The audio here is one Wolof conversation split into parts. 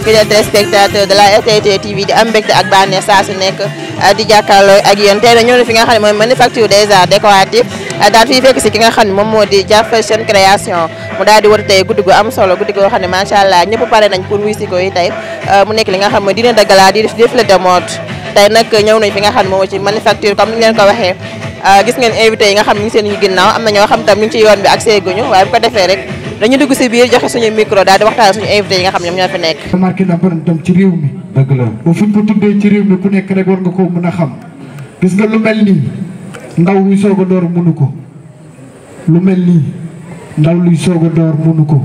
fidèles téléspectateurs de la RTT TV di am mbégte ak bànneex saa su nekk ah, di jàkkaarloo ak yéen tey nag ñoo fi nga xam ne mooy manufacture des arts ah, nga xam ne moom moo di Dia Fashion Création mu daal di war solo guddi goo xam ne macha allah ñëpp pare ah, nekk li nga xam ne dina daggalaa di def défilé de mode tey nag ñëw moom ci manufacture comme ni ñu ko waxee gis ngeen invité yi nga xam ne ñu seen ñu ginnaaw am na ñoo xam tam ñu ngi ci yoon bi ak seeguñu waaye bu ko defee rek dañuy dugg si biir joxe suñu micro daal di waxtaan suñu invité yi nga xam ñoom ñoo fi nekk. marqué na borom tam ci réew mi. dëgg la ba fu ko tuddee ci réew mi ku nekk rek war nga koo mën a xam gis nga lu mel nii ndaw luy soog a door mënu ko lu mel nii ndaw luy soog a door mënu ko.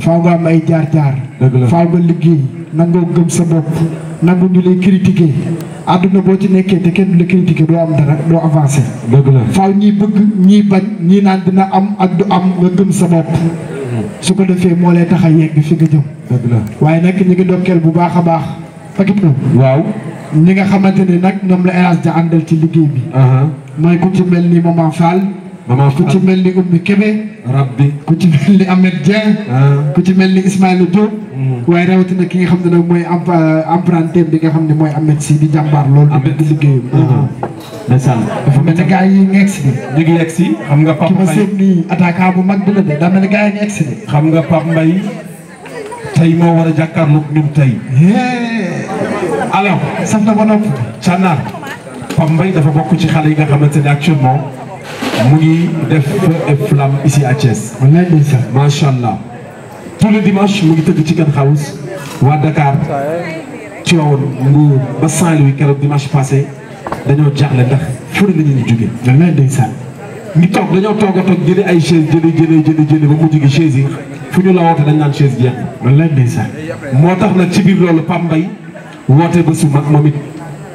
faaw nga am ay jaar-jaar. dëgg la nga liggéey nangoo gëm sa bopp nangu ñu lay critiquer àdduna boo ci nekkee te kenn du la critiquer doo am dara doo avancé. dëgg la faaw ñiy bëgg ñiy bañ ñii naan dina am ak du am nga gëm sa bopp. su ko defee moo lay tax a yegg fi nga jëm. waaye nag ñu ngi dokkeel bu baax a baax pakit na. waaw ñi nga xamante ne nag ñoom la El Hadj da àndal ci liggéey bi. mooy ku ci mel ni Maman Fall. maman ku ci mel ni Oumy Kébé. rabbi ku ci mel ni Ahmed Dieng. Ah. ku ci mel ni Ismaïla Diop. Mm-hmm. waaye rawatina ki nga xam ne nag mooy euh, emprunté bi nga xam ne mooy Ahmed si di jàmbaar lool. Ahmed di liggéeyam. Ah. ndeysaan dafa mel ni gars yi ñu si de. ñu ngi egg xam nga Pape Mbaye bu mag bi la de xam nga Pape Mbaye tey moo war a jàkkaarloog ñun tey. alors. saf na ba nopp. Cannar Pape dafa bokk ci xale yi nga xamante ne actuellement. mu ngi def feu et flamme ici à macha allah. tous les dimanches mu ngi tëgg Chicken House waa ci Thion Mbour ba Saint-Louis keroog dimanche passé dañoo jaaxle ndax fu ne la ñuy jógee. wallaay ndeysaan. ñu toog dañoo toog a ay chaise jëlee jëlee jëlee jëlee ba mujj gi chaise fu ñu la woote dañ naan chaise jeex na. moo tax nag ci biir loolu Pape Mbaye woote ba su mag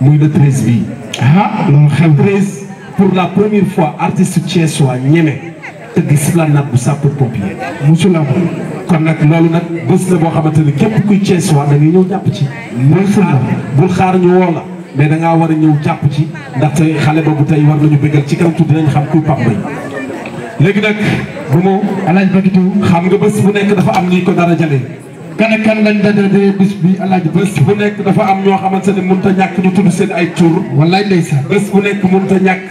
muy le treize bii. ah loolu xew pour la première fois artiste Thiessois ñeme tëgg esplanade bu sapeur pompier mosul am kon nag loolu nag bés la boo xamante ni képp kuy Thiessois da ngay ñëw jàpp ci. bul xaar bul xaar ñu woo la mais da war a ñëw jàpp ci ndaxte xale boobu tey war nañu bëggal ci kanam tudd dinañ xam kuy Pape Mbaye. léegi nag bu mu El Hadj Bakitou xam nga bés bu nekk dafa am ni ko dara jalee kan ak kan lañ dajale bis bi alaaji bés bu nekk dafa am ñoo xamante ne mënut a ñàkk ñu tudd seen ay tur wallaay ndeysaan bés bu nekk mënut a ñàkk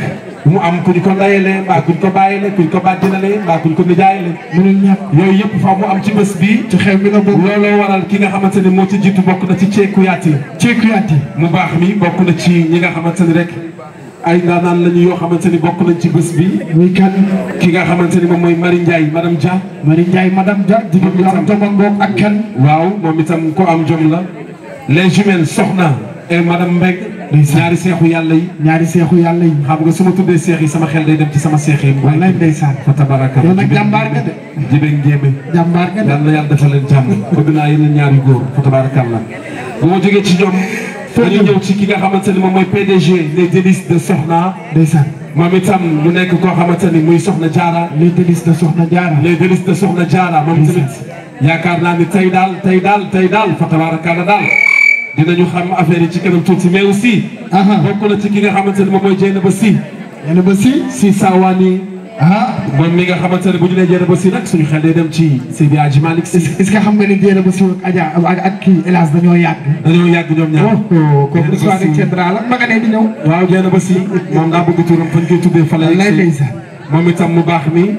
mu am ku ñu ko ndayalee mbaa ku ñu ko bàyyilee ku ñu ko bàjjinalee mbaa ku ñu ko nijaayalee mënul ñàkk yëpp fa mu am ci bés bi ci xew mi nga bokk looloo waral ki nga xamante ne moo ci jiitu bokk na ci ceekuyaat yi ceekuyaat yi mu baax mi bokk na ci ñi nga xamante ne rek ay ndaanaan lañu yoo xamante ni bokk nañ ci bés bi. muy kan ki nga xamante ni moom mooy Marie Ndiaye madame Dia. Marie Ndiaye madame Dia di ko am jom ak kan. waaw moom itam ko am jom la. les jumelles soxna et madame Mbengue. ñaari seexu yàlla yi ñaari seexu yàlla yi xam nga su ma tuddee seex yi sama xel day dem ci sama seex yi wallaay ndeysaan fa tabaraka yow nag jàmbaar nga de jibee njéeme jàmbaar nga de yàlla na yàlla defal leen jàmm bëgg naa yeneen ñaari góor fa tabaraka la bu ma jógee ci ñoom dañu ñëw ci ki nga xamante ni moom mooy PDG les délices de Soxna. ndeysaan moom itam mu nekk koo xamante ni muy Soxna Diarra. les délices de Soxna Diarra. les délices de Soxna Diarra moom tamit. yaakaar naa ni tey daal tey daal tey daal fa tabaarakalla daal. dinañu xam affaire yi ci kanam tuuti mais aussi. bokk na ci ki nga xamante ni moom mooy Dieynaba Sy. Dieynaba Sy si Sawani. ah moom mi nga xamante ne bu ñu nee Dieynaba Sy nag suñu xel day dem ci Seydi Hadji Malick Sy. est-ce que xam nga ni Dieynaba Sy ak Adja ak kii El Hadj dañoo yàgg. dañoo yàgg ñoom ñaar. comme histoire de Cedra la ma nga ne di ñëw. waaw Dieynaba Sy moom daa bëgg turam moom itam mu baax mi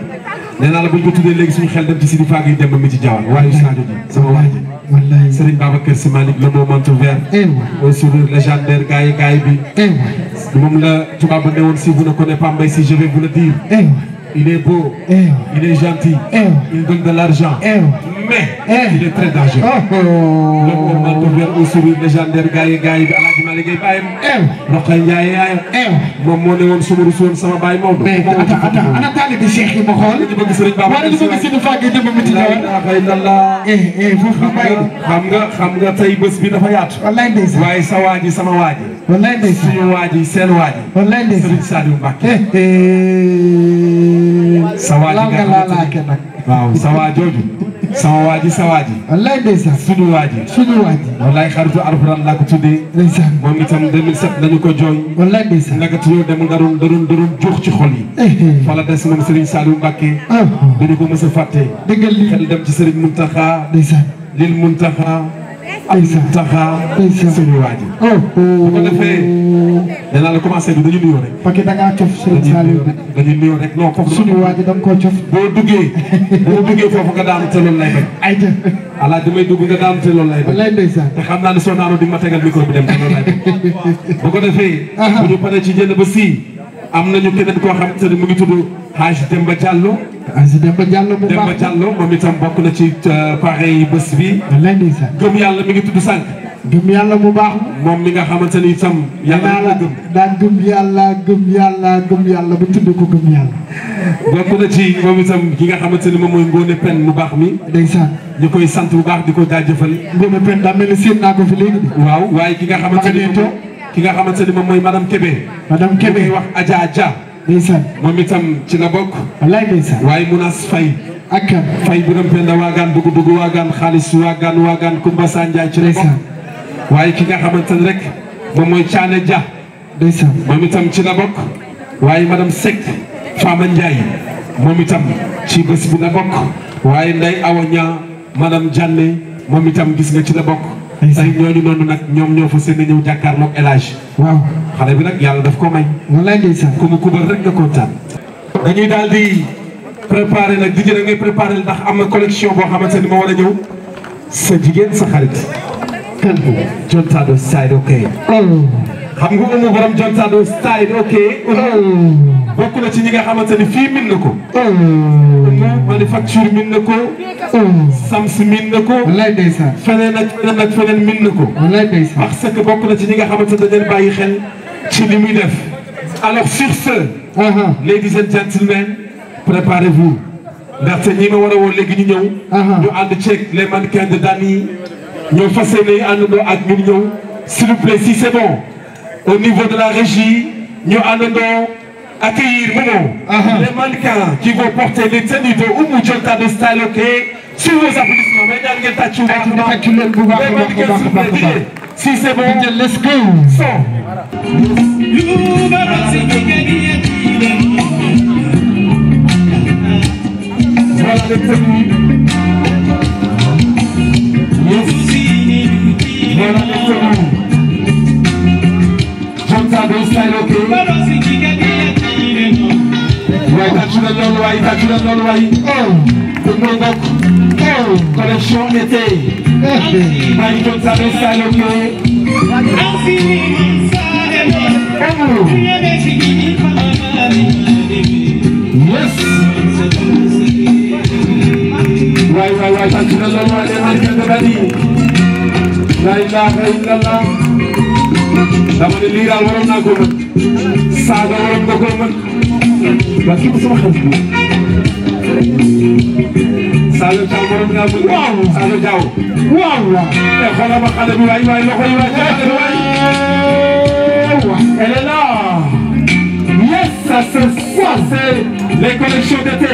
suñu xel dem ci Sidi Fagui dem mi ci Diawar waaye Sadio ji sama waa wallaay Serigne Babacar Sy Malick la moo mantu vert. Eh mooy sourire légendaire gaay gaay bi. Eh moom la tubaab ne woon si vous ne connaissez pas Mbaye si je vais il est beau, eh. il est gentil, eh. il donne de l'argent, eh. mais il est très dangereux. loolu moom moo tax au sourire légendaire gars yi gars yi bi Alaaji Malick Gueye bàyyam. Roqe Ndiaye yaayam. moom moo ne woon su ma rusoon sama baay Maodo. mais attends attends ana taalibe Cheikh yi ma xool. ñu bëgg Serigne Baba. wala ñu bëgg Sidi Fage dem ba Miti Ndiaye. xam nga xam nga tey bés bi dafa yaatu. wallaay ndeysaan waaye sa waa ji sama waa ji. wallaay ndeysaan suñu waa ji seen waa ji. wallaay ndeysaan Serigne Saliou Mbacké. sawaaji nga xamante ne waaw sawaa jooju sama waaji sa waaji wallaay ndeysaan suñu waaji suñu waaji wallaay xaritu alxuraan laa ko tuddee ndeysaan moom itam 2007 lañu ko jooy wallaay ndeysaan nagatu yow demul daroon daroon daroon jox ci xol yi eh, eh. fala des moom Serigne Saliou Mbacké ah. dañu ko mës a fàtte dëggal li xel dem ci Serigne Mountakha ndeysaan lil Mountakha ay sa taxa ay sa suñu waa ji. bu ko defee nee naa la commencé bi dañu nuyoo rek. parce que da ngaa cof Serigne Saliou nag. dañu nuyoo rek non foofu. suñu waa ji da nga koo cof. boo duggee boo duggee foofu nga daanu te loolu lay bañ. ay jëf ala damay dugg nga daanu te loolu lay bañ. lay ndeysaan te xam naa ne soo naanoo di ma tegal micro bi dem te loolu lay bañ. bu ko defee. bu ñu paree ci jënd ba sii. am na ñu koo xam te ne mu ngi tudd Haji Demba Diallo. Haji Demba Diallo bu baax moom bokk na ci euh, pareil bés bi. lundi sax yàlla mi ngi tudd sànq. yàlla bu baax. moom mi nga xamante ni itam. yàlla la gëm daan gëm yàlla gëm yàlla gëm yàlla ba tudd ko gëm yàlla. bokk na ci moom itam ki nga xamante ni moom mooy Ngone Pen mu baax mi. ndeysaan ñu koy sant bu baax di ko jaajëfal. Ngone Pen daa mel ni séen naa ko fi léegi. waaw waaye ki nga xamante ni ki nga xamante ni moom mooy madame Kébé. madame Kébé wax Adja Adja. ndeysaan moom itam ci la bokk. wallaay waaye Munas Faye. ak Faye bu dem Penda waagaan dugg dugg waagaan xaalis waagaan waagaan Kumba waaye ki nga xamante ni rek moom mooy Thiané Dia. itam ci la bokk. waaye madame Seck Fama Ndiaye moom itam ci bés bi la bokk. waaye Ndeye Awa Niang madame moom itam gis nga ci la bokk. tey ñooñu noonu nag ñoom ñoo fa seen a ñëw jàkkaarloog El Hadj waaw xale bi nag yàlla daf ko may wallaay ndeysaan ku mu kubal rek nga kontaan dañuy daal di préparé nag di jël ngay préparé ndax am na collection boo xamante ni ma war a ñëw sa jigéen sa xarit kan ko John Tado style ok oh. xam nga umu borom John Tado style ok oh. bokk na ci ñi nga xamante ni fii min ko oh. manufacture min na ko. sams min na ko. walaay ndeysaan feneen ak feneen ak feneen min na ko. walaay ndeysaan parce que bokk na ci ñi nga xamante ne dañu bàyyi xel ci li muy def. alors sur ce. ladies and gentlemen préparez-vous. ndaxte ñi ma war a woo léegi ñu ñëw. ñu ànd ceeg les mannequins de Dany ñoo fas yéene àndandoo ak ñun ñëw. s'il vous plaît si c'est bon au niveau de la régie ñu àndandoo. accueillir Momo, uh -huh. les mannequins qui vont porter les tenues de Oumou Diota de style OK sur vos applaudissements mais ñaan ngeen tàccu baax na les mannequins s'il vous plaît si c'est bon let's go voilà les tenues yes voilà les tenues Diota de style OK waaye tàccu na loolu waaye tàccu na loolu waaye. te ñoo bokk. collection été. maa ngi doon sàmm saalo kii. yes. waay waay waay tàccu na loolu waaye maa ngi doon bali. laa ilaaha illallah. dama ne lii daal waroon naa ko mën. Saada waroon na ko mën. waa kii sama xarit bi Saliou Thiaw borom nga bëgg waaw Saliou Thiaw waaw waaw te xoolal ma xale bi waay waay loxo yi waay jafe waay elle est là yes ça c'est ça c'est les collections d'été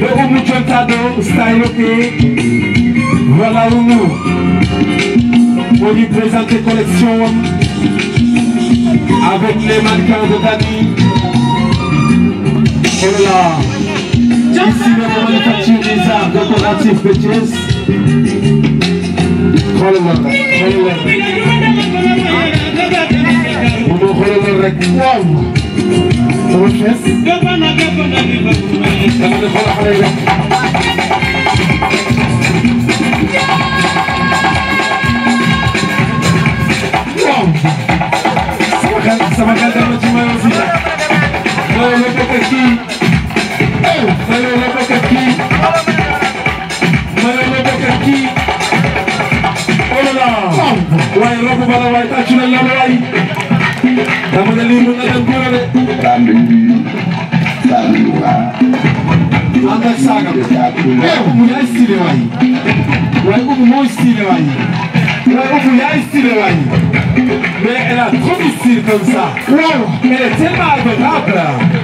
de Oumou Diotado style ok voilà Oumou on lui présente les collections avec les mannequins de Dani Voilà. Ici la manufacture des arts décoratifs de Thiès. xoolal ma xoolal ma. bu ma xoolal rek waaw. dama fees. dama ne xoolal xale yi waaw. sama xel sama xel dama ci mayo si. loolu la ko kii. waaye robo bala waaye tàccu na yàlla waay dama ne lii mën na dem góor de. tànn bi tànn bi waaw. ànd ak saaga bi. waaye umu yaay stylé waay. waaye umu mooy stylé waay. waaye umu yaay stylé waay. mais elle a trop de style comme ça. waaw elle est tellement adorable.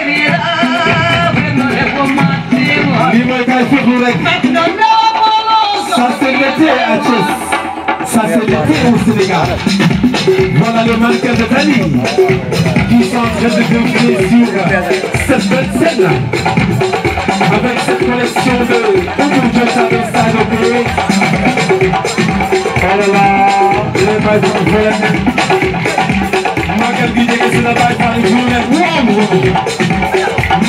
lii mooy kay fukki rek ça c'est l'été à Thiès ça c'est l'été au Sénégal voilà le mannequin de Dani qui sont en train de défiler sur cette belle scène avec cette collection de Doudou Diatta de Sanogo oh là là les bails du problème magal gi jege si la baay fàll journée waaw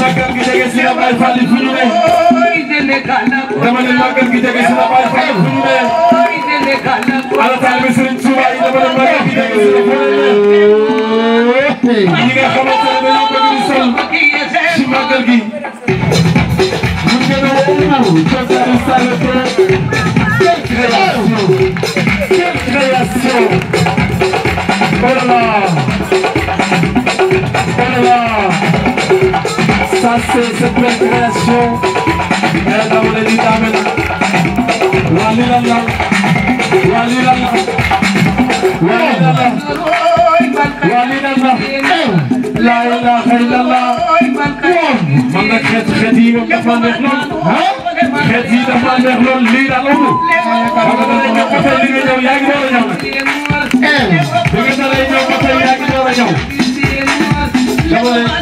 màggal gi jege si la Baye Fall fu ñu ne. dama ne màggal gi jege si la Baye Fall fu ñu ne. ala taal bi Serigne Touba yi dama ne màggal gi jege si la fu ñu ne. ñi nga xamante ne dañoo bëgg di sol si màggal gi. ñu gën a wóobu cosaanu saleté. quelle création quelle création. oh là là oh là là. lancer cette belle création mais dama leen di tamit waa lii lan la waa lii lan la waa lii lan la laa ilaaha illallah man nag xeet xeet yi moom dafa neex lool xeet yi dafa neex lool lii daal amul xam nga da nga ko fay li nga ñëw yaa ngi door a ñëw nag da nga dalay ñëw ko fay yaa ngi door a ñëw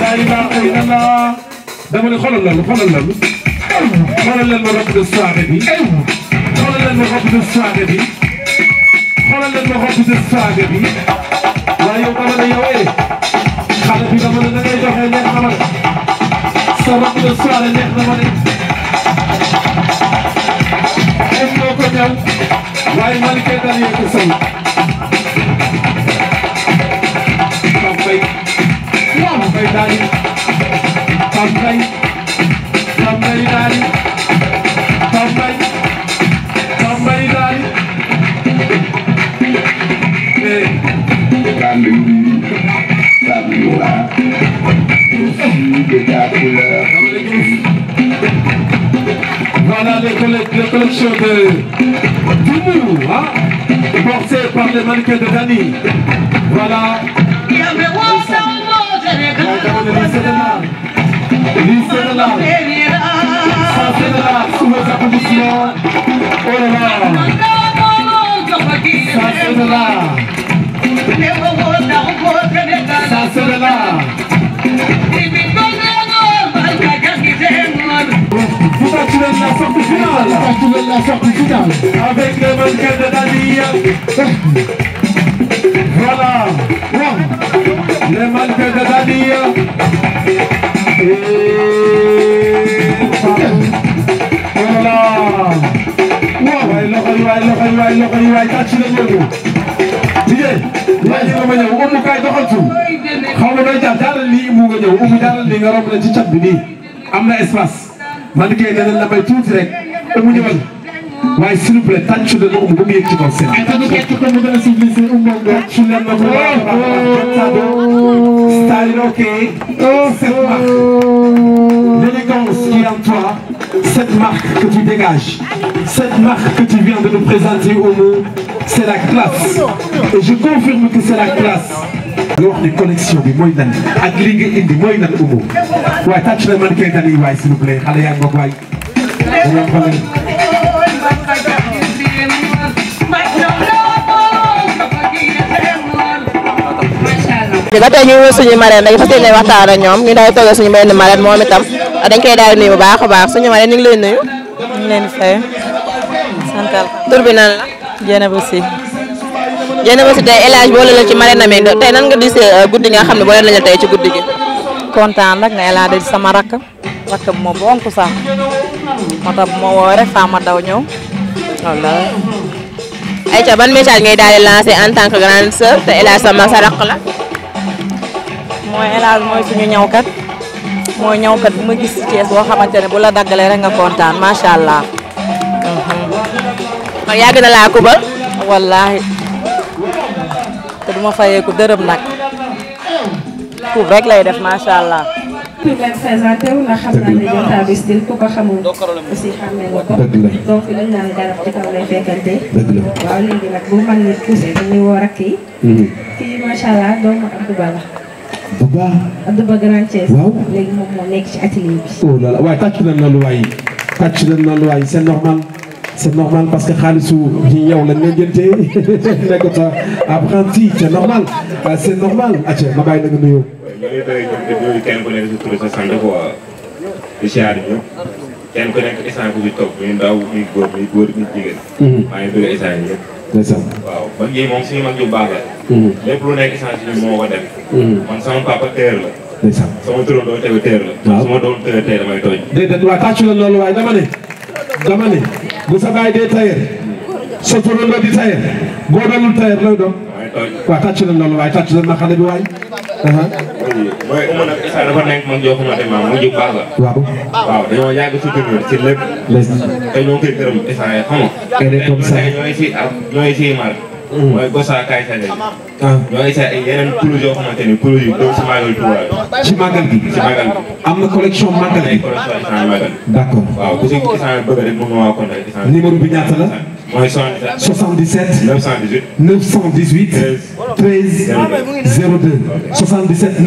laa ilaaha illallaah dama ne xoolal lan xoolal lan xoolal lan ma rob de saare bi xoolal lan ma rob de saare bi xoolal lan ma rob de saare bi waaye yow dama ne yow eh, xale bi dama ne da ngay joxe neex na ma ne sa rob de saare neex na ma ne. waaye man teetal yee ko sëñ Pape Mbaye Pape Mbaye daal Pape Mbaye Pape Mbaye daal Pape Mbaye Pape Mbaye daal mais Pape Mbaye Pape Mbaye voilà les collections de Guimou, hein, porté par les mannequins de Dani. Voilà. Lycée de l'art. Santé de l'art, sous vos applaudissements. Oh là là. Santé de l'art. Santé de l'art. tàccu leen la sortie finale. tàccu leen la sortie finale. avec le vainqueur de la ligue. voilà. le vainqueur de la ligue. et voilà. waaye loxo yi waaye loxo yi waaye loxo yi waaye tàccu leen yëngu. liggéey. waaye ñu ngi ma ñëw umu kaay doxantu. xaw ma doy jaar jaaral lii mu nga ñëw umu jaaral lii nga romb na ci cat bi nii am na espace. man kay dana la bay tuuti rek amu ñëwal waaye s'il vous plaît tàccu dana um ba mu yëg ci kaw seen. ay tàccu kekk ko mu gën a civilisé umoon nga. su leen ma ko waxee ba xam oh, oh. Staline ok. cette marque l'élégance qui est en toi cette marque que tu dégages cette marque que tu viens de nous présenter au monde c'est la classe et je confirme que c'est la classe. nga wax ni connexion bi mooy lan ak li nga indi mooy lan umu waaye tàcc na man kay dañuy waay suñu marraine rek fas yéene waxtaan ak ñoom ñu daal di suñu benn moom itam dañ koy daal nuyu baax a baax suñu marraine ñu leen nuyu. ñu leen di université El Hadj boole la ci Marème Namé tey nan nga gisee euh, guddi nga xam ne boole nañu la tey ci guddi gi. kontaan rek ne El Hadj sama rakk rakk bi ma bonk sax moo tax ma woo rek faa ma daw ñëw wallaay. ayca ban message ngay daal di lancer en tant que grande sœur te El Hadj sama sa rakk la. mooy El Hadj mooy suñu ñawkat mooy ñawkat bu ma gis ci Thiès boo xamante ne bu la daggalee rek nga kontaan macha allah. Mm-hmm. kon yàgg na laa kubal. wallaahi. te du ma fayeeku dërëm nag kuub rek lay def macha allah. ñu leen présenté wu ku ko naan garab ci kaw lay fekkante. waaw léegi nag bu mag nit poussé dañuy woo rakk yi. kii mhm. macha allah doomu Abdou la. bu Ba Grand Thiès. waaw léegi moom moo nekk ci atelier bi. oh là là waaye tàcc nañ na lu waay normal. c'est normal parce que xaalisu yi yow lañ leen jëntee nekk ta apprenti c'est normal ah, c'est normal aca ma bàyyi la nga nuyoo kenn ku nekk si tur sa sant quoi di siyaar ñëpp kenn ku bu mhm. yi moom suñu mag ju baax la mhm. lépp lu nekk instant mhm. man sama papa teer la sama turam teer la sama doon teer tey damay tooñ déedéet waaye loolu waaye dama ne dama ne bu sa baay dee tailleur sa turandoo di tailleur boo dalul tailleur looy doon waaw tàcc na loolu waaye tàcc na ma xale bi waay. mooy Oumou nag Issa dafa nekk man joo xamante ne mu jub baax la. waaw waaw dañoo yàgg si dund ci lépp. dañoo koy gërëm Issa xam nga. ñooy si ñooy si Mm. mooy Gosaakaay Sane yi. ñoo ah. essayé ay yeneen ni couleurs yu doon si màggal Tuuba ci màggal gi ci màggal gi. am na collection màggal ay collection isaan màggal. d'accord waaw ku si isaan bëgg rek moom moo contacté isaan. numéro bi ñaata la. mooy 77. 77. 918. 918. 13.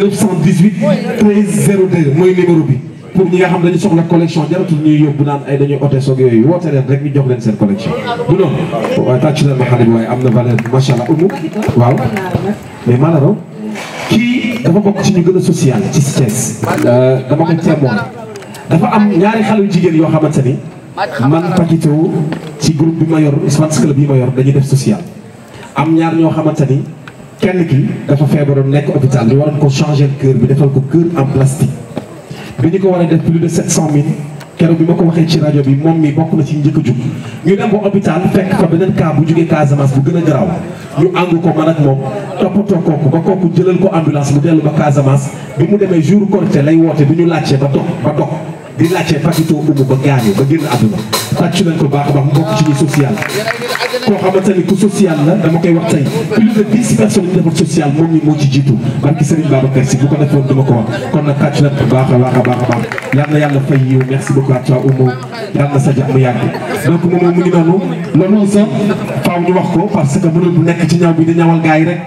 13 02. 77 918. 13 02 mooy numéro bi. pour ñi nga xam dañu soxla collection jaratul ñuy yóbbu naan ay dañuy ote soog yooyu woote leen rek ñu jox leen seen collection du noonu waaye tàcc leen ma xale bi mais maanaam kii dafa social ci Thiès euh, dama ko teemoon dafa am ñaari xale jigéen yoo xamante ni man Pakito ci groupe bi ma yor Ismaël Club bi ma yor dañu def social am ñaar ñoo xamante ni kenn ki dafa feebaroon nekk hôpital war a ko changer cœur bi defal ko cœur en plastique bi ñu ko war a def plus de 700000 keroog bi ma ko waxee ci rajo bi moom mi bokk na ci njëkk a jug ñu dem ba hôpital fekk fa beneen cas bu jugee Casamance bu gën a garaaw ñu ànd ko man ak moom toppatoo kooku ba kooku jëlal ko ambulance mu dellu ba Casamance bi mu demee jour Korité lay woote bi ñu laajte ba dog ba dog. di laajte papito umu ba gaañu ba génn àdduna tàcc nañ ko baax a baax mu bokk ci ñu social koo xamante ni ku social la dama koy wax tey plus de dix personnes ñu defal social moom mi moo ci jiitu barki Serigne Babacar Sy bu ko defoon dama ko wax kon nag tàcc nañ ko baax a baax a baax a baax yal na yàlla fay yiw merci beaucoup à toi Oumou yal na sa jàmm yàgg donc moom mu ngi noonu loolu sax faaw ñu wax ko parce que mënul bu nekk ci ñaw bi di ñawal gars yi rek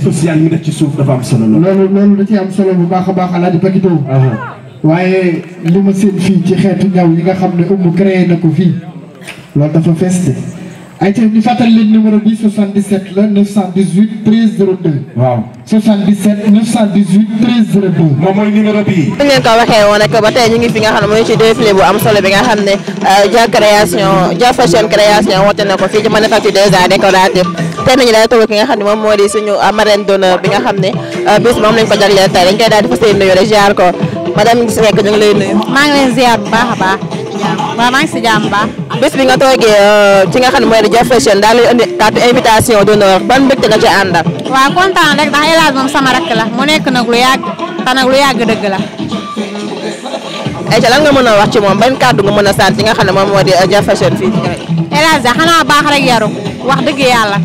social yi def ci suuf dafa am solo loolu loolu da ci am solo bu baax a baax Alaaji Pakito ah ah. waaye li ma seen fii ci xeetu ñaw yi nga xam ne ëmb créé na ko fii loolu dafa feste ay tax ñu fàttali leen numéro bi 77 la 918 13 ko waxee woon rek ba tey nga xam ne mooy ci défilé nga xam ne euh, Dia création Dia fashion na xam ne moom moo di suñu marraine d'honneur bi nga xam ne euh, bis moom lañ ko jagleel tey dañ koy daal di fas nuyu rek ko. madame Gis Seck ñu ngi lay nuyu. maa ngi leen ziar bu baax a baax. waaw maa ngi si jàmm baax. bés bi nga toogee euh, ci nga xam ne mooy Dia Fashion daal di indi carte invitation d'honneur ban mbégte nga ci àndal. waaw kontaan rek ndax El Hadj nekk nag lu yàgg te nag lu yàgg dëgg la. Mm-hmm. ayca lan nga mën a wax ci moom ban kàddu nga mën a sant ci nga xam ne moom moo di Dia Fashion fii. El Hadj xanaa baax rek yaru wax dëgg yàlla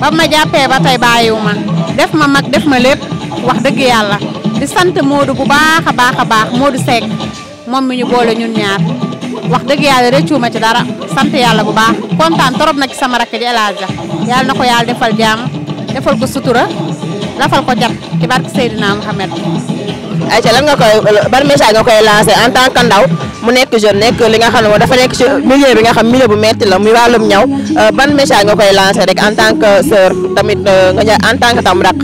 ba ma jàppee ba tey bàyyiwu ma def ma mag def ma lépp wax dëgg yàlla. di sant Modou bu baax a baax a baax Modou Seck moom mi ñu boole ñun ñaar wax dëgg yàlla rëccuma ci dara sant yàlla bu baax kontaan trop na ci sama rakk ji El Hadj yàlla na ko yàlla defal jàmm defal ko sutura defal ko jàpp ci barke Seydina Mohamed. ayca lan nga koy ban message nga koy lancé en tant que ndaw mu nekk jeune nekk li nga xam ne dafa nekk ci milieu bi nga xam milieu bu metti la muy wàllum ñaw euh, ban message nga koy lancé rek en tant que sœur tamit euh, nga ja en tant que tam rak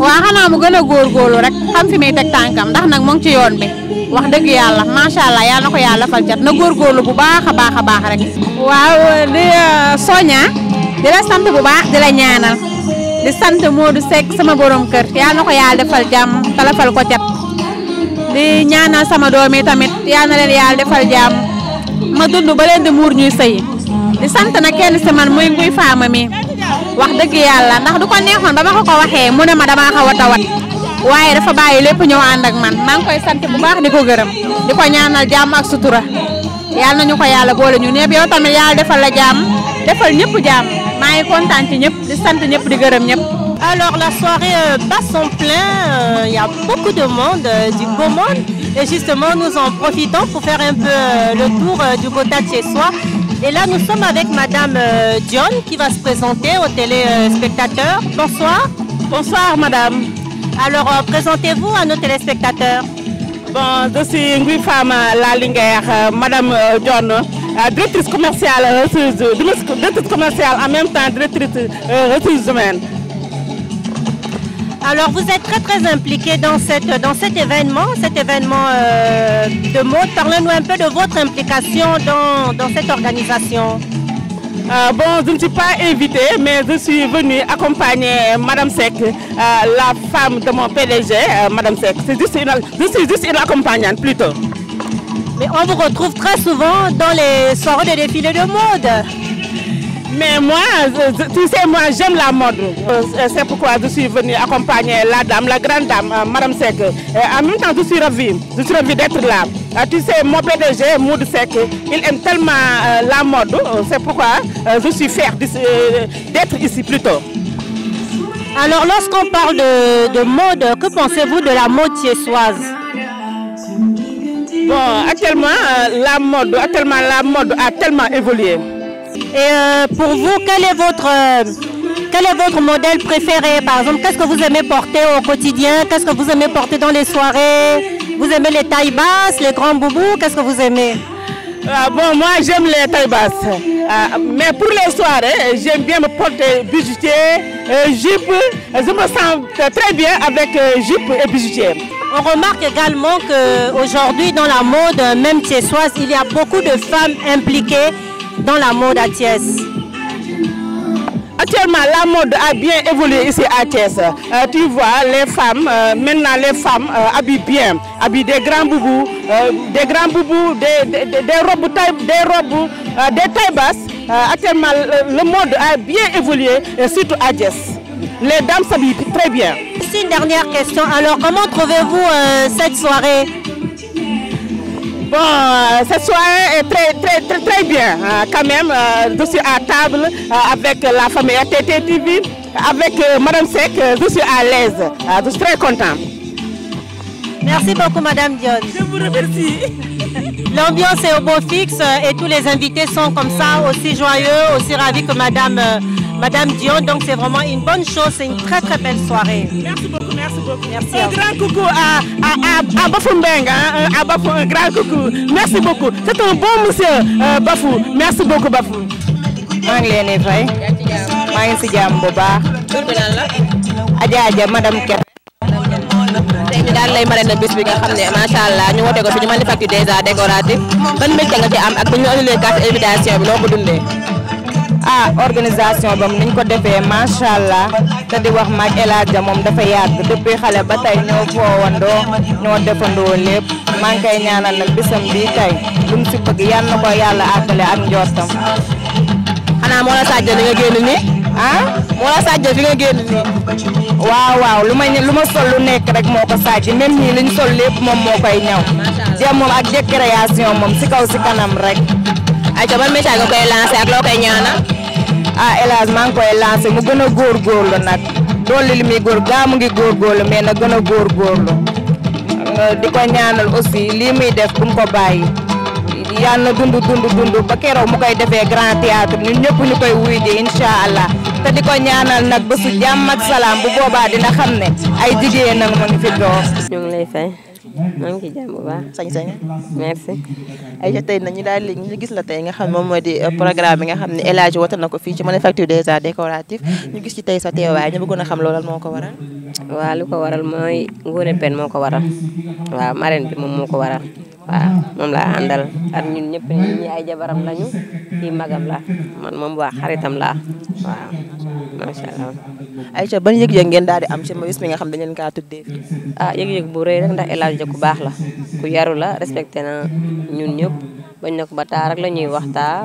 waa xanaa mu gën a góorgóorlu rek xam fi muy teg tànkam ndax nag mu ci yoon bi wax dëgg yàlla macha allah yàlla na ko yàlla fal cat na góorgóorlu bu baax a baax a baax rek. waaw di euh, soña di la sant bu baax di di sant di Seck sama borom kër yal na ko yàlla defal jàmm talafal ko cat di ñaanal sama doom yi tamit yal na leen yàlla defal jàmm ma dund ba leen di muur ñuy sëy di sant na kenn si man muy nguy faama mi wax dëgg yàlla ndax du ko neexoon ba ma ko ko waxee mu ne ma damaa xaw a tawat waaye dafa bàyyi lépp ñëw ànd ak man maa ngi koy sant bu baax di ko gërëm di ko ñaanal jàmm ak sutura yal na ñu ko yàlla boole ñu ñëpp yow tamit yàlla defal la jàmm defal ñëpp jàmm. maa ngi kontaan ci sant ñëpp di gërëm ñëpp. alors la soirée euh, son plein il euh, a beaucoup de monde euh, du beau et justement nous en profitons pour faire un peu euh, le tour du côté de chez soi et là nous sommes avec madame Dione qui va se présenter aux téléspectateurs bonsoir madame alors présentez-vous à nos téléspectateurs bon suis Ngouy Fama la Linguère madame Dione Euh, directrice commerciale euh, ressources euh, directrice commerciale en même temps directrice ressources humaines. Alors vous êtes très très impliqué dans cette dans cet événement, cet événement euh, de mode. Parlez-nous un peu de votre implication dans dans cette organisation. Euh, bon, je ne suis pas invitée, mais je suis venue accompagner Madame Seck, euh, la femme de mon PDG, Madame Seck. C'est je suis juste plutôt. Mais on vous retrouve très souvent dans les soirées de défilés de mode. Mais moi, tu sais, moi j'aime la mode. Euh, c'est pourquoi je suis venue accompagner la dame, la grande dame, euh, Madame Sek. Euh, en même temps, je suis ravie. Je suis ravie d'être là. Tu sais, mon PDG, Moud Sek, il aime tellement la mode. C'est pourquoi je suis fière d'être ici plutôt. Alors, lorsqu'on parle de, de mode, que pensez-vous de la mode tiessoise Bon, actuellement, euh, la mode, actuellement, la mode a tellement évolué. Et euh, pour vous, quel est votre euh, quel est votre modèle préféré Par exemple, qu'est-ce que vous aimez porter au quotidien Qu'est-ce que vous aimez porter dans les soirées Vous aimez les tailles basses, les grands boubous Qu'est-ce que vous aimez euh, j'aime les tailles basses. mais pour les soirées, j'aime bien me porter bijoutier, euh, Je me sens très bien avec euh, et bijoutier. On remarque également qu'aujourd'hui, dans la mode, même thiessoise, il y a beaucoup de femmes impliquées dans la mode à Thiès. Actuellement, la mode a bien évolué ici à Thiès. Euh, tu vois, les femmes, euh, maintenant les femmes euh, bien, habillent des grands boubous, euh, des grands des, des, actuellement, le monde a bien évolué, surtout à Les dames s'habillent très bien. comment trouvez-vous euh, cette soirée euh, cette soirée très, bien. quand même, euh, je suis à table avec la famille ATT avec Madame Sec. Je suis à l'aise. je suis très content. Merci beaucoup, Madame Dion. L'ambiance est au beau fixe et tous les invités sont comme ça, aussi joyeux, aussi ravis que Madame. Madame Dion. Donc c'est vraiment une bonne chose, c'est une très très belle soirée. Merci beaucoup, merci beaucoup. un grand coucou à, Bafou Mbeng, euh, un grand coucou. Merci beaucoup. C'est un bon monsieur euh, Bafou. Merci beaucoup Bafou. maa ngi leen di fay. maa ngi si jàmm bu baax. tur madame Kébé. tey daal lay marraine bis bi nga xam ne macha allah ñu woote ko fi ñu manufacture des arts décoratifs ban métier nga ci am ak bu ñu annuler carte invitation bi noo ko dundee. ah organisation bam niñ ko defee macha allah te di wax maag El Hadj moom dafa yàgg depuis xale ba tey ñoo foowandoo ñoo defandoo lépp maa ngi koy ñaanal nag bisam bii tey lu mu si bëgg yal ko yàlla ak njortam. xanaa moo la sàjjal li nga génn nii. ah moo la sàjjal fi nga génn nii. waaw waaw lu ma lu ma sol lu nekk rek moo ko sàjj même ñii liñ sol lépp moom moo koy ñaw. jéem moom ak jéeg moom si kaw si kanam rek. ayca ban message nga koy lancé ak loo koy ah El Hadj maa ngi koy lancé mu gën a góorgóorlu nag dolli li muy góor gaa mu ngi góorgóorlu mais na gën a góor góorgóorlu di ko ñaanal aussi lii muy def bu mu ko bàyyi. yàlla na dund dund ba keroog mu koy defee grand théâtre ñun ñëpp ñu koy wuy ji incha allah te di ko ñaanal nag bésu jàmm ak salaam bu boobaa dina xam ne ay jigéen nag mu ngi fi doom. ñu lay fay. maa ngi ciy jàmm bu sañ-sañ merci ay ja tey nag ñu daal di ñu gis la tey nga xam moom mooy di euh, programme bi nga xam ne El Hadj na ko fii ci Manufacture de Arts Décoratifs ñu gis ci tey sa teewaay ñu bëggoon a xam loolal moo ko waral waa lu ko waral mooy Ngoné Pène moo ko waral waaw marraine bi moom moo ko waral waaw mm-hmm. moom laa àndal ak ñun ñëpp ñi ay jabaram lañu kii magam la man moom waa xaritam la waaw macha allah. Aïcha ban yëg-yëg ngeen daal di am ci mbéyus mi nga xam dañu leen kaa tuddee ah yëg-yëg bu rëy ndax El Hadj ku baax la ku yaru la respecté na ñun ñëpp na ko ba taa la ñuy waxtaa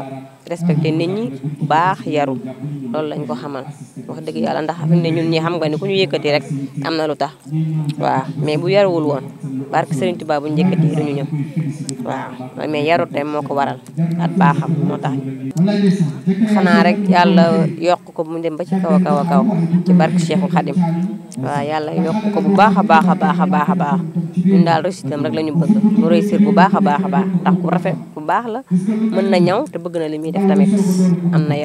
respecté nit ñi baax yaru loolu lañ ko xamal wax dëgg yàlla ndax fi mu ne ñun ñi xam nga ne ku ñu yëkkati rek am na lu tax waaw mais bu yaruwul woon barke Serigne Touba bu ñu yëkkati duñu ñëw waaw mais yarut te moo ko waral at baaxam moo tax xanaa rek yàlla yokk ko mu dem ba ci kaw a a kaw ci barke Cheikhul Khadim waaw yàlla yokk ko bu baax a baax a baax a baax a baax ñun daal réussite rek la ñu bëgg mu réussir bu baax a baax a baax ndax ku rafet bu baax la mën na ñaw te bëgg na li def tamit e. am na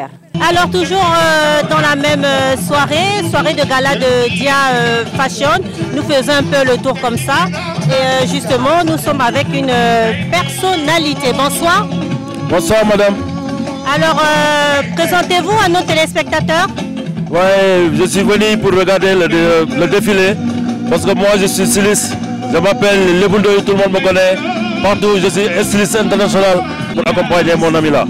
alors toujours euh, dans la même euh, soirée soirée de gala de Dia euh, Fashion nous faisons un peu le tour comme ça et justement nous sommes avec une personnalité bonsoir. bonsoir madame. alors présentez-vous à nos téléspectateurs. je suis venu pour regarder le, défilé parce que moi je suis styliste je m'appelle Lébou Ndoye tout le monde me connaît partout je suis styliste international pour accompagner mon ami là.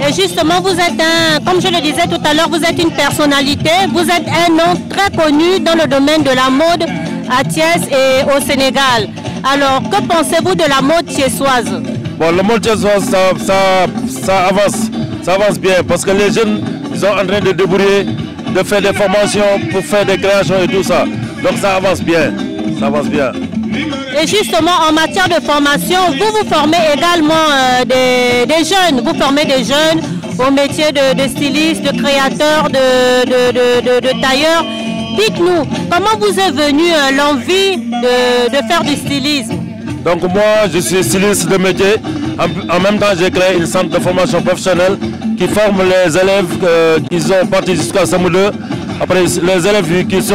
Et justement, vous êtes un, comme je le disais tout à l'heure, vous êtes une personnalité, vous êtes un nom très connu dans le domaine de la mode à Thiès et au Sénégal. Alors, que pensez-vous de la mode thiessoise Bon, la mode thiessoise, ça, ça, ça, avance, ça avance bien parce que les jeunes, ils sont en train de débrouiller, de faire des formations pour faire des créations et tout ça. Donc ça avance bien, ça avance bien. Et justement, en matière de formation, vous vous formez également euh, des, des, jeunes. Vous formez des jeunes au métier de, de de créateur, de, de, Dites-nous, comment vous est venue euh, l'envie de, faire du stylisme Donc je suis styliste de métier. En, même temps, j'ai créé une centre de formation professionnelle qui forme les élèves euh, qui sont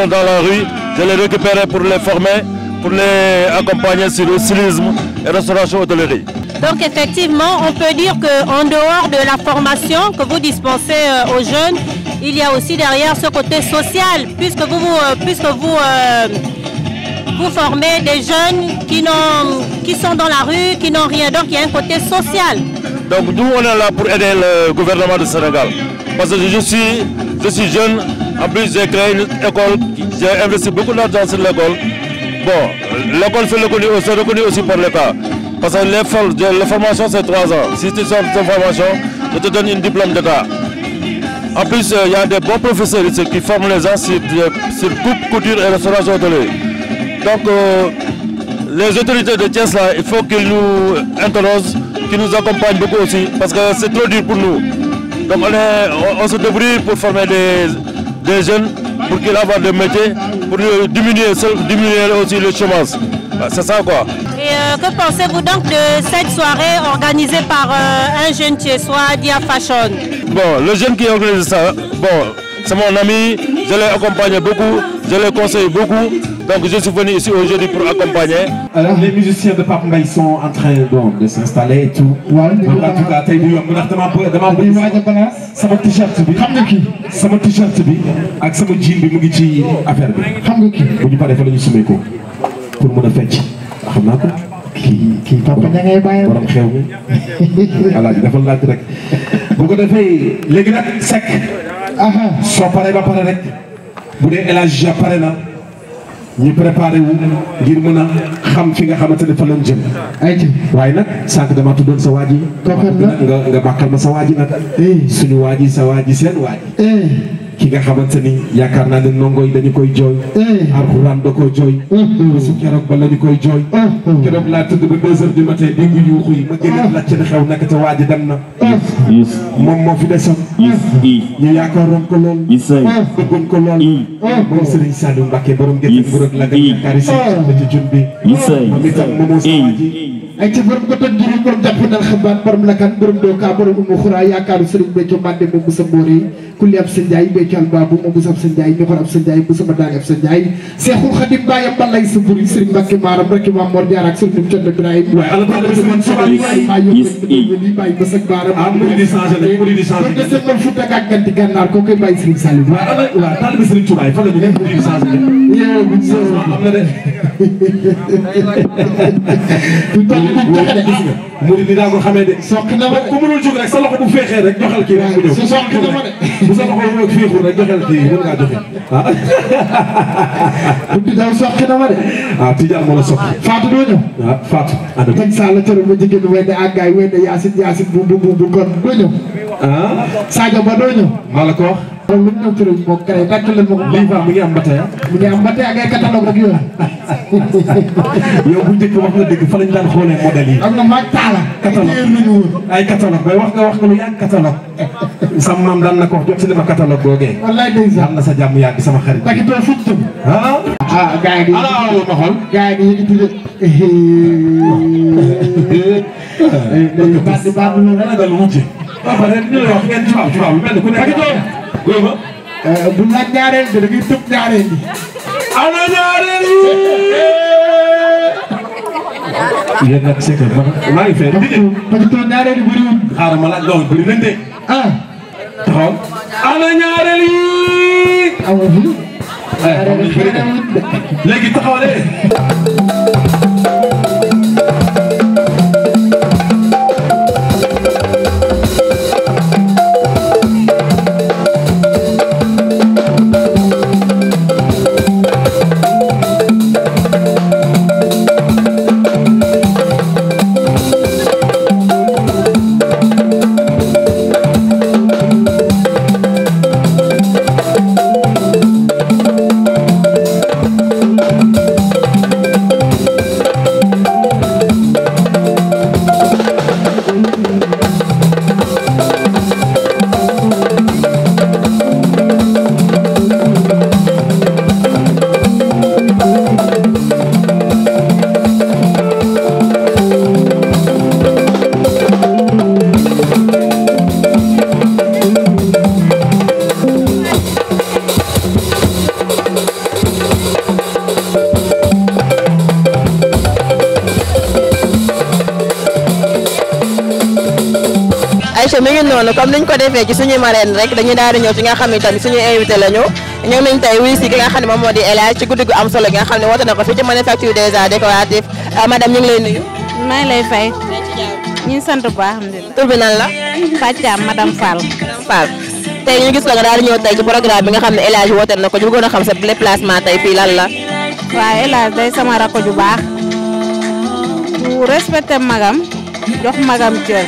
dans la rue, je les récupère pour les former pour les accompagner sur le tourisme et restauration hôtellerie. Donc effectivement, on peut dire qu'en dehors de la formation que vous dispensez euh, aux jeunes, il y a aussi derrière ce côté social, puisque vous, euh, euh, formez des jeunes qui, sont dans la rue, qui n'ont rien, donc il y a un côté pour aider le gouvernement du Sénégal. Parce que je suis, jeune, en plus j'ai créé une école, j'ai investi beaucoup d'argent sur l'école, Bon, l'école c'est reconnue euh, reconnu aussi par l'État. Parce que les, les formations c'est 3 ans. Si tu sors de formation, je te donne un diplôme d'État. En plus, euh, il y a des bons ici qui forment les gens sur, euh, sur coupe, couture et restauration hôtelier. Donc, euh, les autorités de Thiès, là, il faut qu'ils nous interrogent, qu'ils nous accompagnent beaucoup aussi, parce que c'est trop dur pour nous. Donc, on, se débrouille pour former des, des jeunes pour qu'il avoir des métiers, pour diminuer, diminuer aussi le chômage. C'est ça quoi. Et euh, que pensez-vous donc de cette soirée organisée par euh, un jeune chez soi, Dia Bon, le jeune qui organise ça, bon, c'est mon ami, je l'ai accompagné beaucoup. Je les conseille beaucoup. Donc je suis venu aujourd'hui pour accompagner. les musiciens de Pape Mbaye sont en train bon, de s'installer et tout. waaw en tout cas tey bii yow sama t-shirt bi. xam nga kii sama t-shirt bi ak sama jean bi mu ngi ci affaire bi. xam nga kii bu ñu paree fa la ñu sumee ko pour mën a fecc xam naa ko. kii kii papa da ngay bàyyi borom xew mi alaaji dafa laaj rek bu ko defee léegi nag sec. soo paree ba pare rek. bu dee élage ja pare na ñu préparé wu ngir mën a xam fi nga xamante ne fa lañ jëm. ayca waaye nag sànq dama tuddoon sa waaj yi. nga nga bàkkal ma sa waaj yi nag. Eh. suñu waaj yi sa waaj yi seen waaj. ki nga xamante ni yaakaar naa ne ndongo yi dañu koy jooy. Eh. alxuraan da koo jooy. Mm-hmm. su keroog ba la ñu koy jooy. Mm-hmm. keroog laa tëdd ba deux heures du yuuxu yi ba gën a laajte ne xew naka te waa ji na. moom moo fi desoon. ñu yaakaaroon ko lool. bëggoon ko lool. moom Serigne Saliou Mbacke borom gerte bu rëdd la nga yaakaari sa jun bi. moom itam moomoo sa waa ji. ay ca borom ko toj jëriñ borom jàpp na xabaar borom lakan borom dookaa borom umu xuraa yaakaaru Serigne Béthio Mbacke kulli ab sa njaay beccu al baabu moom bu sa ab sa njaay ñoxor ab sa njaay bu sama daari ab sa njaay seexul xadim baayam balay sa buri sëriñ Mbàkke maaram rek maam Mor Jaara ak sëriñ Cerno Ibrahima waaye ala ba sa man sama yi bàyyi ba sag baaram am ah, mu di changé la mu di changé la seen man futa ak ganti gànnaar koo koy bàyyi sëriñ Saliou waaye ala waaw taalibe sëriñ Tuubaa fa la ñu ne mu di changé la am na de mu di dinaa ko xamee de soq na ma ku mënul jóg rek sa loxo bu feexee rek joxal kii rek mu ñëw bu sa loxo mooy féexul rek joxeel kii mën ngaa joxe ah. Koundou Diaw soqe na ma de. ah Tidjane moo la soqe. Fatou doo ñëw. ah Fatou. ànd ak Saalum ma jigéen wey ne àggaay wey ne bu bu bu bu kon doo ñëw. Ah. Ba doo ñëw. la ko loolu lu ñu ñëw ci lañ bokk créé tàccu leen ma ko. lii quoi mi ngi am ba tey ah. mi ngi am ba tey ak ay catalogue rek yooyu. yow bu njëkk wax nga dëgg fa lañ daan xoolee modèle yi. am na mag taala. catalogue yéen nañu woon. ay catalogue bay wax nga wax nga lu yàgg catalogue. sa maam daan na ko wax jot si li ma catalogue googee. wallaay day sax am na sa jàmm yàgg sama xarit. da ki too fuñ tëm. ah. ah gars yi di. ala wala ma xool. gars yi di yëkkati de. baat bi baat bi noonu. dana dal wujje. waaw ba léegi ñu lay wax ngeen tubaab tubaab lu mel ni ku nekk. dégg nga euh, bu bi da ngay tëb ana ñaareel yi. yéen nag c'est que man maa ngi fay. parce que ñaareel yi bëriwul. xaaral ma laaj loolu bëri nañ de. ah. taxaw. ana ñaareel yi. amul. Ah, eh, léegi taxaw de. defee ci suñu marraine rek dañuy daal di ñëw ci nga xam ni tamit suñu invité lañu ñëw nañ tey wuyu si ki nga xam ne moom moo di El Hadj ci guddi gu am solo gi nga xam ne woote na ko fii ci manufacture des arts décoratifs euh, madame ñu ngi lay nuyu. maa ngi lay fay. ñu ngi sant bu baax alhamdulilah. tur bi nan la. Fatia di ñëw tey ci programme nga xam ne El Hadj woote na ko ñu bëggoon xam sa déplacement tey fii lan la. waaw El Hadj day sama rakk ju baax. bu respecté magam jox magam jël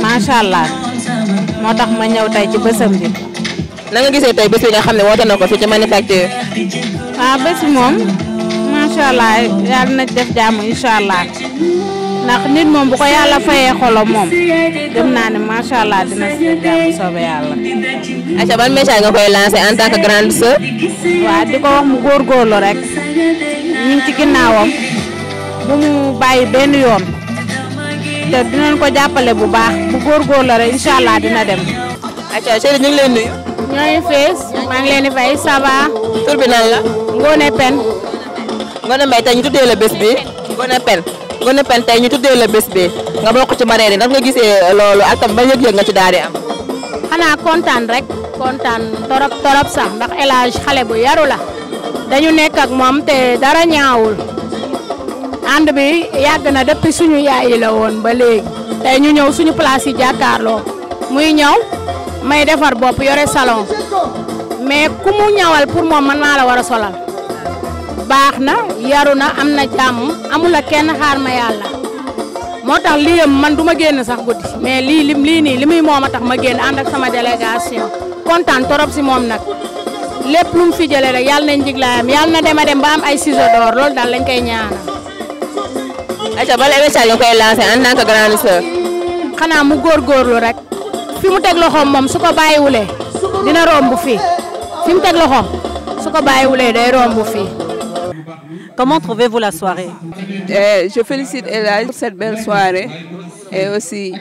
macha allah. moo tax ma ñëw tey ci bésam bi. na nga gisee tey bés bi nga xam ne woote na ko fii ci Manufacture. waaw ah, bés moom macha allah yàlla na def jàmm incha allah ndax nit moom bu ko yàlla fayee xolo moom dem naa ne macha allah dina si def jàmm soobee yàlla. ayca ban message nga koy lancé en tant que grande sœur. waaw di ko wax mu góorgóorlu rek ñu ci ginnaawam bu mu bàyyi benn yoon. te dinañ ko jàppale bu baax bu góor la rek incha allah dina dem. a chéri ñu ngi leen nuyu. ñoo ngi fees maa ngi leen di fay ça va. tur bi nan la. Ngone Pen. Ngone Mbaye ñu tuddee la bés bi. Ngone Pen Ngone Pen tey ñu tuddee la bés bi nga bokk ci marraine yi ndax nga gisee loolu ak tam ba yëg-yëg nga ci daal am. xanaa kontaan rek. kontaan torop torop sax ndax El xale bu yaru la. dañu nekk moom te dara ñaawul. ànd bi yàgg na depuis suñu yaay yi la woon ba léegi tey ñu ñëw suñu place yi jàkkaarloo muy ñëw may defar bopp yore salon mais ku mu ñawal moom man maa la war a solal baax na yaru na am na jàmm amula kenn xaar ma yàlla moo tax liyam man du ma génn sax guddi mais lii lim lii nii li muy a tax ma génn ànd ak sama délégation kontaan torop si moom nag lépp lu mu fi jëlee rek yàlla nañ njiglaayam yàlla na dem a dem ba am ay ciseaux d'or loolu daal lañ koy ñaanal. ayca bala message nga koy lancé en tant que grande xanaa mu góorgóorlu rek fi mu teg loxoom moom su ko bàyyiwulee dina romb fii fi mu teg loxoom su ko bàyyiwulee day romb fii. comment trouvez-vous la soirée. Eh, je félicite Elage pour cette belle soirée. et aussi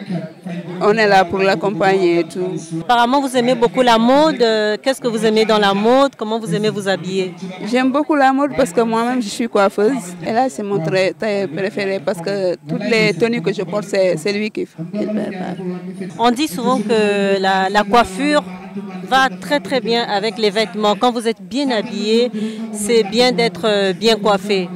on est là pour l'accompagner et tout. Apparemment, vous aimez beaucoup la mode. Qu'est-ce que vous aimez dans la mode Comment vous aimez vous habiller J'aime beaucoup la mode parce que moi-même, je suis coiffeuse. Et là, c'est mon taille préféré parce que toutes les tenues que je porte, c'est lui qui fait. On dit souvent que la, la coiffure va très très bien avec les vêtements. Quand vous êtes bien habillé, c'est bien d'être euh, bien coiffé.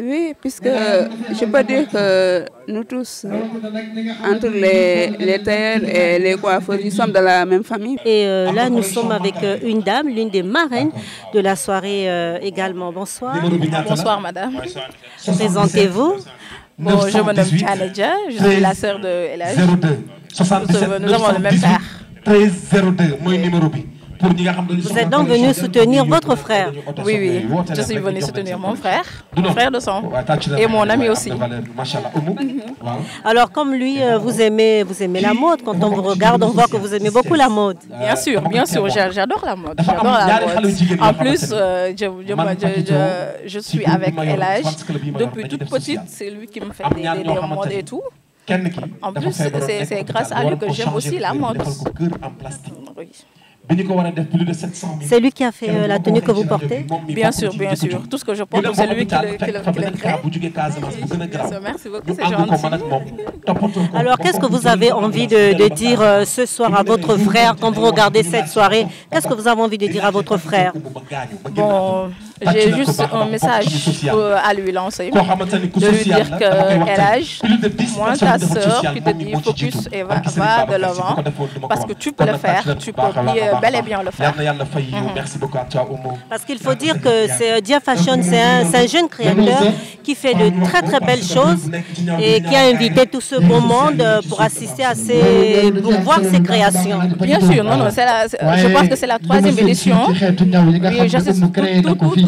Oui, puisque je peux dire que nous tous, entre les, les tailleurs et les coiffeurs, nous sommes de la même famille. Et euh, là, nous sommes avec euh, une dame, l'une des marraines de la soirée euh, également. Bonsoir. Bonsoir, madame. Présentez-vous. Bon, je me nomme Khadija, je suis la sœur de Elage. Nous, nous avons le même père. 1302, mon numéro B. Vous êtes donc venu soutenir votre frère. Oui, oui, je suis venu soutenir mon frère, mon frère de sang et mon ami aussi. Mhm. Alors, comme lui, euh, vous aimez, la mode. Quand on vous regarde, on vous aimez beaucoup la mode. En plus, je, suis avec Elage depuis toute petite. C'est lui qui me fait des, des, des et tout. En plus, c'est grâce à lui que j'aime aussi la mode. C'est lui qui euh, que vous Bien sûr, bien sûr. Tout ce que je porte, c'est lui qu'est-ce que vous avez envie de, dire euh, ce soir à votre frère quand vous regardez cette soirée Qu'est-ce que vous avez envie de dire à votre frère j'ai juste un message à euh, lui lancer de lui dire que El Hadj moi ta sœur qui te dit focus et va va de l'avant parce que tu peux le faire tu peux bel et bien le faire mm-hmm. parce qu'il faut dire que c'est Dia Fashion c'est un c'est un jeune créateur qui fait de très très belles choses et qui a invité tout ce beau monde pour assister à ses pour voir ses créations bien sûr non non c'est la je pense que c'est la troisième édition oui j'assiste tout tout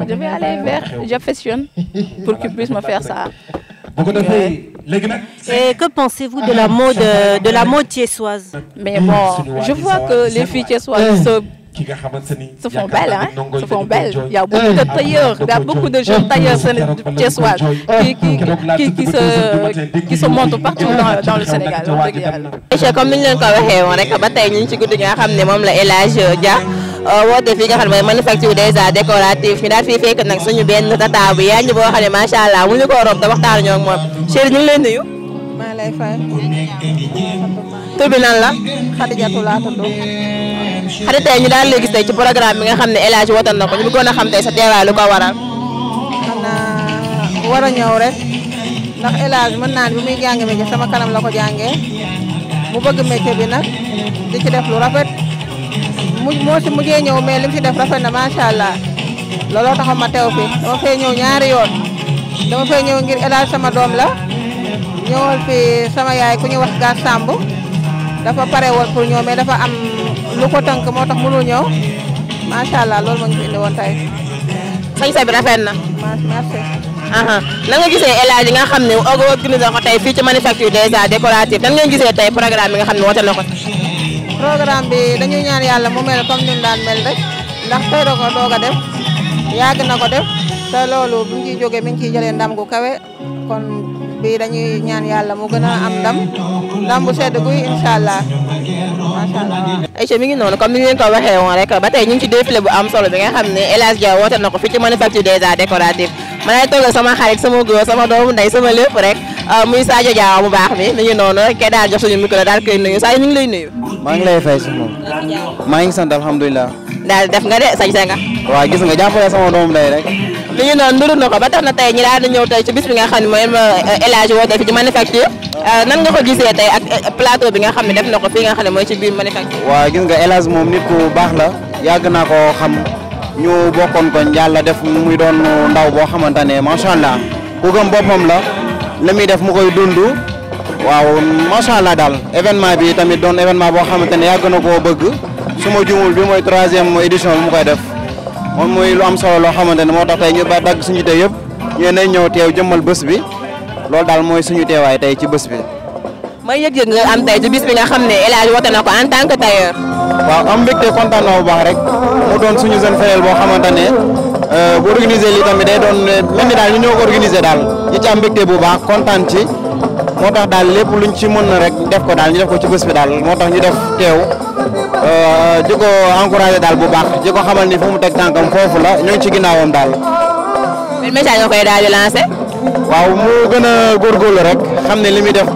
je vais aller vers j'affectionne pour qu'il puisse me faire ça. bu ko defee léegi nag. et que pensez-vous de la ah, mode euh, de la mode thiessoise. Euh, mais bon je vois que les filles thiessoises eh. se. se font belles hein se font belles il y a beaucoup de tailleurs il y a beaucoup de jeunes tailleurs thiessois qui se qui partout dans le Sénégal wax dëgg comme ni ñu leen ko waxee woon rek ba tey la El Hadj Euh, woote fii nga xam ne mooy manufacture des arts décoratifs ñu daal fii fekk nag suñu benn tata yaa ñu boo xam ne macha allah mu ñu ko romb te waxtaan ñoo moom chéri lay nuyu. maa lay fay. tur la. Xadijatu laa tudd. xarit ñu daal di gis tey ci programme bi nga xam ne El Hadj woote na ñu bëggoon a xam tey sa teewaay lu ko waral. war a ñëw rek. ndax El Hadj mën naa ne bi muy jàng métier sama kanam la ko jàngee. mu bëgg métier bi nag ci def lu rafet. mu moo si mujjee ñëw mais li mu si def rafet na macha allah tax taxaw ma teew fi dama fee ñëw ñaari yoon dama fee ñëw ngir El sama doom la ñëwal fi sama yaay ku ñëw wax gas Samb dafa pare woon pour ñëw mais dafa am lu ko tënk moo tax mënul ñëw macha allah loolu moo ngi fi indi woon tey. sañ-sañ bi rafet na. merci. nan nga gisee El fii ci manufacture des arts décoratifs nan nga gisee tey programme nga xam ne woote na ko. programme bi dañuy ñaan yàlla mu mel comme ni mu daan mel rek ndax tey da ko doog a def yàgg na ko def te loolu bu ñu ciy jógee mi ngi ciy jëlee ndam gu kawe kon bi dañuy ñaan yàlla mu gën a am ndam ndam bu sedd guy incha allah macha allah. Aïcha mi ngi noonu comme ni ñu ko waxee rek ba tey ñu ci défilé bu am solo bi nga xam ne El Hadj Dia woote na ko fii ci manufacture des arts décoratifs. ma lay toogal sama xarit sama góor sama doomu ndey sama lépp rek euh, muy Sadio Diaw bu baax bi mi ngi noonu rek kay daal daal koy nuyu Sadio ñu ngi lay nuyu. maa ngi lay fay si moom. maa ngi sant alhamdulilah. daal def nga de sañ sa nga. waaw gis nga jàppale sama doom ndey rek. li ñu noonu nduru na ko ba tax na tey ñi daal di ñëw tey ci bis bi nga xam ne mooy euh, El Hadj woote fi ci manufacture euh, nan nga ko gisee tey ak plateau bi nga xam ne def na ko fii nga xam ne mooy ci biir manufacture. waaw gis nga El moom nit ku baax la yàgg naa ko xam ñu bokkoon ko yàlla def muy doon ndaw boo xamante ne macha allah ku gëm boppam la li muy def mu koy dund waaw macha allah daal événement bi tamit doon événement boo xamante ne yàgg na koo bëgg su ma jumul bi mooy troisième édition bi mu koy def moom muy lu am solo loo xamante ne moo tax tey ñu ba dagg suñu tey yëpp ñu ne ñëw teew jëmmal bës bi loolu daal mooy suñu teewaay tey ci bés bi. ba yëg-yëg nga am tey ci bis nga xam ne El Hadj na ko en tant que waaw am mbégte kontaan na bu baax rek mu doon suñu jeune frère boo xamante ne euh, bu organisé lii tamit day doon euh, mel ni daal ñu ñoo ko organisé daal ñu ci am mbégte bu baax kontaan ci moo tax daal lépp luñ ci mën rek def ko ko ci bés bi daal moo tax ñu def teew euh, di ko daal bu baax di ko xamal ni fu mu teg tànkam foofu la ñoo ngi ci ginnaawam daal. message nga koy daal di lancé. waaw mu gën a góorgóorlu rek xam ne li muy def.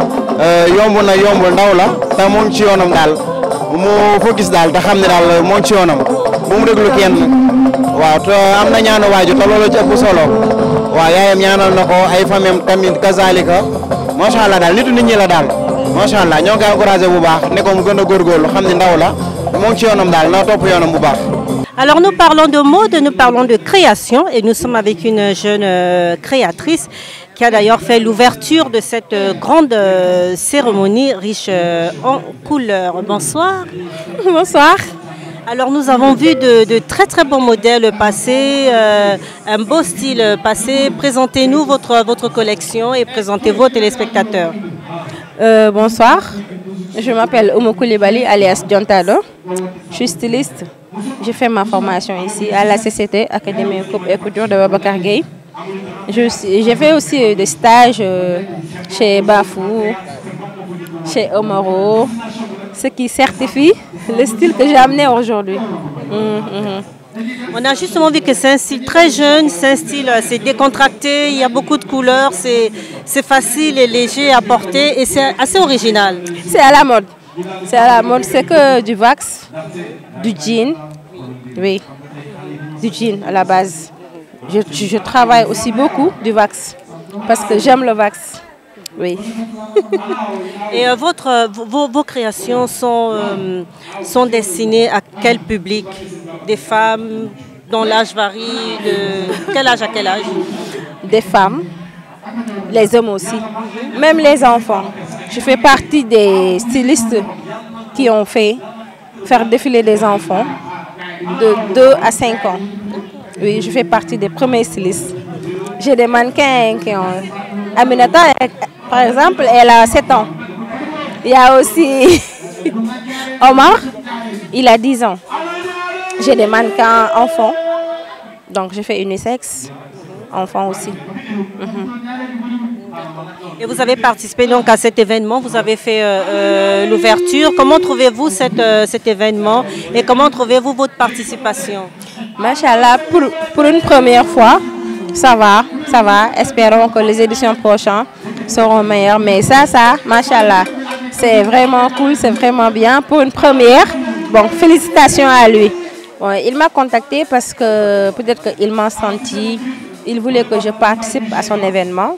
Eh, yomb na yomb ndaw la te moo ngi ci daal mu focus daal te xam ne daal moo ngi ci yoonam bu mu déglu kenn waaw te am na ñaan waaju te loolu ci ëpp solo waaw yaayam ñaanal na ko ay famem tamit kazalika macha allah daal nitu nit ñi la daal macha allah ñoo ngi koy bu baax ne ko mu gën a xam ni ndaw la te moo ngi daal na topp yoonam bu baax. Alors nous parlons de mode, nous parlons avec une jeune euh, créatrice qui a d'ailleurs fait l'ouverture de cette euh, grande euh, cérémonie riche euh, en couleurs. Bonsoir. nous avons vu de, très bons modèles passer, un beau style passé. Présentez-nous votre, collection et présentez vos téléspectateurs. bonsoir, je m'appelle Omo Koulibaly alias Diontado. Je suis styliste. J'ai fait ma formation ici à la CCT, Académie Coupe de Babacar Gueye. J'ai fait aussi euh, des stages euh, chez Bafou, chez Omoro, ce qui certifie le style que j'ai amené aujourd'hui. Mm, mm. On a justement vu que c'est un style très jeune, c'est euh, décontracté, il y a beaucoup de couleurs, c'est facile et léger à porter et c'est assez original. C'est à la mode. C'est à la mode, c'est que du wax, du jean, à la base. Je, je, travaille aussi beaucoup du wax parce que j'aime le wax. Oui. Et euh, votre, euh, vos, vos, créations sont, euh, sont destinées à quel public Des femmes dont l'âge varie de quel âge à quel âge Des femmes, les hommes aussi, même les enfants. Je fais partie des stylistes qui ont fait faire défiler des enfants de 2 à 5 ans. début, je fais partie des premiers stylistes. J'ai des mannequins qui ont... Aminata, par exemple, elle a 7 ans. Il y a aussi Omar, il a 10 ans. J'ai des mannequins enfants, donc je fais unisexe, enfants aussi. Mm -hmm. Et vous avez participé donc à cet événement, vous avez euh, euh, l'ouverture. Comment trouvez-vous euh, cet, événement et comment trouvez-vous votre participation Machallah, pour, une première fois, ça va, Espérons que les éditions prochaines seront meilleures. Mais ça, ça, c'est vraiment cool, c'est vraiment bien. Pour une première, bon, à lui. il m'a contacté parce que peut-être qu'il m'a senti, il voulait que je participe à son événement.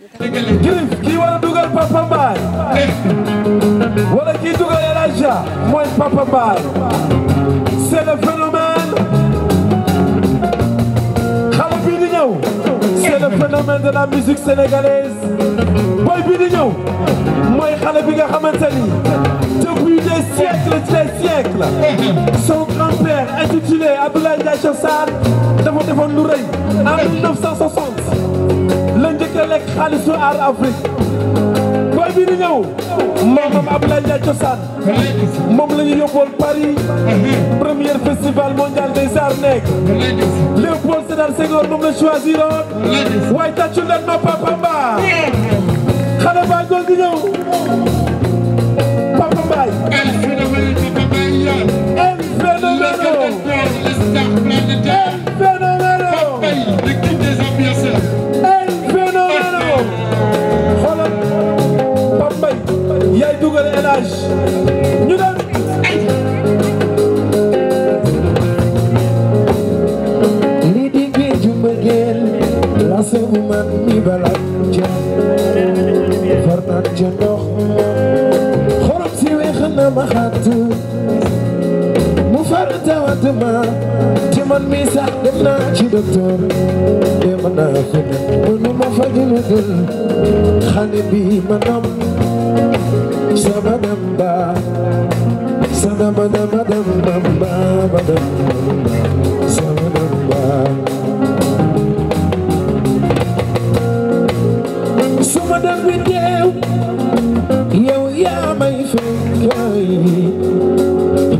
Grif kii war a dugal Papa Mbaye wala kii dugal El mooy Papa Mbaye c'est le phénomène xale bii di ñëw c'est le phénomène de la musique sénégalaise boy bii di ñëw mooy xale bi nga xamante ni depuis des siècles des siècles son grand-père intitulé Abdoulaye Ndiaye Sall dafa defoon lu rëy en la njëkk a lekk xaalisu aar Afrique booy bi di ñëw moomam Abdoulaye Ndiaye cosaan moom la ñu yóbboon Paris premier festival mondial des arts nègres Léopold Sédar Senghor moom la choisiroon waaye tàccu leen ma Papa Mba xale baa ngoo dugal El Hadj ñu dem li di géeju mbëggeel la sewu man mi balak jëm far naan ca ndox xorom si na ma xàtt mu far tawat ma te man dem naa ci docteur dem naa feneen mënu ma faj lu dul xale bi ma nam sama damba sama damba damba damba damba sama damba sama damba teew yow yaa may fekkay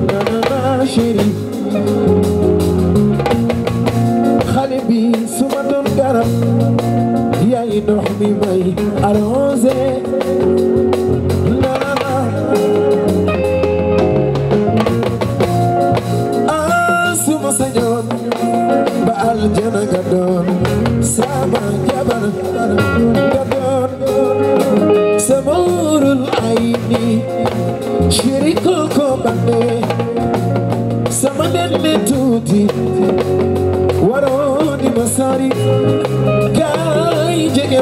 nana naa chéri xale bi suma doon garab yaay dox mi may alors aljana nga doon sama jabar nga doon sama urul ayni shiriko ko bande sama tuuti waroon di masari gaay jege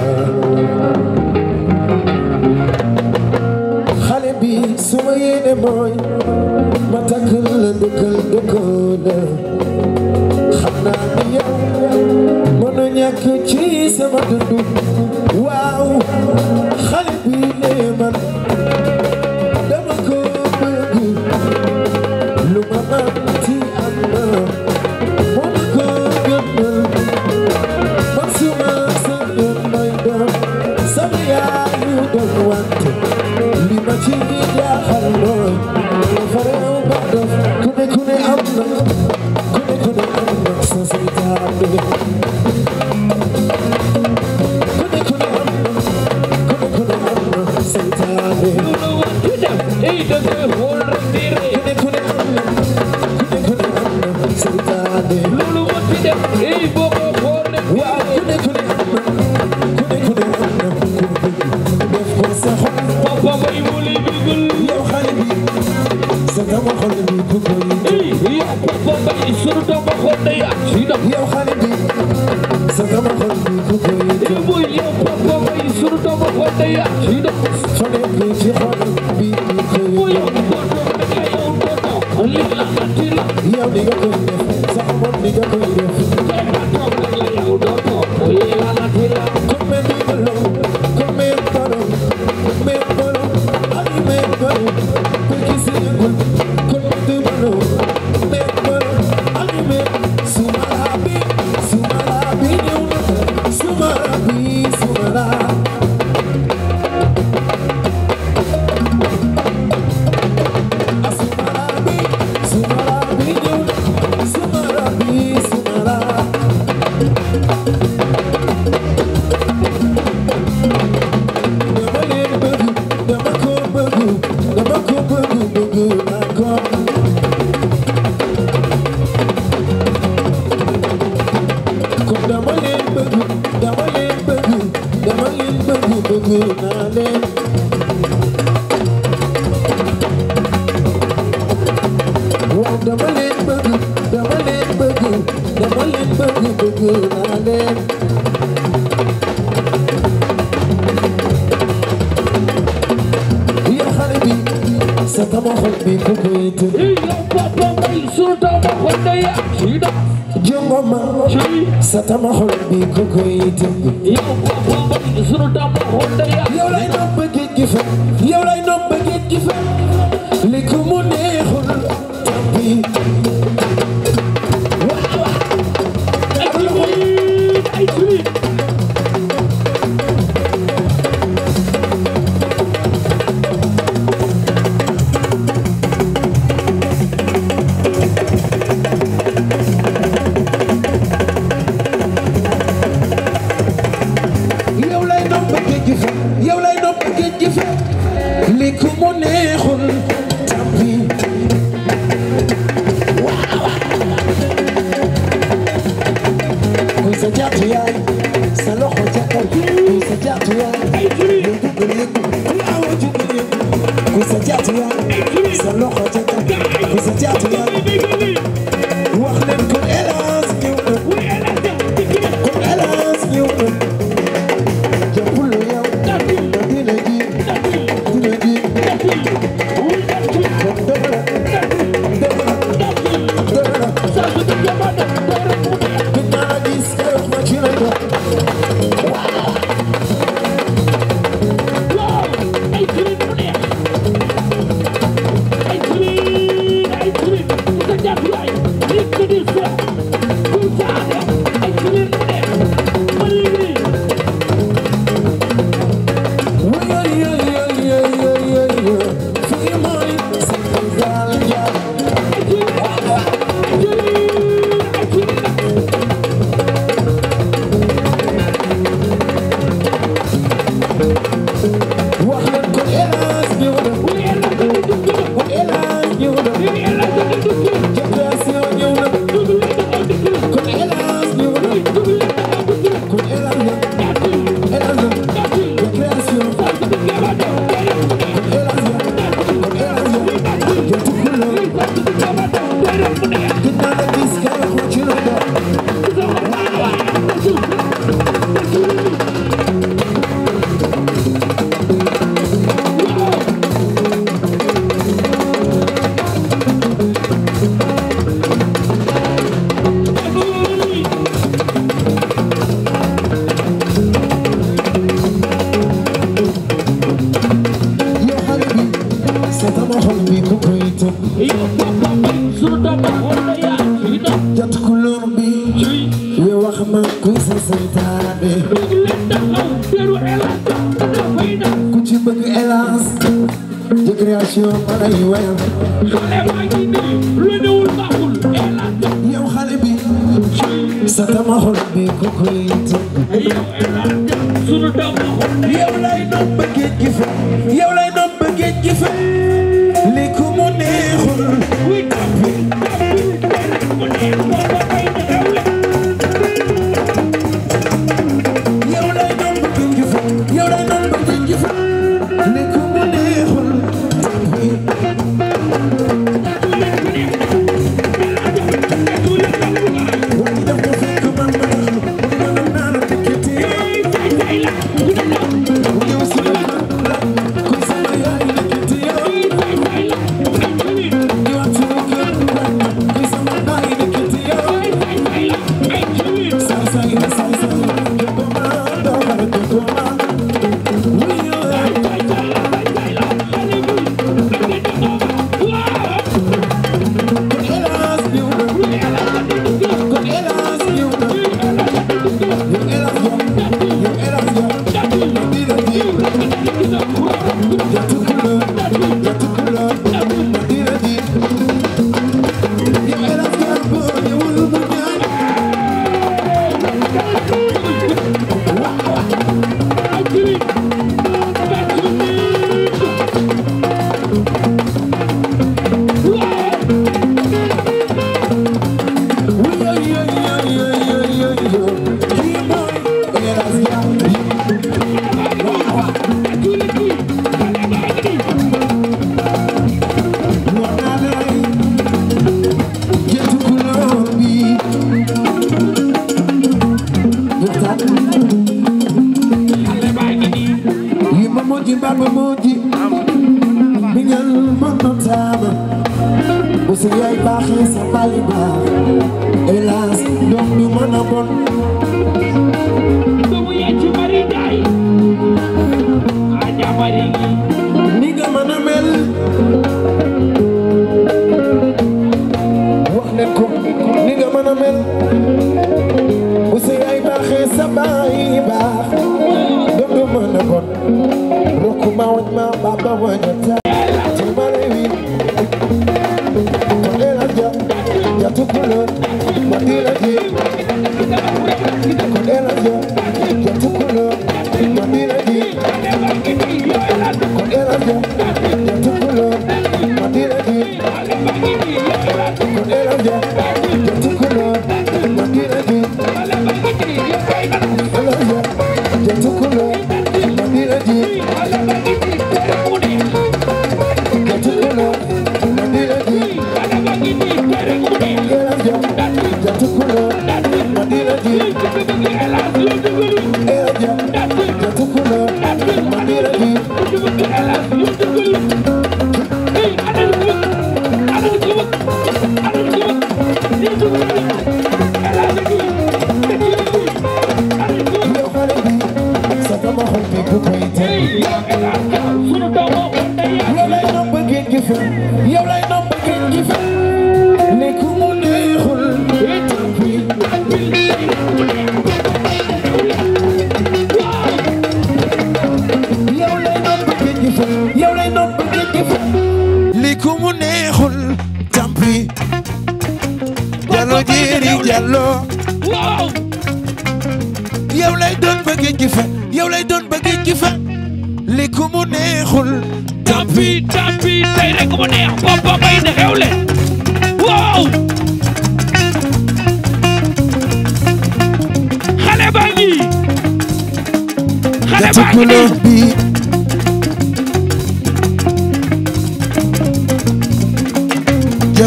yéene mooy ma takk la dëkkal dëkkoona xam naa ni yow mënu ñàkk ci sama dundu waaw xale bi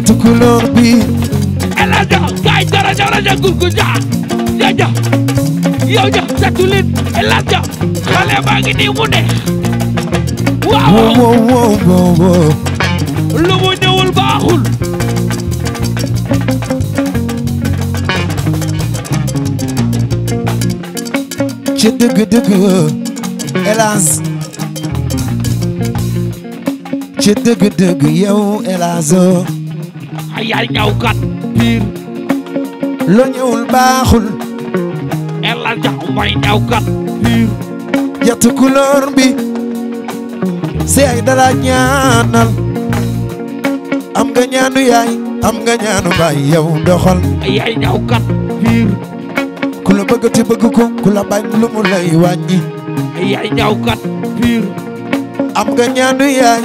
tukulóor bi ela ja kay dara ja raja gurgu ja ja ja sa tulin ela ja xale baa ngi nii mu ne waaw wow wow wow lu mu ñëwul baaxul ci dëgg dëgg hélas ci dëgg dëgg yow hélas yaay ñawkat piir lu ñëwul baaxul elal jaxu mooy ñawkat piir yatu bi si ay ñaanal am nga ñaanu yaay am nga ñaanu baay yow doxal ku la bëgg te bëgg ku la bañ lu mu lay wàññi yaay ñawkat piir am nga ñaanu yaay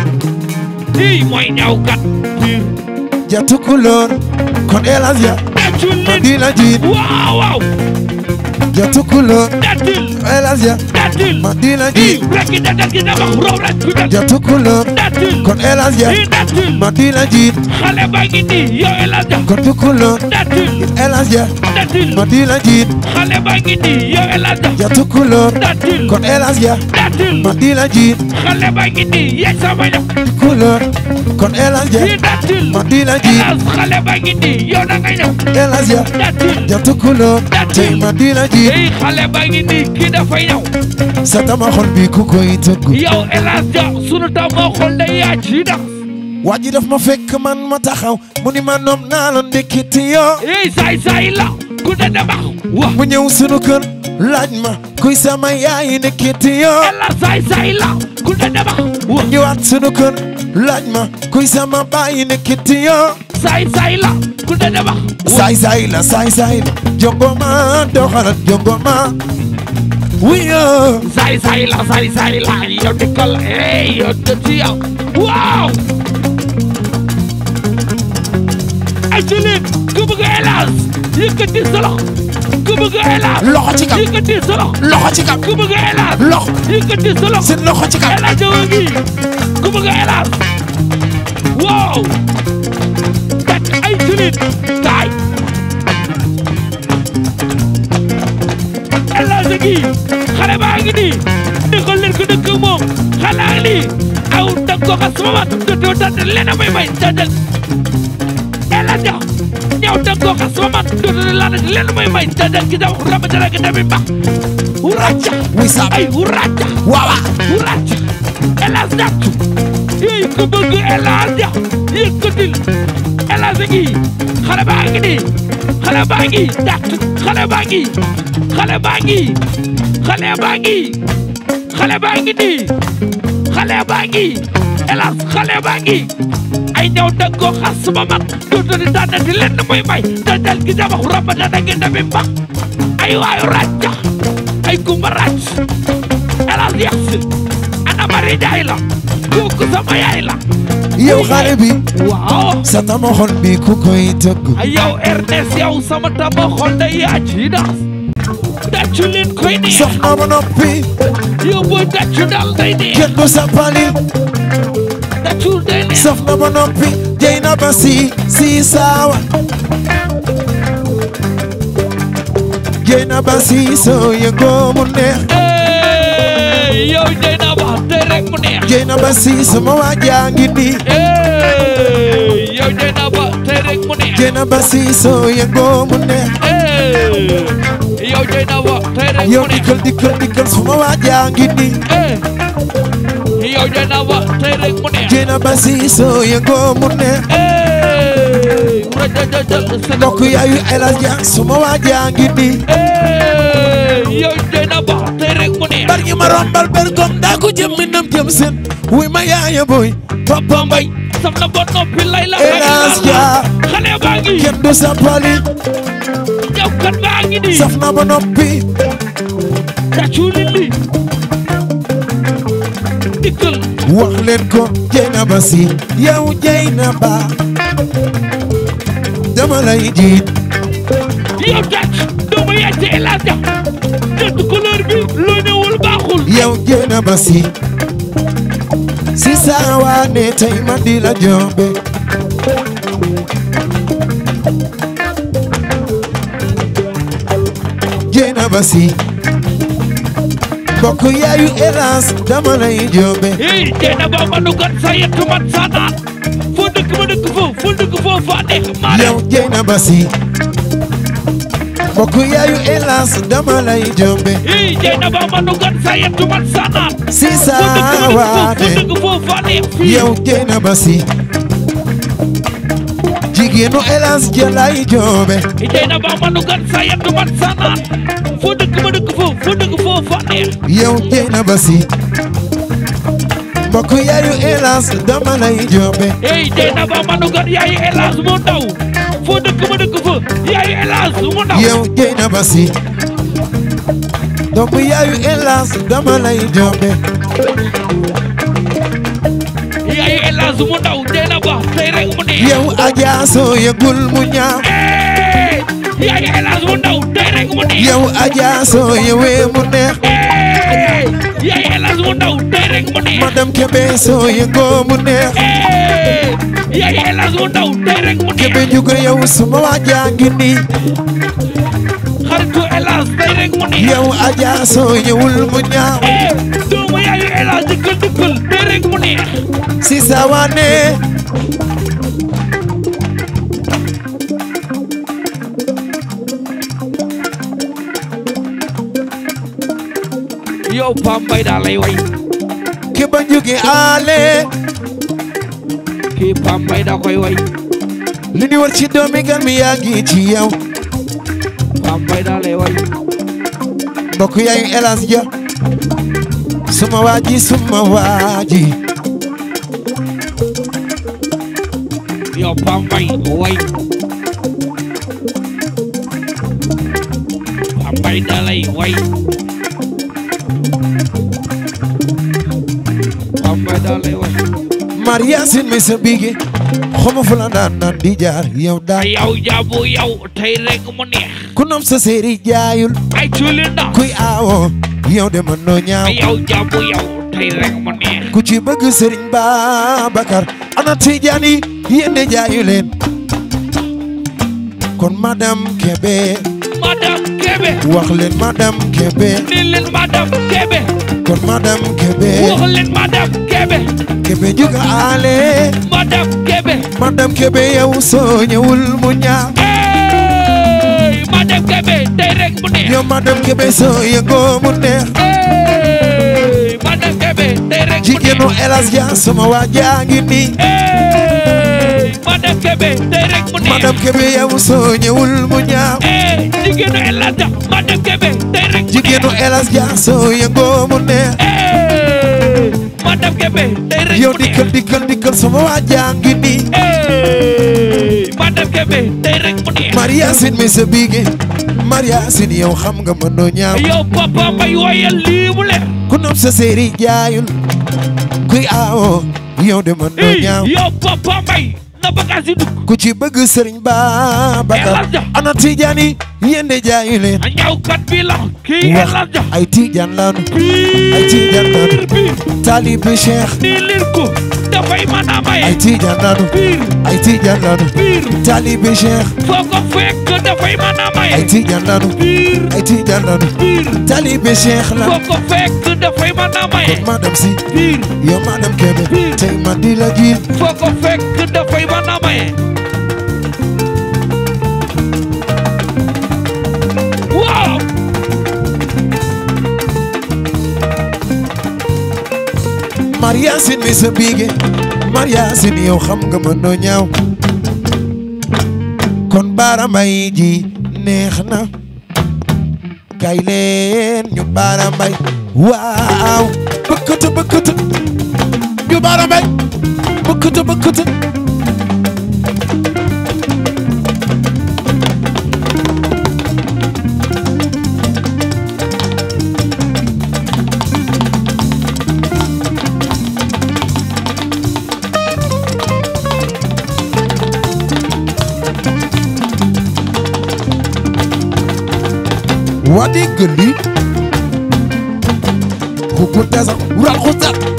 kii mooy ñawkat ja tukulóor kon elas ya kon dina jiin waaw datil madina gi rekki datil gi dama raw rekki datil jatu couleur datil kon elas ya datil madina gi xale ba ngi ni yow elas ya kon tu couleur datil elas ya datil madina gi xale ba ngi ni yow elas ya jatu couleur datil kon elas ya datil madina gi xale ba ngi ni yeesa ba couleur kon elas ja yi datil man dina ji elas xale ba ngi di yow da ngay ñëw elas datil ja tukkuloo datil man dina ji yi xale ba ngi di ki dafay sa tama bi ku koy tëgg yow elas ja sunu tama xol day yaaj yi ji daf ma fekk man ma taxaw mu ni ma noom naa la ndekiti ey saay saay la ku da damax wa mu ñëw sunu kër laaj ma kuy sama yaay ndekiti yoo elas saay saay la ku da damax wa ñëwaat sunu kër laaj ma kuy sama baay ne kitiyo saay saay la ku dee de wax saay saay la saay saay la jongoma doxalat jongoma wiyo saay saay la saay saay la yow di kol hey yow di tiyo waaw ay jëleen ku bëgg hélas yëkkati sa loxo ku bëgg hélas loxo ci kaw yëkkati sa loxo loxo ci kaw ku bëgg hélas loxo yëkkati sa loxo seen loxo ci kaw hélas jawa ngi ku bëgg a hélas waaw kat ay julit kaay hélas gi xale baa ngi nii di xool leen ko dëkk moom xanaa lii aw da ko xas sama mat dootoo tànn lenn may may jànjal hélas ja ñëw da ko xas sama mat dootoo laal lenn may may jànjal ki daw rama jara ga dami bax wuraja wi saab ay wuraja waawa Elhadj jàpp yéen ko bëgg Elhadj ja yëkkatil Elhadj gi xale baa ngi nii xale baa ngi jàpp xale baa ngi xale baa ngi xale baa ngi xale baa ngi nii xale baa ngi ay ñëw dag xas ba mat dootu di tànnati lenn muy may dandal gi jabax rabata da ngi dami ay waayu ràcc ay gumba ràcc Elhadj yàq Marie Ndiaye la kooku sama yaay la yow xale bi waaw sa tama xol bi ku koy tëgg yow Ernest yow sama tama xol day yaaj yi dax dàccu leen koy nii soxna ba noppi yow booy dàccu daal day nii kenn du sa pali dàccu day nii soxna ba noppi jey na ba si si saawa jey na ba si soo yëngoo mu neex yow jey na ba tey rek mu neex. jëy na ba si sama waa jaa ngi nii. yow jëy na ba tey rek mu neex. jëy na ba si soo yëngoo mu neex. yow jëy na ba tey rek mu neex. yow dikkal dikkal dikkal sama waa jaa ngi nii. yow jëy na ba tey rek mu neex. jëy na ba si soo yëngoo mu neex. mbokk yaayu El Hadj Diagne sama waa jaa ngi nii. yow jëy na ba. kër gi ma rombal bergom daa ko jëm mi nam jëm seen ma yaaya boy papa mbay sam na bot lay la elas ja xale baa ngi kenn du sampali jaw kan baa di saf na ma noppi tacuuli li dikkal wax leen ko jeyna ba si yow jeyna ba dama lay jiit yow tac dama yette elas ja yow génn ma si si saa tey ma di la jombe génn ma si bokk yaayu hélas dama lay jombe ii génn boo ma nu gat mat saata foo dëkk ma dëkk foo foo dëkk foo faa nekk ma yow génn ma si bokk yaayu hélas dama lay jombe i jey na ba ma dugat sa yettu man sanaat si saa waate yow jey na ba si jigéenu hélas ja lay jombe i jey na ba ma dugat sa yettu man sanaat foo dëkk ma dëkk foofu foo na ba si mbokk yaayu hélas dama lay jombe i jey na ba ma dugat yaayu hélas moo daw foo dëkk ma dëkk fa yaayu hélas mu ndaw yow jëy mu ndaw jëy na ba tey rek mu neex yow Adja soo mu ndaw tey rek mu neex yow Adja soo yëwee mu neex yaayu hélas mu ndaw tey rek mu neex madame Kébé soo yëgoo mu neex yaay yaay las mu ndaw mu neex kebe jugo yow suma waajaa ngi nii xaritu elas tey mu neex yow ajaa soo ñëwul mu ñaaw doomu yaayu elas dikkal dikkal mu neex si sawaane yow pambay lay way kebe jugi ale ki pam may da koy way li ñu war ci doomi Gambia gi ci yow pam da lay way mbokk yaay elas ja suma waaji suma waaji yo pam way pam da lay way maar yaasin mi sa bigi xoma fu la daan daan di jaar yow daal yow ku nam sa séeri kuy aawoo yow de mën noo ñaaw yow jaabu yow tey ku ci bëgg sëriñ Babacar ana Tijaan yi yéen de jaayu leen kon madame Kébé madame wax leen madame Kébé ni leen madame Kébé kon madame Kébé wax leen madame Kébé kebe juga ale madame kebe madame kebe yow soo ñëwul mu ñaaw hey madame kebe tey rek mu neex yow madame kebe soo yëngoo mu neex hey madame kebe tey rek mu neex jigéenu elas ja sama waa jaa ngi nii hey madame kebe tey rek mu neex madame kebe yow soo ñëwul mu ñaaw hey jigéenu elas ja madame kebe tey rek mu neex jigéenu elas ja soo yëngoo mu neex ma dam kebe biige Maria Sin yow xam nga mën noo yow papa may woyal lii ku nopp sa séeri jaayul kuy aawoo yow de mën noo ku ci bëgg Serigne Babacar ana Tijaan yi yende jaayu ay Tijaan lañu ay Tijaan lañu taalibe Cheikh di lir dafay mën a maye ay Tijaan lañu ay Tijaan lañu taalibe Cheikh foo ko fekk dafay mën a maye ay Tijaan lañu ay Tijaan lañu taalibe ma di bayee waaw Maria biige Maria Sine yow xam nga mën ñaaw kon baarambay ji neex na kay leen bara baarambay waaw bëkkatu bëkkatu ñu baarambay bëkkatu bëkkatu wa di gëlli ku ku tesa wural xutat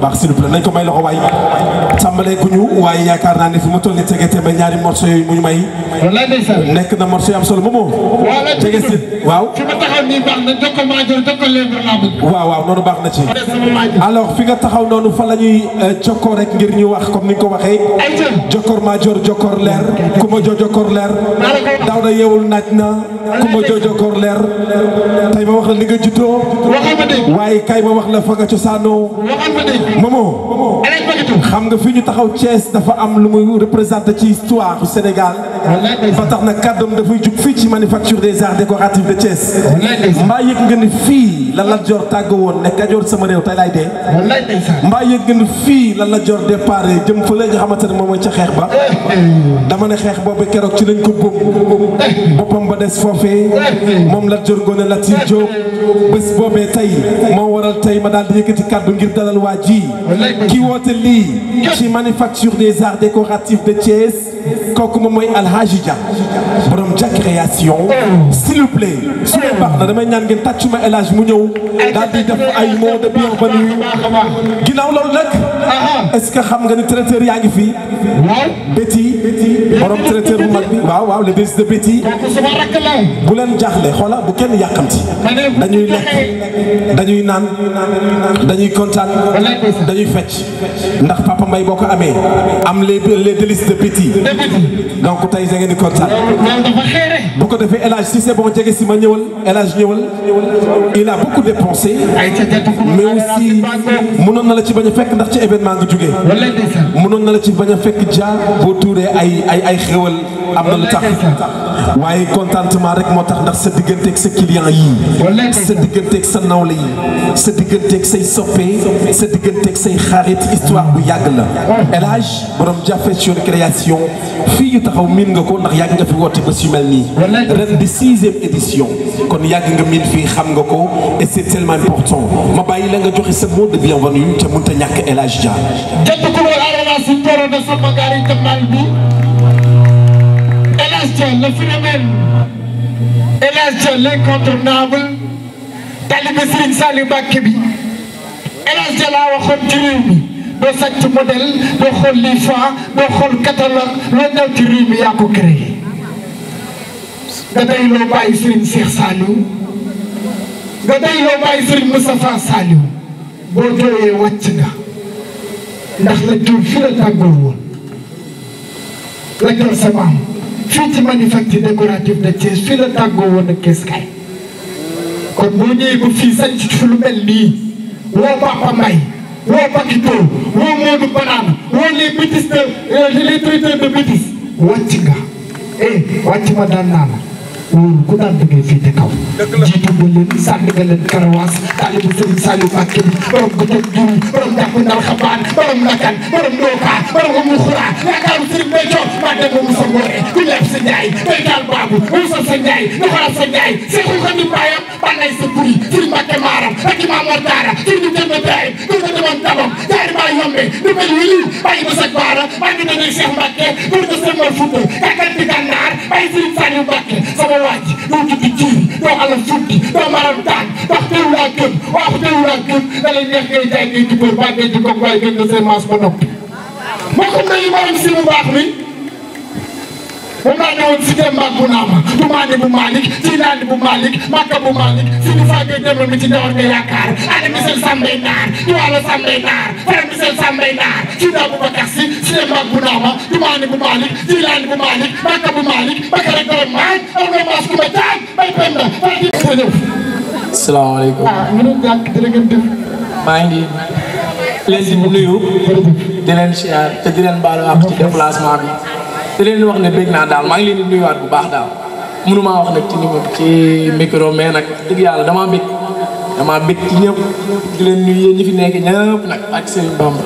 baax s'il vous plaît nañ ko may loxo waay tàmbalee ku ñu waaye yaakaar naa ne fi ma toll nii tege tebe ñaari morceau yooyu mu ñu may. nekk na morceau yu am solo moomoo. jege si waaw. fi baax na waaw noonu baax na ci. alors fi nga taxaw noonu fa la ñuy euh, jokkoo rek ngir ñu wax comme ni nga ko waxee. jokkoor maa jor jokkoor leer. ku ma jor leer. daaw da yeewul naaj na. Kumba Joojo Koor leer tay ba wax la li nga juddoo waaye kay ma wax la fa nga cosaanoo Momo xam nga fi ñu taxaw Thiès dafa am lu muy représenté ci histoire Sénégal ba tax na kàddoom dafay jug fii ci manufacture des arts décoratifs de mbaa yëg nga ni fii la Lat tàgg woon ne Kajoor sama réew tey laay dee. mbaa yëg nga ni fii la Lat Joor départ jëm fële nga xamante ne moom mooy ca xeex ba. dama ne xeex boobu keroog ci lañ ko bóob boppam ba des foofee moom Lat Joor Ngoone Latir Jóob bés boobee tey moo waral tey ma daal di yëkkati kàddu ngir dalal waa ji. ki woote lii ci manufacture des arts décoratifs de Thiès. kooku moom mooy Alhaji Dia borom Dia création s'il vous plaît su dee baax na damay ñaan ngeen tàccu ma El mu ñëw daal di def ay mots de bienvenue ginnaaw loolu nag est-ce que xam nga ni traiteur yaa ngi fii. béti borom traiteur bu mag bi waaw waaw le bés de béti bu leen jaaxle xoola bu kenn yàqamti dañuy lekk dañuy naan dañuy kontaan dañuy fecc ndax papa Mbaye boo ko amee am les les délices de béti donc tey da ngeen di kontaan bu ko defee El Hadj si c'est bon jege si ma ñëwal El Hadj ñëwal il a beaucoup dépensé mais aussi mënoon na la ci bañ a fekk ndax ci maa ngi jógee. wallaay mënoon na la ci bañ a fekk jaar boo tuuree ay ay ay xéwal am na lu tax waaye contentement rek moo tax ndax sa digganteeg sa client yi sa digganteeg sa nawle yi sa digganteeg say soppe sa digganteeg say xarit histoire bu yàgg la El Hadj borom Jafé sur création fii ñu taxaw miin nga ko ndax yàgg nga fi woote ba su mel nii ren di sixième édition kon yàgg nga miin fii xam nga ko et c'est tellement important ma bàyyi la nga joxe sa mot de bienvenue te mënut a ñàkk El Hadj Dia. jënd Dieng le phénomène El Hadj Dieng l'incontournable taalibe Serigne Saliou Mbacké bi El Hadj Dieng laa waxoon ci réew mi doo xool lii fa xool catalogue loo ñëw ci yaa ko créé nga day loo bàyyi boo jooyee wàcc ndax la jur fi fii ci manufacture décorative de Thiès fii la tàggoo woon ak Thiès kay kon boo ñëwee ba fii sañ ci fi lu mel nii woo Papa Mbaye woo Pakito woo Modou Banane woo les bêtises de euh, les traiteurs de bêtises wàcc nga eh wàcc ma daan la wóoru ku daan dëggee fii te kaw jiitu nga leen sànni nga leen karawaas taalibu sëriñ Saliou Mbacké bi borom ko teg jur borom jàpp ndal xabaan borom nakan borom dookaa borom amul xuraa yaakaaru sëriñ Béthio maa dem ba Moussa Ngoré ku leb sa njaay bay daal baabu Moussa sa njaay doxalal sa njaay seexul xadim baayam bànnay sa buri sëriñ Mbacké maaram ak imaam Mor Daara sëriñ Demba Baye du ko demoon dabam jaari baa yombe du mel wili bàyyi ba sa baara bàyyi na ne Cheikh Mbacké pour que sa mor fuuta kakkanti gànnaar bàyyi sëriñ Saliou Mbacké laaj doo juddi jiw doo alal futti doo maral taag ndax teewul ak gëm waaw teewul ak gëm da lay neex ngay jaay ngay jubóor bàggee ji ko waaye gën na seen maas ba noppi. mbokk mi maanaam si bu baax mi. Umande wamsikia Mbagu Nama, Umande bu Malick, Jinaani bu Malick, Makka bu Malick, Sidi Fage demal mi ci dawar nga yaakaar, Ada Misel Sambay Naar, Diwala Sambay Naar, Fara Misel Sambay Naar, Sidi Abubakar Si, Sidi Mbagu Nama, Umande bu Malick, Jinaani bu Malick, Makka bu Malick, Bakar ak Borom Maañ, am nga maas ku ma jaay, bay Penda, Fati nga ñëw. Salaamaaleykum. Ah, ñu doon jàkk dina ngeen def. Maa ngi leen di nuyu di leen siyaar te di leen baalu ak ci déplacement bi. te leen wax ne bëgg naa daal maa ngi leen di nuyuwaat bu baax daal mënumaa wax nag ci numéro ci micro mais nag dëgg yàlla damaa bëgg damaa bëgg ci ñëpp di leen nuyu yéen fi nekk ñëpp nag ak Serigne Bamba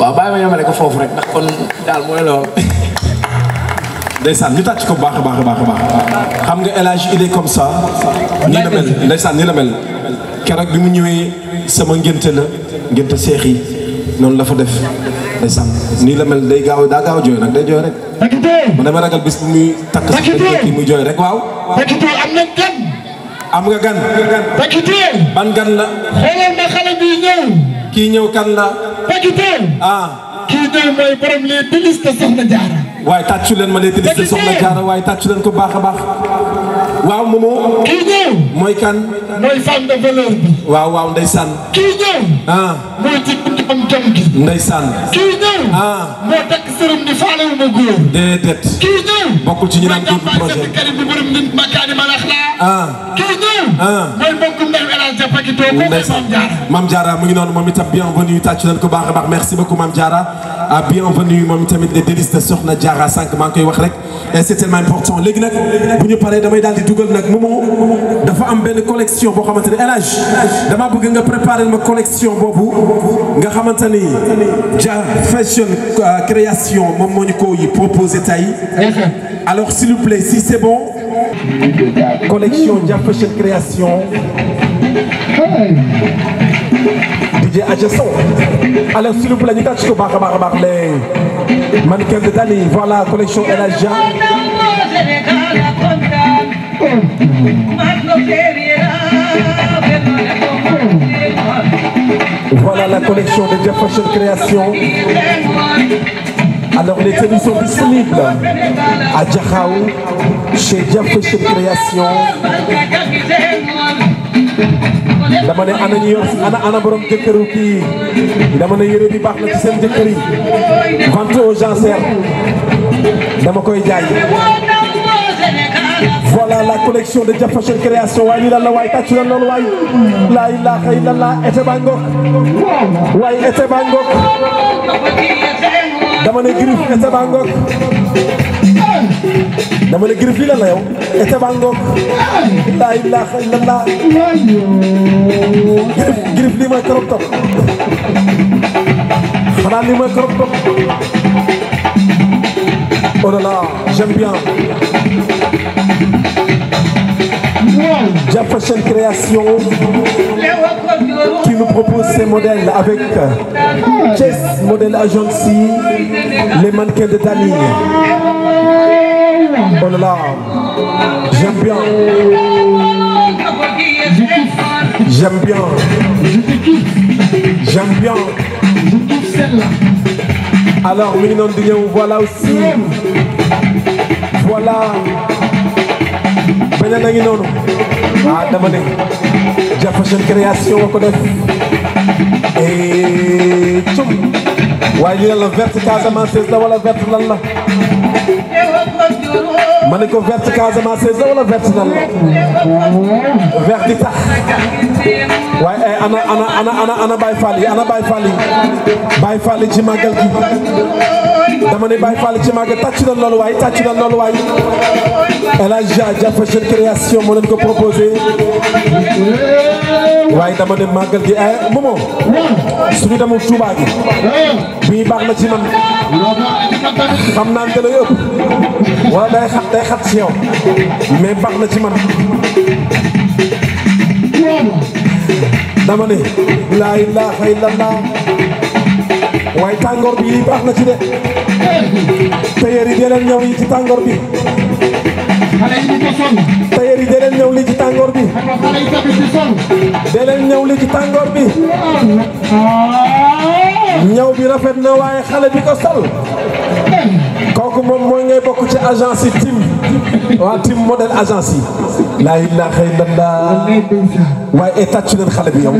waaw bàyyi ma yemale ko foofu rek ndax kon daal mooy loolu. ndeysaan ñu tàcc ko baax a baax a a xam nga El Hadj il comme sa nii la mel ndeysaan nii la mel keroog bi mu ñëwee sama ngénte la ngénte seex yi noonu la fa def. ndeysaan nii la mel day gaaw daa gaaw a jooy nag day jooy rek. rakete man dama ragal bis bu muy takk sax kii jooy rek waaw. rakete am na am nga gan. rakete. ban gan la. xoolal ma xale bi ñëw. kii ñëw kan la. rakete. ah. kii ñëw mooy borom les délices Soxna Diarra. waaye tàccu leen ma les délices Soxna Diarra waaye tàccu leen ko baax a baax. waaw moomoo. kii ñëw. mooy kan. mooy femme de valeur waaw waaw ndeysaan. kii ñëw. ah. mooy am jom gi. ndeysaan. kii ñëw. ah moo takk ni faale wu ma góor. déedéet. kii ñëw. bokkul ci ñu naan góor projet bi karim bi borom nit makaani malax laa. ah kii ñëw. ah mooy mbokku ndaw El Hadj Pakito ko Mame mu ngi noonu moom itam bienvenue tàcc nañ ko baax a baax merci beaucoup Mame Diarra ah bienvenue moom itamit les délices Soxna Diarra sànq maa ngi koy wax rek. et c'est tellement important léegi nag bu ñu paree damay daal di dugal nag Momo dafa am benn collection boo xamante ne El Hadj damaa bëgg nga préparer ma collection boobu nga xamante ni Dia Fashion euh, création moom moo ñu ko yi proposé tey alors s'il vous plaît si c'est bon collection Dia Fashion création DJ Adja Sow alors s'il vous plaît ñu tàcc ko baax a baax Mannequin de Dali, voilà, collection El Hadj Dia. Voilà la collection de Dia Fashion Création. Alors les tenues sont disponibles à Diakhao, chez Dia Fashion Création. dama ne ana ñu yor ana ana borom jëkkëru kii dama ne yére bi baax na ci seen jëkkër yi vente aux dama koy jaay. voilà la collection de Jap Fashion création waaye lii lan waaye tàccu lan loolu ete baa waaye ete baa dama ne Griff Esteban la yow Esteban Ngok laa ilaaha illallaah Griff Griff lii mooy crop top xanaa lii mooy top oh là là Jefferson Création qui nous propose ces modèles avec Chess euh, Model Agency, les mannequins de Dany. j'aime bien. J'aime bien. J'aime bien. Alors, mi voilà aussi. Voilà. beneen a ngi noonu ah dama ne Dia Fashion création ko def et eh, cum waaye ñu ne la verte Casamance wala verte lan la ma ne ko verte Casamance la wala verte lan la vert di tax waaye eh, ana ana ana ana ana Baye Fall yi ana dama ne Baye Fall ci màgg tàcc na loolu waay tàcc na loolu waay El Hadj Dia Dia Fashion Création moo leen ko ne màggal gi eh Momo suñu demul Touba gi bii baax na ci man xam naa ne lay ëpp wala day xat mais baax na ci man. dama ne laa ilaaha illallah waaye tàngoor bi baax na ci tailleur yi dee leen ñëw li ci tàngoor bi. yi ci tàngoor bi. xale yi dee leen ñëw li ci tàngoor bi. ñëw bi rafet na waaye xale bi ko sol. kooku moom mooy ngay bokk ci agenc yi team waa team modèle yi. laa ilaaha illallaah waaye et tàccu leen xale bi yow.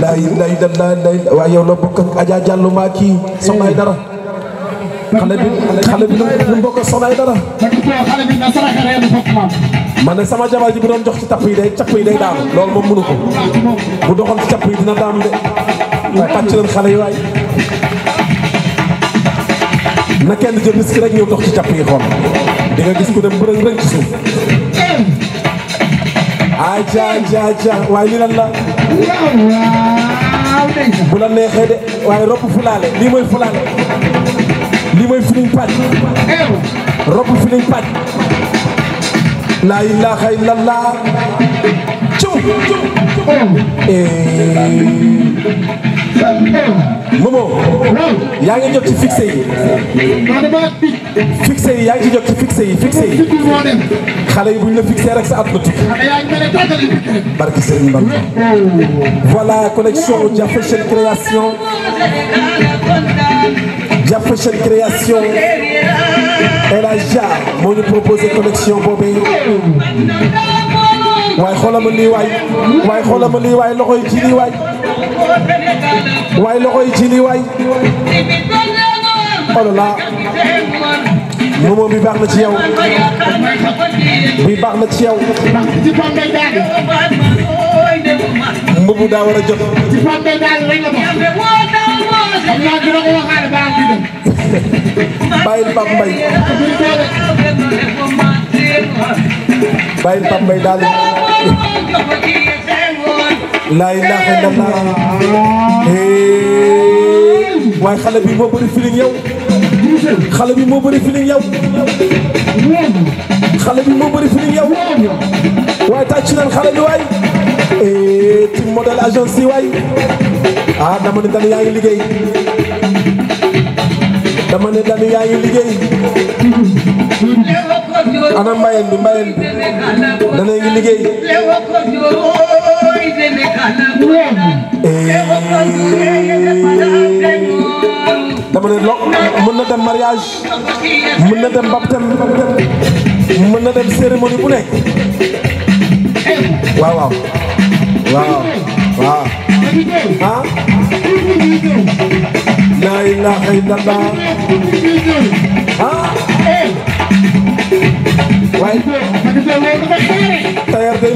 laa ilaaha illallaah waaye yow la bokk ak Adja maa kii soxna ay dara. xale bi xale bi nu mu bokk soxna dara. man ne sama jabar ji bu doon jox ci capp yi day capp yi day daanu loolu moom mënu ko bu doxoon ci capp yi dina daanu de ñu tàcc leen xale yi waay na kenn jël risque rek ñëw ci capp yi xool di gis ku dem bërëng rëng ci suuf aja aja aja waaye lii lan bu la neexee de waaye ropp fulaale lii mooy fulaale li mooy Feeling Patch robu Feeling Patch laa ilaaha illallah ciw eh. Momo yaa ngi jot ci fixé yi fixé yi yaa ngi ci jot ci fixé yi fixé yi xale yi buñ la fixé rek sa at ba tukki barki Serigne Bamba voilà connexion Dia Fashion création jàpp seen création El Hadj Dia moo ñu proposé connexion boobee waaye xoolal ma lii waay waaye xoolal ma lii waay loxo yi ci lii waay waaye loxo yi ci lii waay oh là là moom bi baax na ci yow bi baax na ci yow mbubu daa war a jot. xam naa dina ko waxaale balaa muy dem. bàyyil xale bi moo bëri yow. xale bi moo bëri yow. xale bi moo bëri yow. waaye tàcc xale bi waay. et eh, team model agence yi waay ah dama ne dañu yaa ngi liggéey dama ne dañu liggéey ana mbayeen bi mbayeen bi dana ngi liggéey eh, dama ne lo mën na dem mariage mën na dem baptême mën na dem cérémonie bu nekk waaw waaw waaw waaw ah laa ilaaha illallaah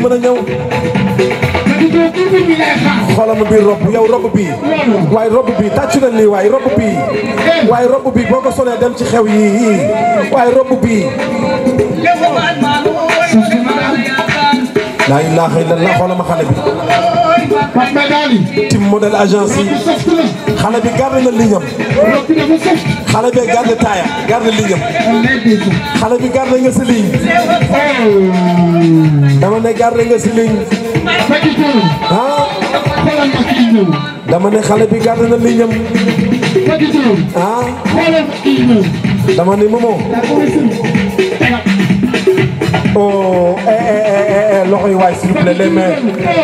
mën a ñëw xoolal ma biir rob yow rob bi waaye rob bi tàccu na lii waaye rob bi waaye rob bi solee dem ci xew yi waaye laa ilaaha illallaah xoolal ma xale bi. tim modèle xale bi garde na liggam xale bee garde taaya garde xale bi garde nga si ligne dama ne garde nga si ligne ah. ne xale bi garde na liggam ah ne momo Oh, eh, eh, eh, l'oreille, s'il vous plaît, les mains.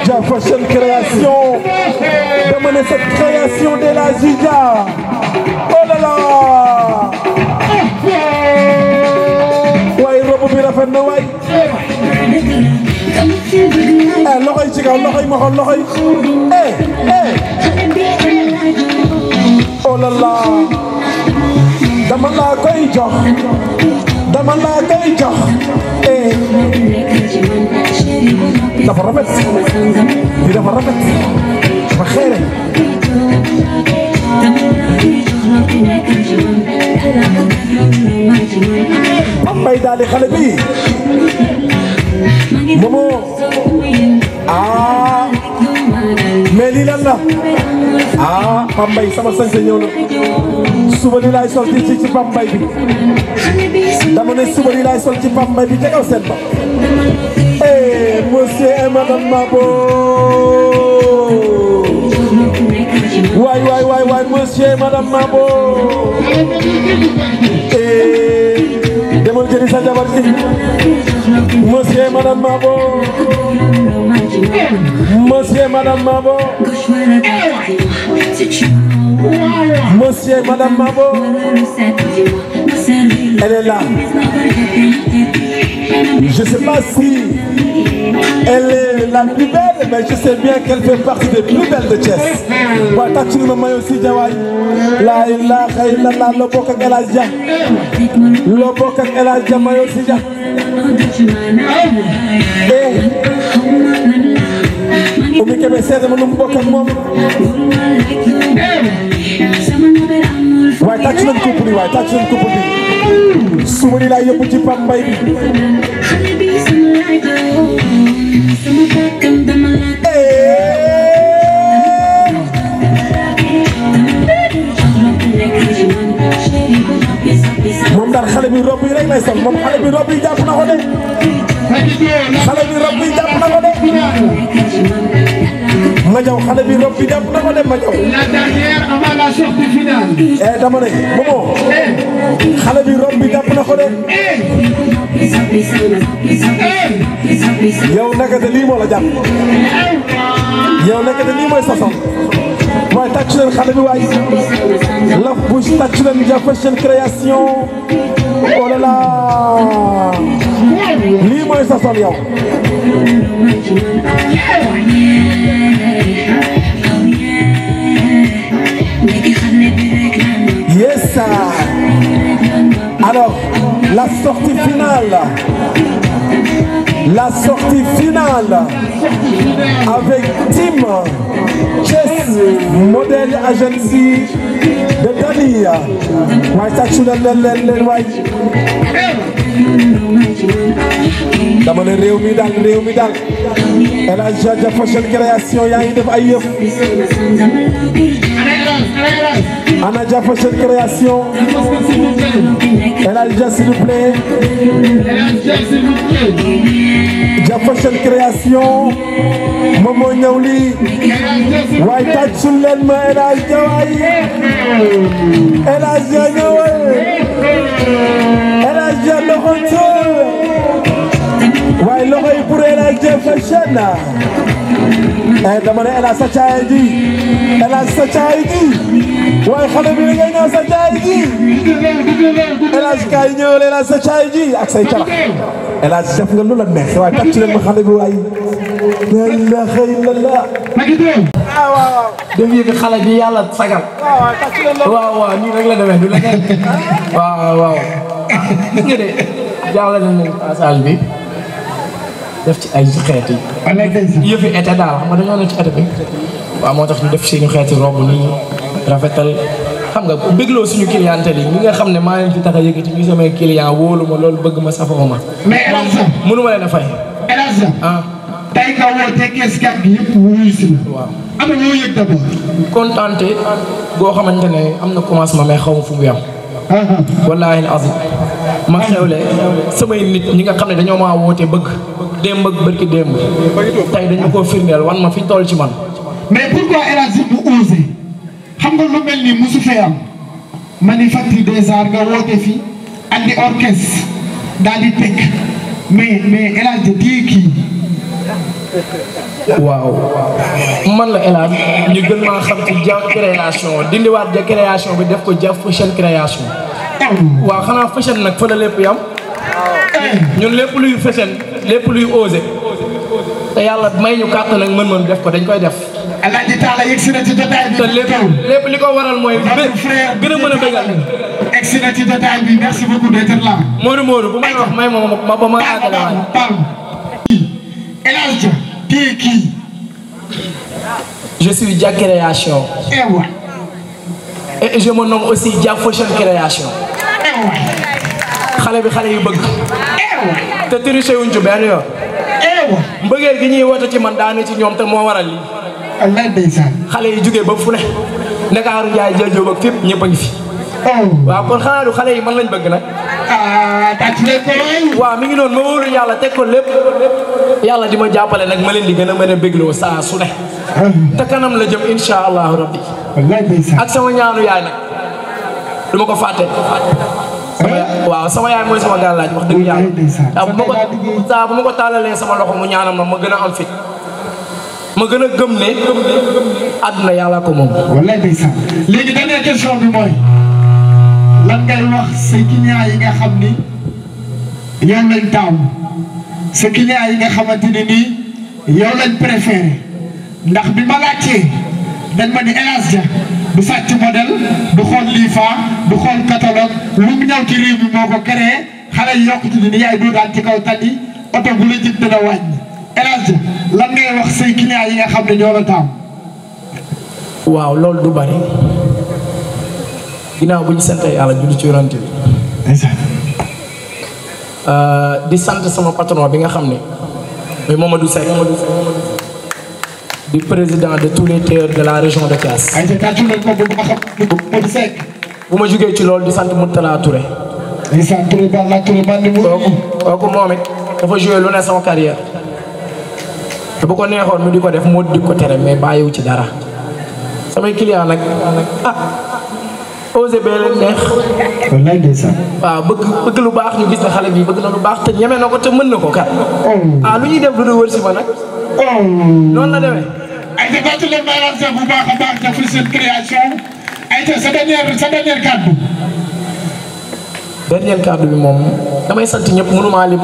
Jam Fashion Création. Demandez cette création de la Giga. Oh là là. Ouais, robe bi rafet na waay. Eh, l'oreille ci kaw, l'oreille ma xool, l'oreille. Eh, eh. Oh là là. Dama laa koy jox. dama la koy jox eh dafa rafet li dafa rafet dafa xeere Pape Mbaye daal di xale bi moomoo ah mais lii lan la ah Pape Mbaye sama sañse ñëw na suba lii laay sol ci ci Pape Mbaye bi dama ne suba lii laay sol ci Pape Mbaye bi tegal seen ba eh monsieur et madame Mabo waay waay waay waay monsieur Mabo eh demal jëli sa jabar si monsieur et Mabo Monsieur Madame Mabo. Monsieur Madame Je sais pas si elle est la plus belle, mais je sais bien qu'elle fait partie des plus belles de Thiès. waaw tax ci na may aussi jawaay laa ilaaha illallaah loo bokk ak El Hadj Dia loo bokk Oumy Kébé seede ma nu mu bokk ak moom. waaye tàcc nañ couple bi waaye tàcc nañ couple bi. su ma ni laa yóbbu ci Pam Mbaye bi. moom daal xale bi rob yi rek lay sol moom xale bi rob yi jàpp na ko de xale bi rob yi jàpp na ko de ma jaw xale bi rob bi jàpp na ko de ma jaw la dernière avant la sortie finale eh dama ne momo xale bi rob bi jàpp na ko de eh. yow naka de lii moo la jàpp yow naka de lii mooy sasam waaye tàcc leen xale bi waay Laf Bouche tàcc leen création oh là là lii mooy sa sol yow yes alors la sortie finale La sortie finale avec Tim Chess Model Agency de Dali waaye tàccu na leen leen leen waay dama ne réew mi daal réew mi daal El Hadj Dia Fashion Création yaa ngi def ay yëf Anna Dia Fashion Création El Hadj Dia s'il vous plaît Dia Fashion Création moom moo ñëw lii waaye leen ma El Hadj El Hadj Dia El Hadj Dia waaye loxo yi pour El Hadj Dieng fay seen na eh dama ne El Hadj sa caaya ji El Hadj sa caaya ji waaye xale bi da ngay ñëw sa caaya ji El Hadj kaay ñëwal El Hadj sa caaya ji ak say calax El Hadj def nga lu la neex waaye tàcc leen ma xale bi waaye la ilaha illallah ah, waaw waaw. def yëfi xale bi yàlla sagal. Ah, waaw waaw nii rek la demee du la ah. waaw waaw. nga de jàllale nañu passage bi. def ci ay xeet yi. yëfi été daal xam nga dañoo ne ci bi. waaw moo tax ñu def suñu xeeti robe nii rafetal xam nga bégloo suñu clientèle yi ñi nga xam ne maa ngi fi tax a yëkkati ñu samay ma loolu bëgg ma safoo ma. mais El Hadj ma ah. yëpp wuyu si la. am na loo xamante ne am na commencement mais xaw ma fu mu yem. Uh-huh. wallaahi al azim ma uh-huh. xewle samay nit ñi nga xam ne dañoo maa woote bëgg. démb ak bërki démb tey dañu koo firndeel wan ma fi toll ci man mais pourquoi El Hadj bu osé xam nga lu mel ni mosu fee am manufacture des arts nga woote fi andi orchestre daal di teg mais mais El Hadj kii waaw man la El ñu gën maa xam ci ja création dindiwaat ja création bi def ko jàpp fashion création waaw xanaa fashion nag fa la lépp yam ñun lépp luy fësal lépp luy osé te yàlla may ñu kàttan ak mën-mën def ko dañ koy def. alaaji te lépp lépp li ko waral mooy. gën a mën a bégal. egg si na ci détail may ma ba ma àggale waale. El Hadj Dieng je suis Dia Création. Eh xale bi xale yu bëgg te triché wuñ ci benn yoon mbëggeel gi ñuy woote ci man daanu ci ñoom te moo waral li wallaay ndeysaan xale yi jugee ba fu ne Ndakaaru Njaay jëjoob ak fépp ñëpp a fi waaw kon xanaa xale yi man lañ bëgg nag ah, eh? waaw mi ngi noonu ma wóoru yàlla teg ko lépp yàlla di ma jàppale nag ma leen di gën a mën a bégloo saa su ne te kanam la jëm insha allahu rabbi ak sama ñaanu yaay nag du ma ko fàtte waaw sama yaay mooy sama laaj wax dëgg yàlla saa bu ma ko saa bu ma ko tàllalee sama loxo mu ñaanal ma ma gën a am fit ma gën a gëm ne àdduna yàlla ko moom wallaay ndeysaan léegi dernière question bi mooy lan ngay wax sa client yi nga xam ni yow lañ taaw sa client nga xamante ne nii yow lañ préféré ndax bi ma laajtee dañ ma ni Elhadj du sàcc modèle du xool liifa du xool catalogue lu mu ñëw ci réew moo ko créé xale yi ni yaay doo daal ci kaw tali oto bu la jënd dana wàññi Elhadj Dia lan ngay wax say clients yi nga xam ne ñoo la taam. waaw loolu du bari ginnaaw bu ñu sant yàlla julli ci yonante bi euh, di sant sama patron bi nga xam ne mooy Mamadou Seck. du président de tous les tailleurs de la région de Thiès. bu ma jugee ci loolu di sant Moutala Touré. mu. kooku kooku moom it dafa joué lu ne sama carrière te bu ko neexoon mu di ko def moo di ko tere mais bàyyiwu ci dara samay client nag ah osé bee leen bëgg bëgg lu baax ñu gis ne xale bi bëgg na lu baax te ñeme na ko te mën na ko kat. Oh. ah lu ñuy def lu dul wër si nag. noonu la demee. ay te bu baax a baax def seen création ay te sa dernière dernier kàddu bi moom damay sant ñëpp mënumaa lim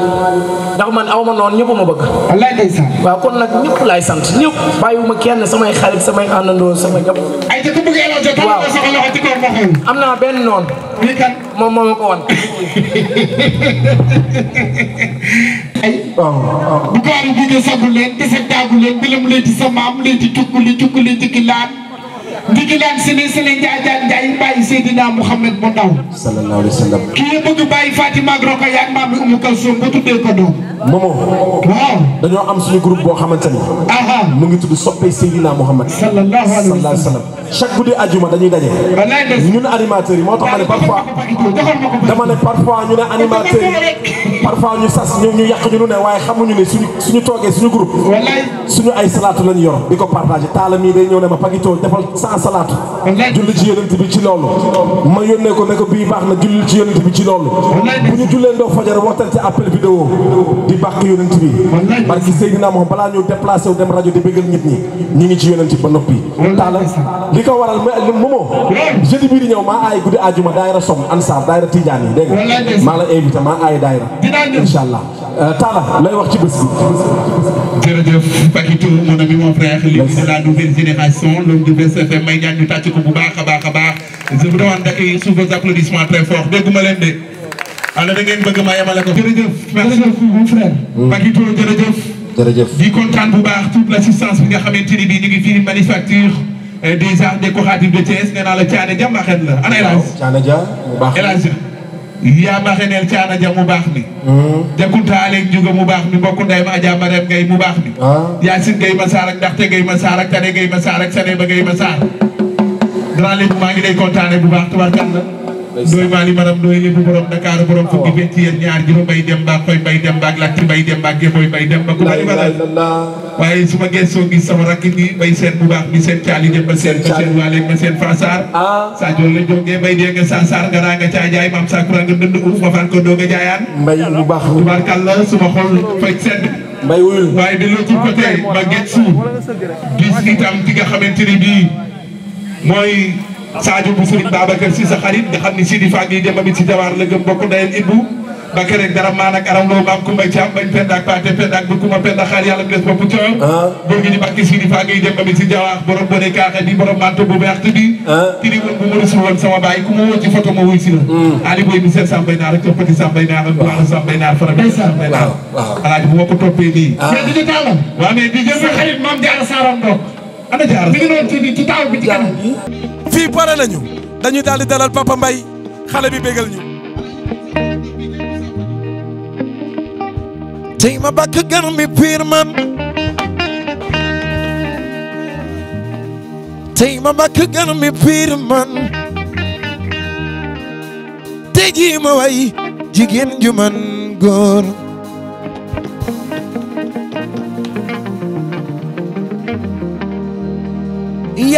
ndax man awma noonu ñëpp ma bëgg wallaay day sant waaw kon nag ñëpp laay sant ñëpp bàyyiwuma kenn samay xarit samay àndandoo sama ñëpp ay te ku bëgg El naa benn noonu moom ko ay waaw waaw te sa taagu leen bilam leen ci sa maam leen ci tukku li tukku laan ndigilaan si nii si la njaay njaay njaay bàyyi Seydina Mouhamed bu ndaw. sallallahu alayhi wa sallam. kii bëgg bàyyi Fatima ak Rokhaya ak maam Umu Kalsum ba tuddee ko doom. Momo. waaw dañoo am suñu groupe boo xamante ni. mu ngi tudd soppee Seydina Mouhamed. sallallahu alayhi wa sallam. chaque guddi ajuma dañuy daje. ñun animateurs yi moo tax ma ne parfois dama ne parfois ñu ne animateurs yi parfois ñu sas ñu ñu yàq ñu lu ne waaye xamuñu ne su suñu toogee suñu groupe. suñu ay salaatu lañ yor di ko partagé taala mii day ñëw ne ma Pakito defal sans salaatu. julli ci yonent bi ci loolu. ma yónnee ko ne ko bii baax na julli ci yonent bi ci loolu. bu ñu jullee ndoo fajar waxtaan ci appel vidéo di bàq yonent bi. barki Seydina moom balaa ñu déplacé wu dem rajo di bëggal nit ñi ñu ngi ci yonent ba ko waral moomoo jeudi bii di maa aay guddi ajuma daayira som ansar daayira tijaan yi dégg maa la invité maa aay daayira incha allah euh, Talla lay wax ci bés bi jërëjëf Paquito mon ami mon frère l'homme de la nouvelle génération l'homme du Best FM may ñaan ñu tàcc ko bu baax a baax a baax je vous demande d'accueillir sous vos applaudissements très fort dégguma leen de alors da ngeen bëgg maa yemale ko jërëjëf merci mon frère hmm. Paquito jërëjëf jërëjëf di bu baax Eh, déjà des coxaatives de Thiès nee naa la Thiané Dia mbaaxeen la ana El Hadj. mu baax El Hadj yaa mbaaxeeneel Thiané Dia mu baax mi. Jakunta Aleeg Ndiouga mu baax mi hmm. mbokk Ndeye ma Adja Marème Gueye mu baax mi. Ah. Yacine Gueye Massar ak Ndaxte Gueye ak Tade Gueye Massar ak Saneba grand léegi maa ngi lay kontaane bu baax tubaarkalla. dooy maali maram dooy yëpp borom Dakar borom fukki benn ci yéen ñaar jiro bay dem ba koy bay dem ba ak lakki bay dem ba ba ku seen bu baax mi seen caali dem ba seen ma seen waale ma seen sa jol la jógee bay dee nga sasaar nga raa nga caa jaay maam sakura nga dënd uuf ma fan ko doo nga jaayaan mbay bu baax tubaarkalla suma xol faj sedd mbay wuyul waaye de l'autre côté ma gëstu gis itam ki nga xamante ni bii mooy Sadio bu Serigne Babacar si sa xarit nga ni Sidi Fag yi jëmbamit si jawaar la gëm bokk ndeyam Ibou Bakar ak dara maan ak aram loo maam Kumba Caam bañ Penda ak Paate Penda ak ah. bu di bakki Sidi Fag yi jëmbamit si bu weex bi tiri baay ku ma woo ci photo ali boy mi seen sàmbay naar ak toppati sàmbay naar ak baax sàmbay naar fara bi sàmbay naar alaaji bu ma ko toppee nii ah. mais di taala waaw mais di jël sa xarit maam Jaara fii pare nañu dañuy daal di dalal Papa Mbaye xale bi bégal ñu. tey ma bakk gar mi man tey ma bakk gar mi man tey way jigéen ju man góor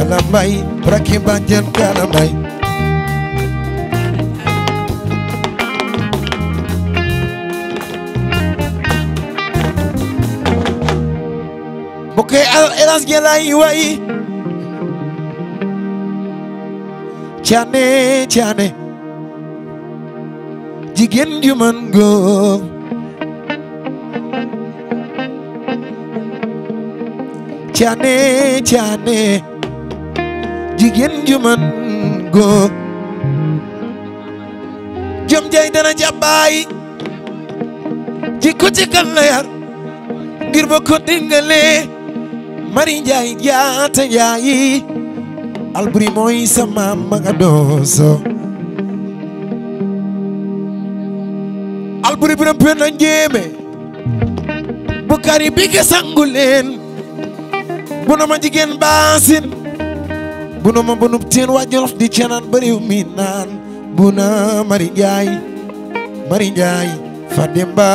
kala may rakki bàjjen kala may bokke al elas gelay way caane caane jigéen ju man góor caane caane jigéen ju man jom jay dana jàbbaay jikko ci kan ngir ba ko dingalee mari njaay jaata njaayi alburi mooy sa maam ma nga dooso alburi biram bu kari bi ke sangu bu na jigéen baasin bu nu ma bu nu teen waa Jolof di canaan ba mi naan bu na Mari Njaay Mari Njaay Fadimba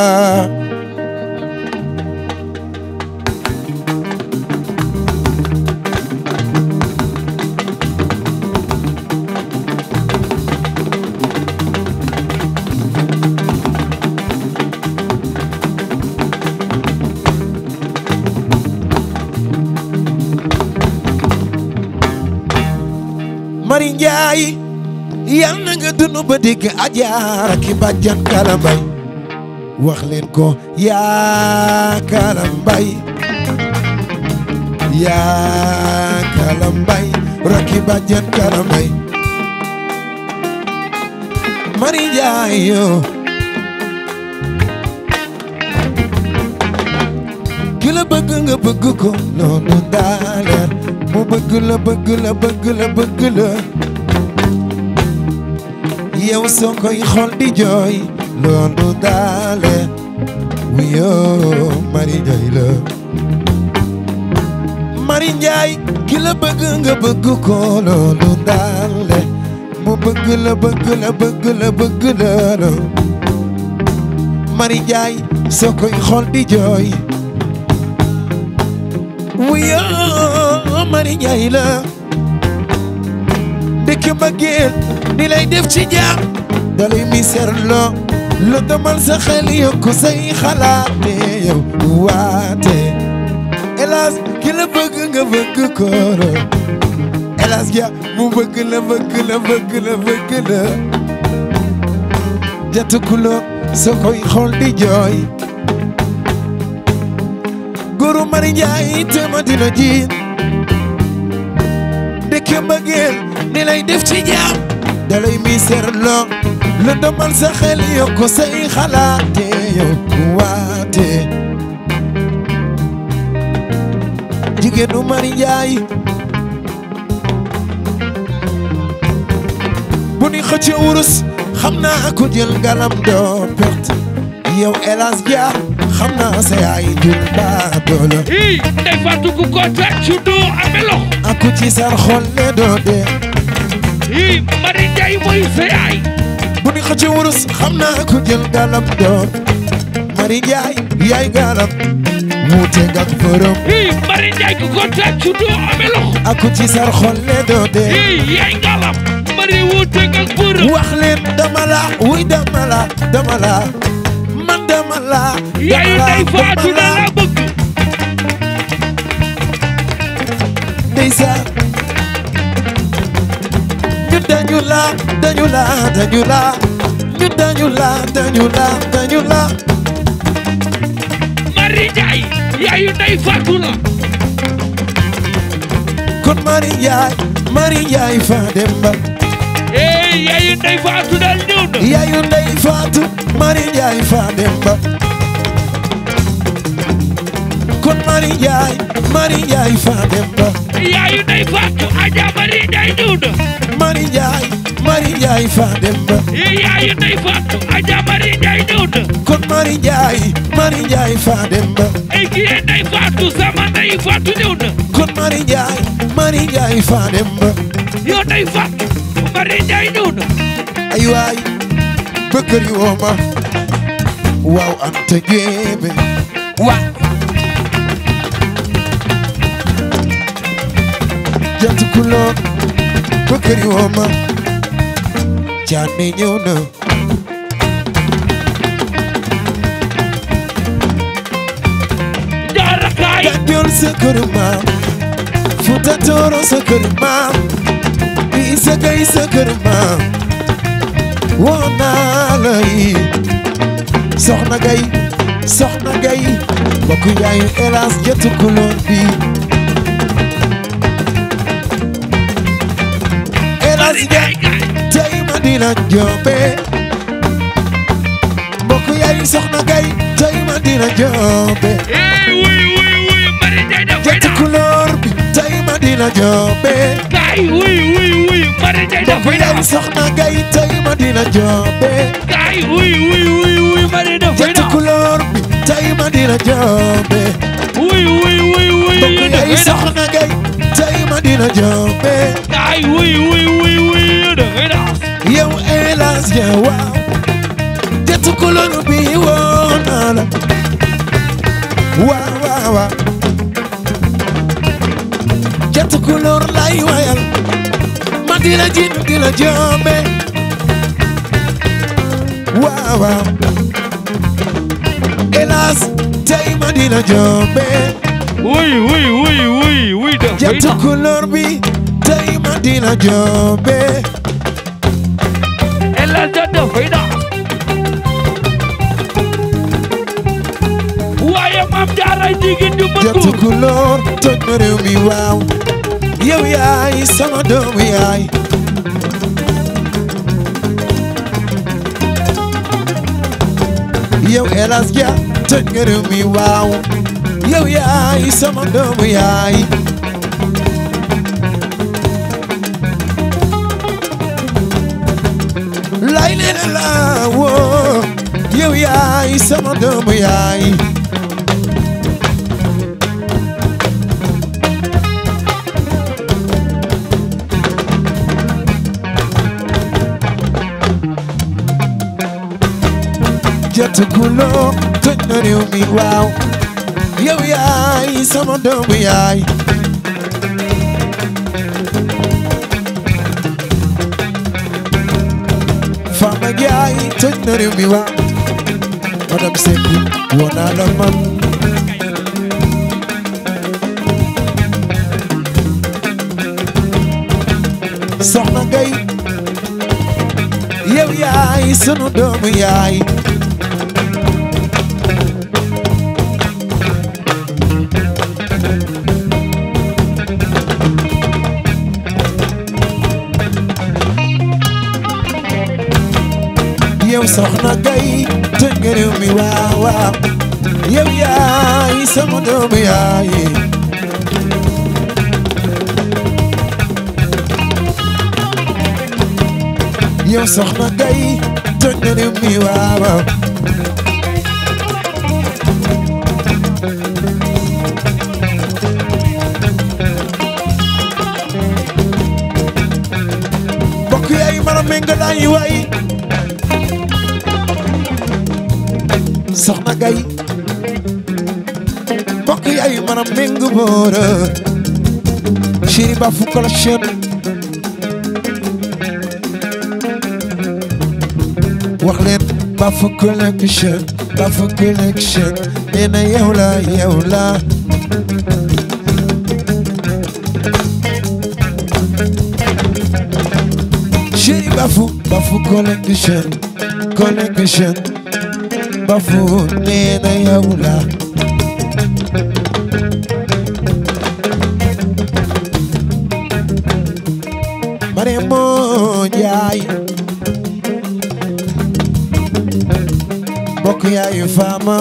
dunu ba dégg ajaara ki bàjjan kala mbay leen ko yaa kala mbay yaa kala rakki bàjjan kala mari jaay yo ki nga bëgg ko noonu daa leer mu bëgg la bëgg la bëgg yow sonkoy xol di jooy loolu daale wu yoo mari njaay mari njaay ki bëgg nga bëgg ko loolu daale mu bëgg la bëgg la bëgg la bëgg mari njaay soo koy xol di jooy wu yoo mari njaay la ndeke mbëggeel di lay def ci jaam dalay miseer loo lu demal sa xel yokku say xalaate yow waate hélas ki la bëgg nga bëgg kooro hélas ya mu bëgg la bëgg la bëgg la bëgg la jatukuloo soo koy di jooy góoru mari njaay te ma dina jiin dëkk mbëggeel ni lay def ci jaam dalay miseer loo la demal sa xel yokku say xalaate yokku waate jigéenu mari njaay bu ni xëcce wurus xam naa ko jël ngalam doo perte yow Elhadj Dia xam naa sa yaay jur baa doole ii ndey faatu ku ko tàccu doo amelo aku ci sar xol ne doo dee ay say ay bu ni xëcc wurus xam naa ku jël galam doon Mari Njaay ci sar xol man dama la yaay faatu na la bëgg ndeysaan ñu dañu la dañu la dañu la ñu dañu la dañu la dañu la Marie Ndiaye yaayu Ndeye Fatou la kon Marie Ndiaye Marie Ndiaye Fademba eh yaayu Ndeye Fatou dal ñëw na yaayu Ndeye Fatou Marie Ndiaye Fademba kon Marie Ndiaye Marie Ndiaye Fademba yaayu day faatu aja mari day duud mari njaay mari njaay yaayu day faatu aja mari day duud kon mari njaay mari njaay fa dem ba ay faatu sama day faatu duud kon mari njaay mari njaay fa dem ba faatu mari njaay duud ay waay bëkkër yu ma waaw anta jeebe waaw kulo ba kër yi woo ma jaan mi ñëw na jaarakaay ganjool sa kër maam futa tooro sa kër maam bii sa gay sa kër maam woo naa la yi soxna gay soxna gay mbokk yaayu hélas jëtu kuloon bi mi na joobe mbokk yaay soxna gay tey ma dina joobe ee wuy wuy wuy mari tey da fay na couleur bi tey ma dina joobe gay wuy wuy wuy mari tey da fay na mbokk yaay soxna gay tey ma dina joobe gay wuy wuy wuy wuy mari da fay na couleur bi tey ma dina joobe wuy wuy wuy wuy mbokk yaay soxna gay tey ma dina joobe gay wuy wuy wuy wuy da fay na yow Elaj ja waaw te tukulóor bi woo naa la waaw waaw waaw te tukulóor lay wayal ma di la ji di la jombe waaw waaw Elaj tey ma di la jombe wuy wuy wuy wuy wuy te tukulóor bi tey ma di la jombe koy daan waaye maam jaara jigéen ju mën ko kulóor toj na réew mi waaw yow yaay sama doomu yaay yow elas ja toj nga réew mi waaw yow yaay sama doomu yaay yaay sama doomu yaay jant kuloo toj mi waaw yow yaay sama doomu yaay Fama yaay mi waaw madam sekk wonaa la man soxna gay yow yaay sunu doomu yaay yow soxna gay réew mi waaw waaw yow yaay sama doomu yaay yow soxna gay toj na réew mingu boora Shiri Bafu collection wax leen Bafu collection Bafu collection nee na yow la Bafu Bafu collection collection Bafu nee na yaayu faama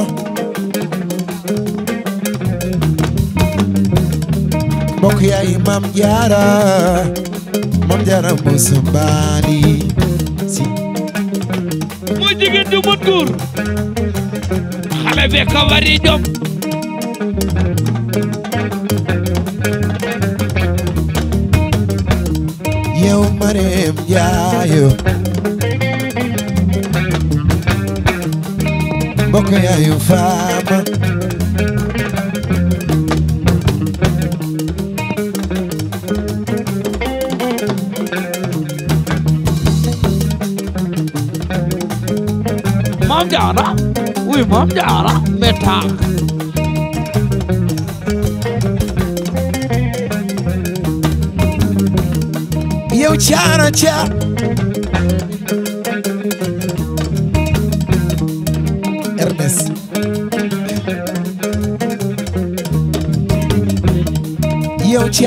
mbokk yaayu maam xale be ka wari mareem jaayo mbokk yaayu faama Maam Jaara wuy Maam Jaara meta yow caara caara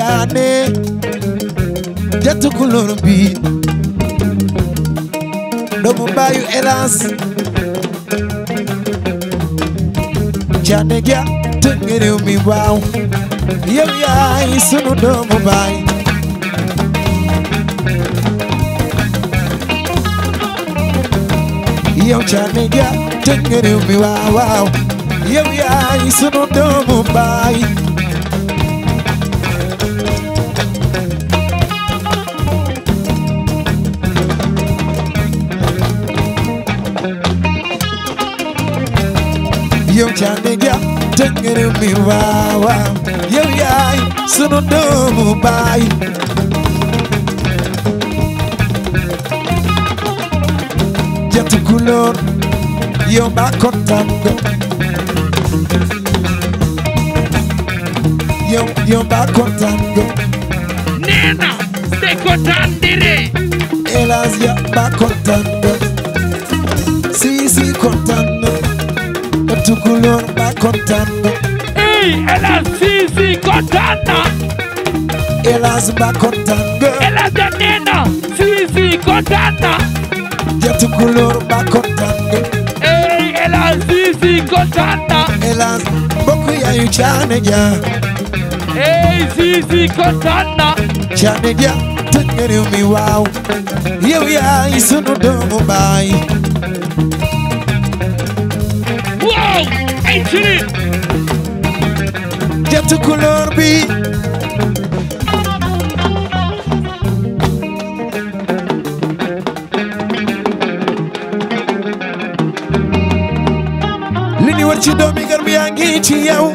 naane jattu kulóor bi doomu baayu Elans caane ja tënge réew mi waaw yow ja tënge réew mi waaw waaw sunu doomu baay candi ga tëngër mi waawaaw yow yaay sunu doomu baay jatu kulóor yow maa kontaan nga yow yow maa kontaan nga nee na de kontaan dire hélas ya maa kontaan nga si tukulóor ba kontaan na. hey El Hadj Sisi kontaan na. El Hadj ba kontaan na. El Hadj nee na Sisi kontaan na. ja tukulóor ba kontaan na. hey El Hadj Sisi kontaan na. El Hadj mbokk yaayu caane ja. hey Sisi kontaan na. caane ja tëj nga réew mi waaw. yow yaay sunu doomu baay. ay ciri jatu bi li ni ci doomi gar bi yaa ngi ci yow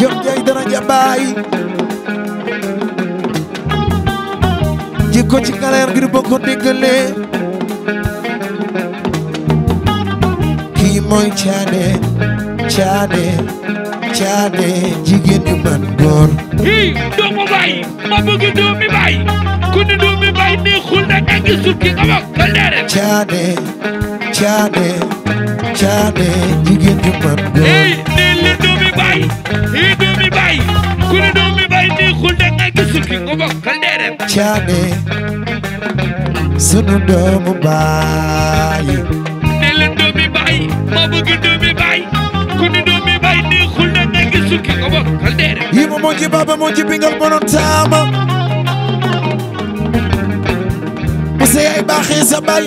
jom jay dara jabaay ji ko ci kaleer ngir bokk déggalee mooy caane caane caane jigéen ñu man góor hii doomu baay ma bëgg doomi baay ku ni baay ni xul da nga ngi sukki nga wax ka caane caane caane jigéen ñu man góor hii ni li doomi baay hii doomi baay ku ni baay ni xul da nga ngi sukki nga wax ka caane sunu doomu baay moo bëgg doomi baay ku ni baay nii xul na nekk sukki ko ba kaldeere yi ma moo baaba moo bingal bonon taama bu sa yaay baaxee sa baay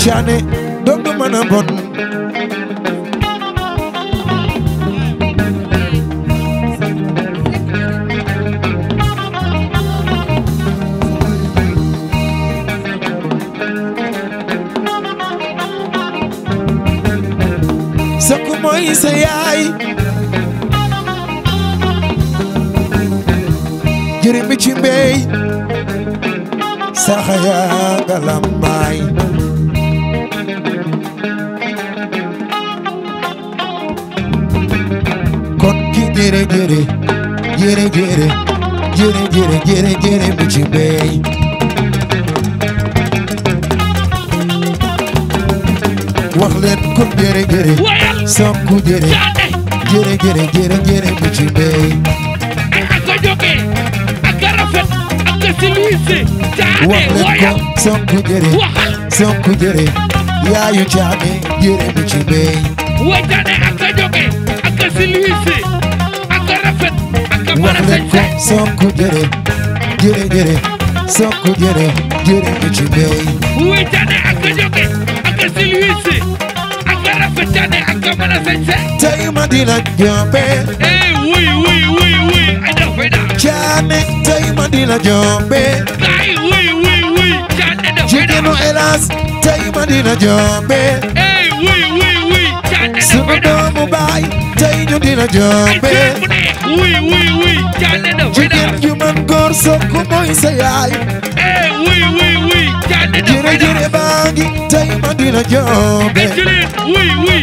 caane doogu mën a bon sa yaay jëri bi ci mbey saxa yaa nga lambaay kon ki jëre jëre jëre jëre jëre jëre jëre jëre bi ci mbey leen kon jërë jërë sanku jërë jërë jërë jërë jërë bu ci béy ak a jóge ak a rafet ak a siluise wax leen ko sanku jërë sanku jërë yaayu caane jërë bu ci béy way caane ak a jóge ak a siluise ak a rafet ak a mën a sañse sanku jërë jërë jërë sanku jërë jërë bu ci béy way caane ak a jóge mën a sañse tey ma di la jombe eh wuy wuy wuy wuy ay da fay da caane tey ma di la jombe ay wuy wuy wuy caane da fay da jigéenu hélas tey ma di la jombe eh wuy wuy wuy caane da fay da sunu doomu baay tey ñu di la jombe wuy wuy wuy caane da fay da jigéen ju man góor sokku mooy sa yaay eh wuy wuy wuy caane da fay da jërëjëf baa ngi tey ma di la jombe wuy wuy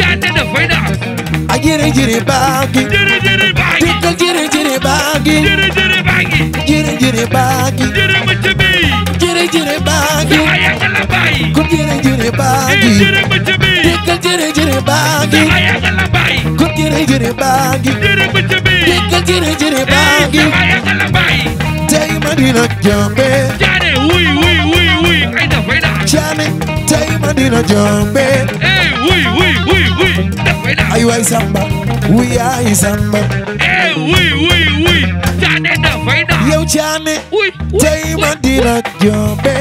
caate dafay daal. a jëri jëri baagi. jëri jëri baagi. dikkal jëri jëri baagi. jëri jëri baagi. jëri jëri baagi. jëri ma jëbi. jëri jëri baagi. dafa yàgg la bàyyi. kon jëri jëri baagi. jëri ma jëbi. dikkal jëri jëri baagi. dafa yàgg la bàyyi. kon jëri jëri baagi. jëri ma jëbi. dikkal jëri jëri baagi. dafa yàgg la bàyyi. tey ma dina jàmbe. caane wuy wuy wuy wuy ay dafay daal. caane tey ma dina jàmbe. eh wuy wuy. ay waay samba wuy ay samba eh wuy wuy wuy caane da fay da caane tey ma dina jombe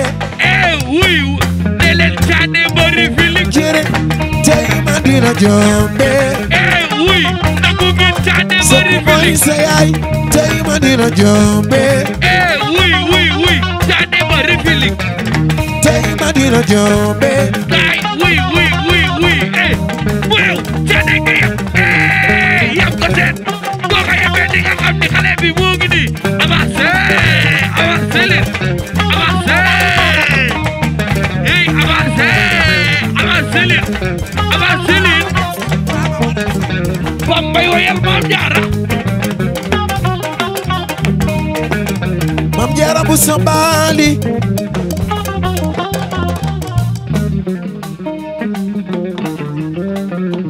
eh wuy ne caane bari fili jere tey ma dina jombe eh wuy wuy wuy caane bari fili tey ma dina jombe bi moo ngi nii avancé avancé leen avancé hey Jaara Maam Jaara bu Sambali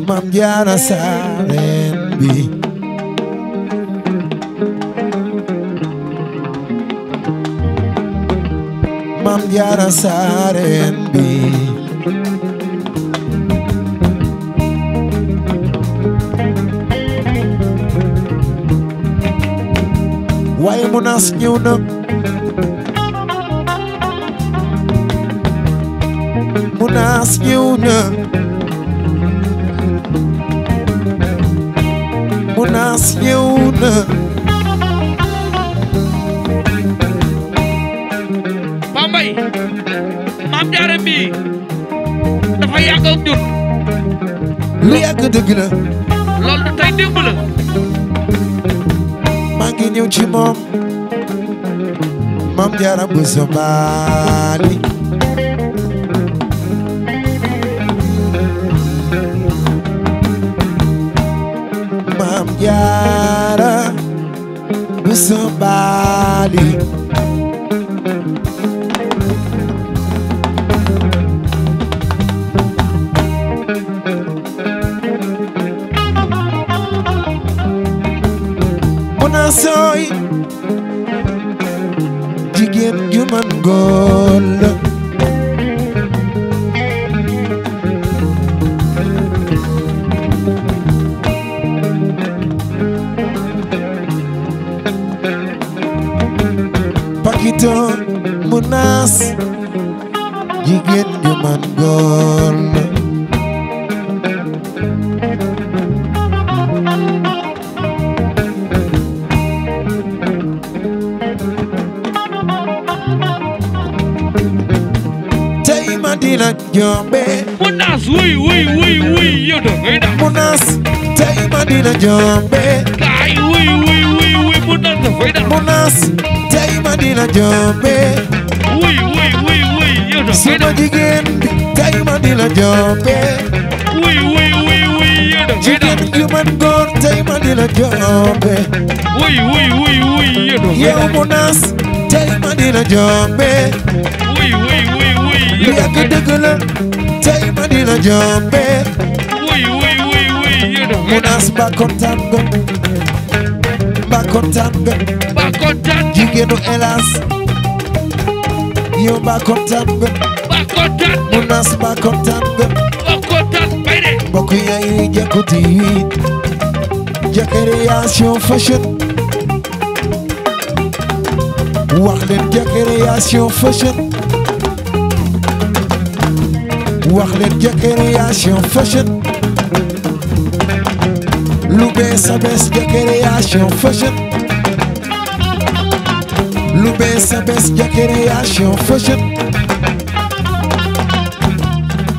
Maam Jaara Sareen bi maam jaara saareen bi waaye mu naas ñëw na mu naas ñëw na mu naas ñëw na daara bi dafa yàgg ak ñun. lu yàgg dëgg la. loolu du tey démb la. maa ngi ñëw ci moom. maam jaara bu sobaali. maam jaara bu sobaali. góor la dina jombe kay wuy wuy wuy wuy mu nas dafay dal mu nas tey ma dina jombe wuy wuy wuy wuy yow dafay dal suma jigéen tey ma dina jombe wuy wuy wuy wuy yow dafay dal jigéen ju man góor tey ma dina jombe wuy wuy wuy wuy yow dafay dal yow mu nas tey ma dina jombe wuy wuy wuy wuy yow dafay dal li ak dëgg la tey ma dina jombe Munaas ba kontaan nga ba kontaan nga ba kontaan nga jigéenu Elas yow ba kontaan nga ba kontaan nga Munaas ba kontaan nga ba kontaan bay de mbokk yaay jàkkuti Jakaréation fashion wax leen Jakaréation fashion wax leen Jakaréation fashion lu bees a bees ja création fashion lu bees a bees ja création fashion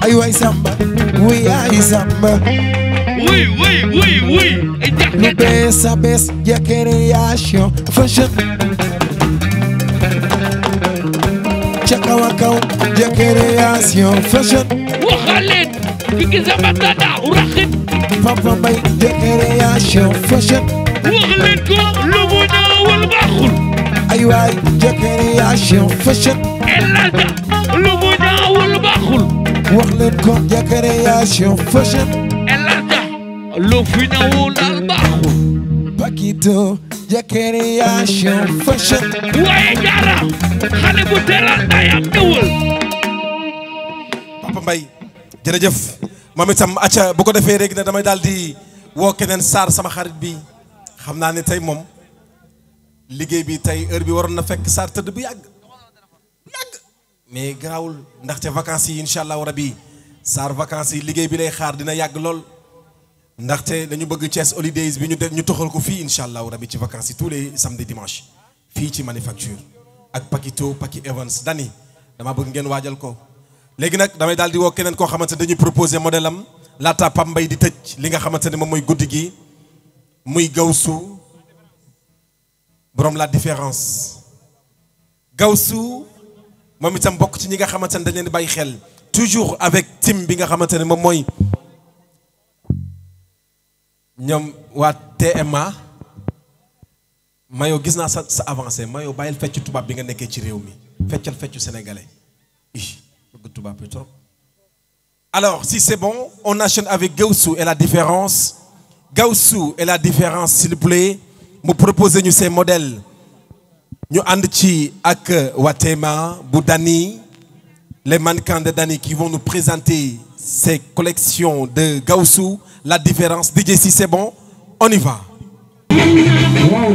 ay waay samba wuy ay samba wuy wuy wuy wuy lu bees a bees ja Papa Mbaye de création fashion wax leen ko lu mu ñaawul baaxul ay waay de création fashion elata lu mu ñaawul baaxul wax leen ko de création fashion elata lu fi ñaawul daal baaxul Paquito de création fashion waaye jaara xale bu teral dayam dawul Papa Mbaye jërëjëf moom itam acca bu ko defee rek ne damay daal di woo keneen Sarr sama xarit bi xam naa ne tey moom liggéey bi tey heure bi waroon na fekk Sarr tëdd bu yàgg yàgg mais garaawul ndaxte vacances yi incha allahu rabi Sarr vacances yi liggéey bi lay xaar dina yàgg lool ndaxte dañu bëgg Thiès holidays bi ñu def ñu toxal ko fii incha allahu rabi ci vacances yi tous les samedi dimanche fii ci manufacture ak Pakito Paki Evans Dani dama bëgg ngeen waajal ko. léegi nag damay daal di woo keneen koo xamante ne dañuy proposé modèle am laata Pape Mbaye di tëj li nga xamante ne moom mooy guddi gi muy gaw Gawsu borom la différence gaw Gawsu moom itam bokk ci ñi nga xamante ne dañ leen di bàyyi xel toujours avec team bi nga xamante ne moom mooy ñoom waa TMA Mayo gis naa sa sa avancé Mayo bàyyil feccu tubaab bi nga nekkee ci réew mi feccal feccu sénégalais Alors, si c'est bon, on enchaîne avec Gaussou et la différence. Gaussou et la différence, s'il vous plaît. Nous proposons nous ces modèles. Nous avons avec Watema, Boudani, les mannequins de Dani qui vont nous présenter ces collections de Gaussou. La différence, DJ, si c'est bon, on y va. Wow.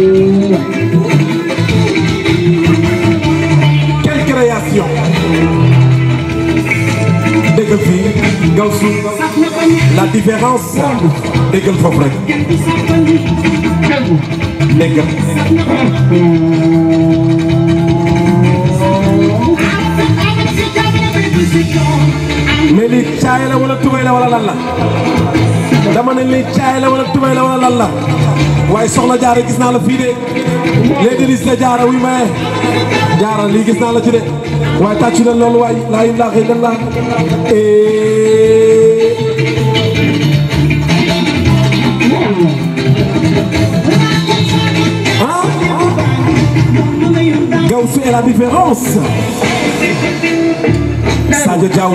Gawsu la différence déggal foofu rek déggal mais lii caay la wala tubay la wala lan la dama ne lii la wala tubay la wala lan la waaye soxna jaara gis naa fii de les délices la jaara wuy maye jaara lii gis naa la ci de waaye tàccu leen loolu waay laa ilaaha illallaah ah eh. Gawsu est la différence Sadio Diaw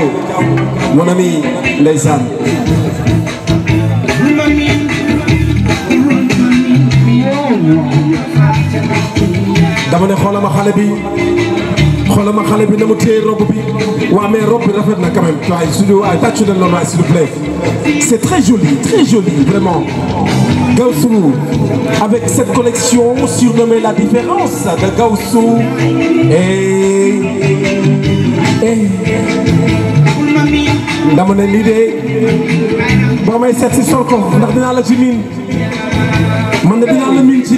mon ami ndeysaan dama ne xoolama xale bi xoolama xale bi na mu téye robe bi waaw mais robe bi rafet na quand même waaye su ñu ay tàccu leen loolu c'est très joli très joli vraiment Gaoussou avec cette collection surnommée la différence de Gaoussou et eh, et eh. dama ne lii de boo may seet si sol ko ndax dinaa la ci miin man de dinaa la miin ci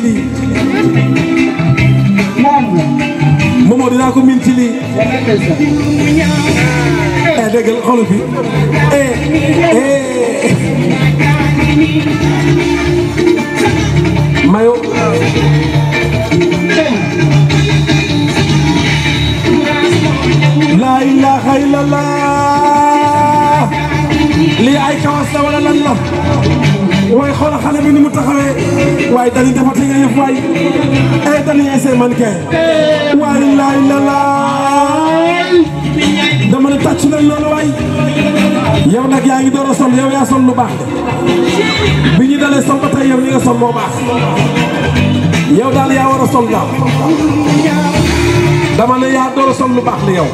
moo dinaa eh, eh, eh. ilaaha illallah lii ay kawas wala lan la waaye xoolal xale bi ni mu taxawee waaye dañuy defati nga yëf waay ay dañuy essayé man kay waaye laay dama ne tàcc leen loolu waay yow nag yaa ngi door sol yow yaa sol lu baax bi ñu dalee sol ba tey yow li a sol daal dama ne yaa door a sol lu baax li yow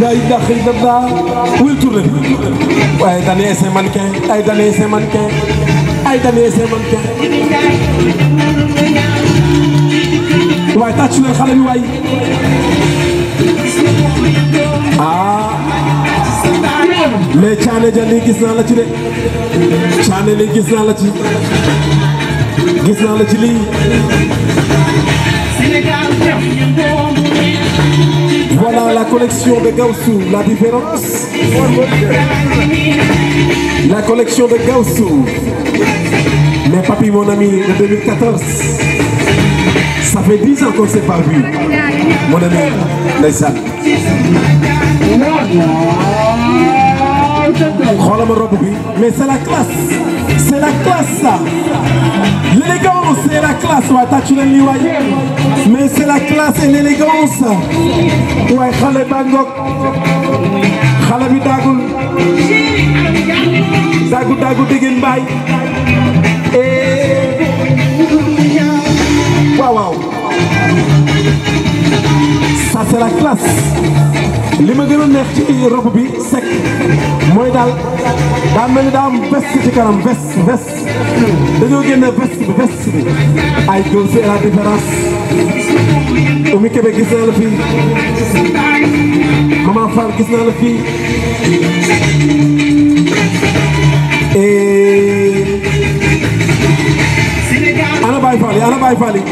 la ilaha illallah wil tourné bi waaye dañuy essayé man kay ay dañuy ay tamit seen man joxe waaye tàccu leen xale bi waay ah mais gis la ci de Thiané lii gis naa la ci gis la ci Voilà la collection de Gaussou, la différence. La collection de Gaussou. Mais papy, mon ami, de 2014. Ça fait 10 ans qu'on ne s'est pas vu. Mon ami, ndeysaan. xoolal ma robe bi mais c'est la classe. c'est la classe l'élégance la classe waaye tàccu leen lii waay mais c'est la classe et l'élégance waaye xale baa xale bi daagul daagu daagu déggeen mbaay eh. waaw waaw ça c'est la classe li ma gën a neex ci rob bi sec mooy daal daa mel ni daa am veste ci kanam veste veste dañoo génne veste bi veste bi ay góor c'est la différence Oumy Kébé gis naa la fii Maman gis naa la ana Baye Fall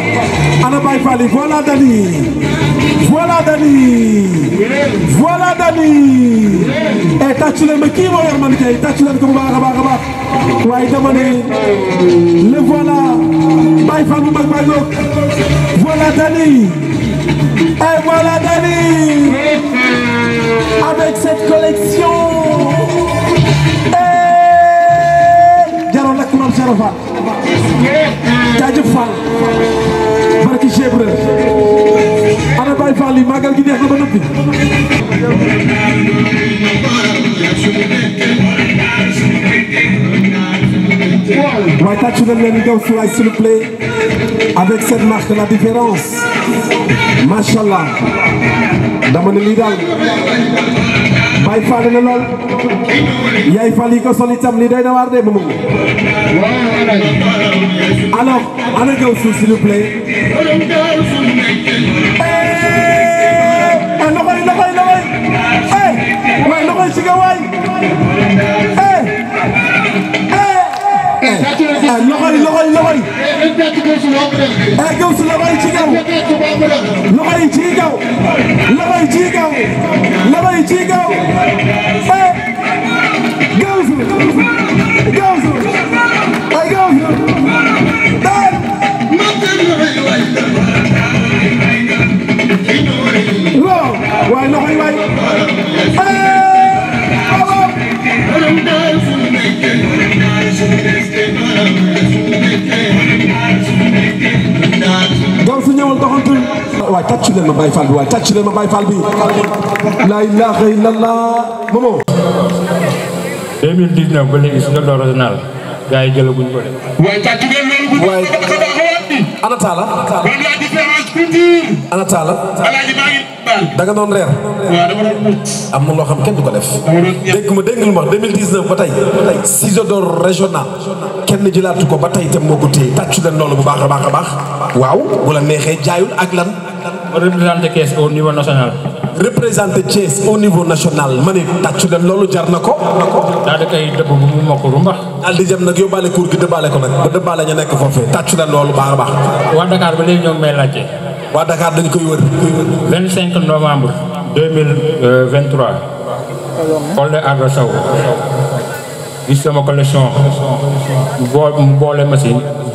ana Baye Fall voilà Dany voilà Dany voilà Dany e eh, tàcc leen ma kii moo yor man kay tàcc leen ko bu baax a baax a baax waaye dama ne le voilà Baye Fall bu mag Baye eh, Ngok voilà Dany avec cette collection Ibra Fall jaajëf Fall barki Chebre ana Baye Fall yi màggal gi neex na ba noppi waaye tàccu leen leen gaw s'il vous plaît avec cette marque la différence macha allah dama ne lii daal Baay Faal lool yaay Faal yi ko sol itam lii day na waar de moomu. alors ana Gawsu s'il vous plaît. eh loxoy loxoy loxoy eh, eh waay loxoy ci nga Ekeusu la bari ci kaw la bari ci kaw la bari ci kaw la bari ci kaw eh Geusu Geusu ay Geusu daan waaw waay loxoy waay su ñëwal doxantu waay tàccu leen ma Baye Fall bi waay tàccu leen ma Baye Fall bi la ilaha illallah momo 2019 ba léegi suñu door national gars yi jëlaguñ ko de waay tàccu leen loolu waay da nga doon reer na loo xam kenn du ko def ma dégg lu ma 2019 ba tey ciseaux d'or régional kenn jëlaatu ko ba tey te moo ko téye tàccu leen loolu bu baax a baax a baax waaw bu la neexee jaayul ak lan. représenté Thiès au niveau national. représenté Thiès au niveau national ma ne tàccu leen loolu jar na ko. daal di koy dëbb bu mu mokk rumba. daal di dem nag yóbbaale kuur gi dëbbaale ko nag ba dëbbaale ñu nekk foofee tàccu leen loolu baax a baax. waa Dakar ba léegi ñoom may laajte. waa Dakar dañ koy wër. 25 novembre. 2023. Kolde Ardo Sow. gis sama collection. mu boole ma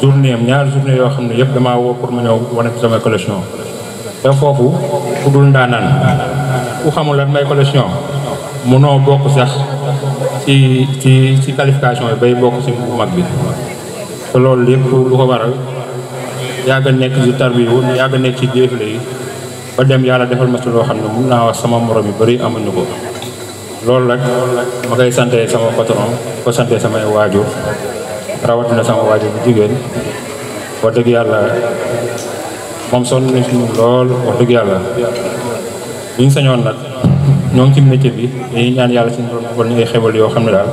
journée ñaar journée yoo xam ne yëpp damaa woo pour mu ñëw wane sama collection te foofu ku dul ndaanaan ku xamul lan may collection munoo bokk sax ci ci ci qualification yi bay bokk ci mag bi te loolu lépp lu ko waral yàgg a nekk ci tarbiyu yàgg a nekk ci défilé yi ba dem yàlla defal ma ci loo xam ne mun naa wax sama morom yu bëri amuñu ko loolu rek ma koy sante sama patron ko sante samay waajur rawatina sama waajur bu jigéen wax dëgg yàlla moom sonn nañ ci ñun lool wax dëgg yàlla bu ñu sañoon nag ñoo ngi ci métier bi dañuy ñaan yàlla suñu borom defal yoo xam ne daal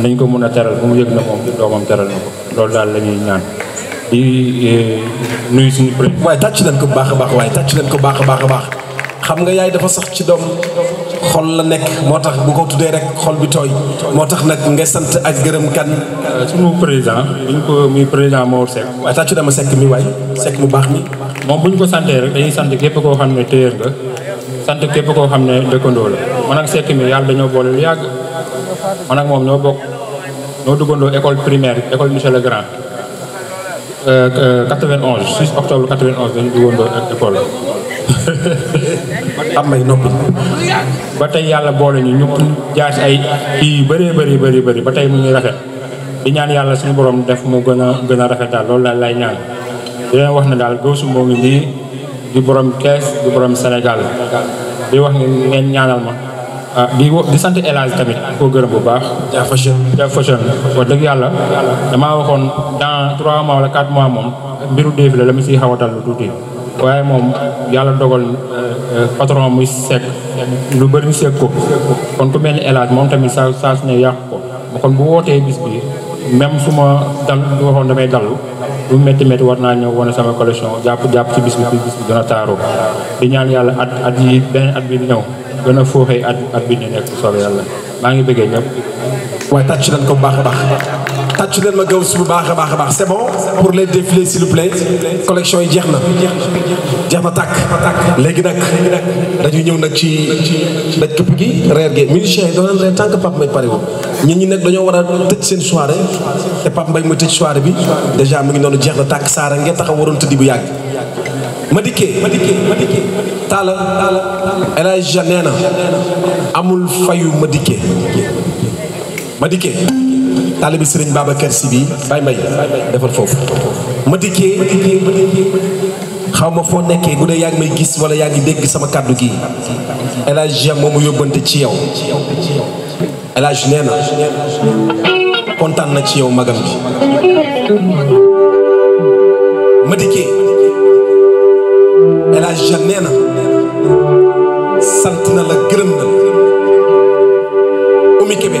nañ ko mën a teral ba mu yëg na moom doomam teral na ko loolu daal la ñuy ñaan di eh, nuyu suñu. waaye tàcc leen ko bu baax a baax waaye tàcc leen ko baax a baax a baax xam nga yaay dafa sax ci doom xol la nekk moo tax bu ko tuddee rek xol bi tooy moo tax nag nga sant ak gërëm kan. Euh, sunu président buñ ko muy président Mor Seck. waaye tàccu dama Seck mi waay Seck mu baax mi. moom buñ ko santee rek dañuy sant képp koo xam ne téyër nga sant képp koo xam ne dëkkandoo la man ak Seck mi yàlla dañoo boole lu yàgg man ak moom ñoo bokk ñoo duggandoo école primaire école Michel le Grand 91 euh, 6 euh, octobre 91 dañu duggandoo école. am may noppi ba tey yàlla boole ñu ñu jaas ay kii yu bëree bëri bëri ba tey mu ngi rafet di ñaan yàlla suñu borom def mu gën a gën a rafet daal loolu daal lay ñaan di wax na daal Gawsu moo ngi nii di borom kees di borom Sénégal di wax ne ngeen ñaanal ma ah di di sant élage Hadj tamit koo gërëm bu baax. jaafër jaafër wax dëgg yàlla damaa waxoon dans trois mois la quatre mois moom mbiru défi la la mu siy xaw a tuuti waaye moom yàlla dogal. Euh, patron muy sekk lu bëri ñu sekk ko kon ku mel ni El Hadj moom tamit saa saa su ne yàqu ko kon bu wootee bis bi même su ma dal waxoon damay dalu lu métti métti war naa ñëw wane sama collection jàpp jàpp ci bis bi bis bi dana taaroo di ñaan yàlla at at yi beneen at bi ñëw gën a fooxee at at bi ñu nekk soobee yàlla maa ngi bëggee ñëpp. waaye tàcc nañ ko baax baax. tàccu leen ma gaw su bu baax a baax a baax c'est bon pour les défilés s'il vous plaît collection yi jeex na jeex na tàkk léegi nag dañuy ñëw nag ci daj këpp gi reer gi musiciens yi doo leen reer tant que Pape Mbaye pare ko ñun ñi nag dañoo war a tëj seen soirée te Pape Mbaye mooy tëj soirée bi déjà mu ngi noonu jeex na tàkk saara ngeen taxaw waroon tëddi bu yàgg ma dikkee ma dikkee ma dikkee na amul fayu ma dikkee ma dikkee taalibi sëriñ Babacar Si bi bay mbay defal foofu ma dikkee xaw ma foo nekkee bu dee yaa ngi may gis wala yaa ngi dégg sama kàddu gi El Hadj moom mu yóbbante ci yow El nee na kontaan na ci yow magam bi ma dikkee El nee na sant na la gërëm na Oumy Kébé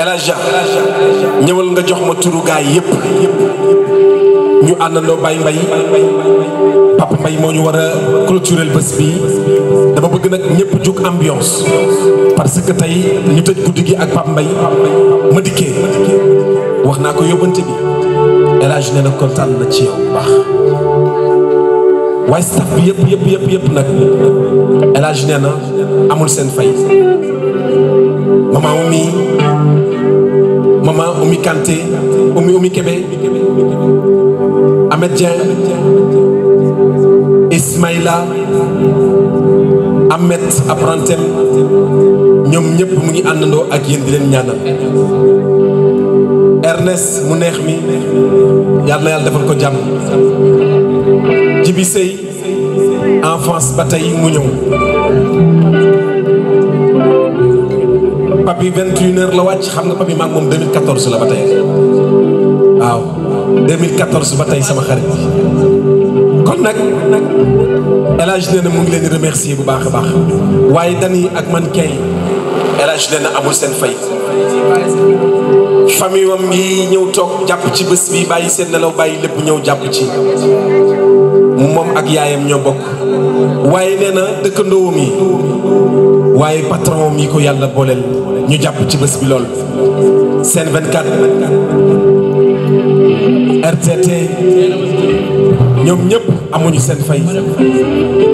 elhaja ñëwal nga jox ma turu gaay yépp ñu àndandoo bay mbay papa moo ñu war a culturel bés bi dama bëgg nag ñëpp jug ambiance parce que tey ñu tëj guddi gi ak papa mbay ma dikkee wax naa ko yóbbante bi elhaj nee na kontaan na ci yow waaye staff bi yëpp yëpp yëpp yëpp nag elhaj nee na amul seen fay maman Oumy maman ñoom ñëpp mu ngi àndandoo ak yéen di leen ñaanal Ernest mu neex mi yàlla na yàlla defal ko jàmm Jibi enfance ba tey mu ñëw papi 21 heures la wàcc xam nga papi maag moom 2014 la ba tey waaw 2014 ba tey sama xarit kon nag El Hadj nee na mu ngi leen di bu baax baax waaye dani ak man kay El Hadj na amul seen fay famille wam ngi ñëw toog jàpp ci bés bi bàyyi seen nelaw bàyyi lépp ñëw jàpp ci moom ak yaayam ñoo bokk waaye nee na dëkkandoowam yi waaye patron mi ko yàlla booleel ñu jàpp ci bés bi lool seen 24 RTT ñoom ñëpp amuñu seen fay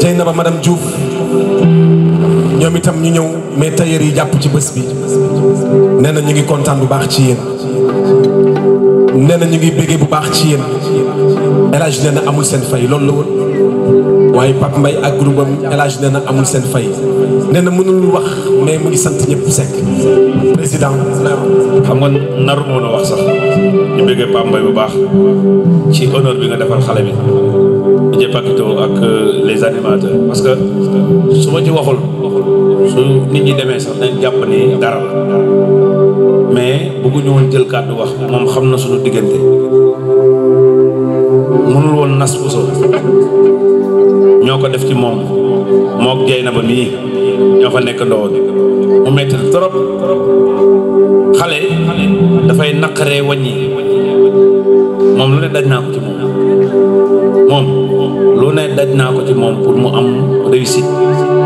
jëy na ba dem Diouf ñoom itam ñu ñëw mais tailleur yi jàpp ci bés bi nee na ñu ngi kontaan bu baax ci yéen nee na ñu ngi béggee bu baax ci yéen El nee na amul seen fay loolu la woon waaye Pape Mbaye ak groupe am nee na amul seen fay nee na mënul wax mais mu ngi sant ñëpp Seck président xam nga naru moon a wax sax ñu bëggee Pape bu baax ci honneur bi nga defal xale bi DJ Pakito ak euh, les animateurs parce que su ma ci waxul su nit ñi demee sax nañ jàpp ni dara mais bëgguñu woon jël kàddu wax moom xam na suñu diggante mënul woon nas Bousso ñoo ko def ci moom mook jay na ba mii ñoo fa nekk ndowoon mu metti trop xale dafay naqaree wàññi moom lu ne naa ko moom moom lu ne daj naa ko ci moom pour mu am réussite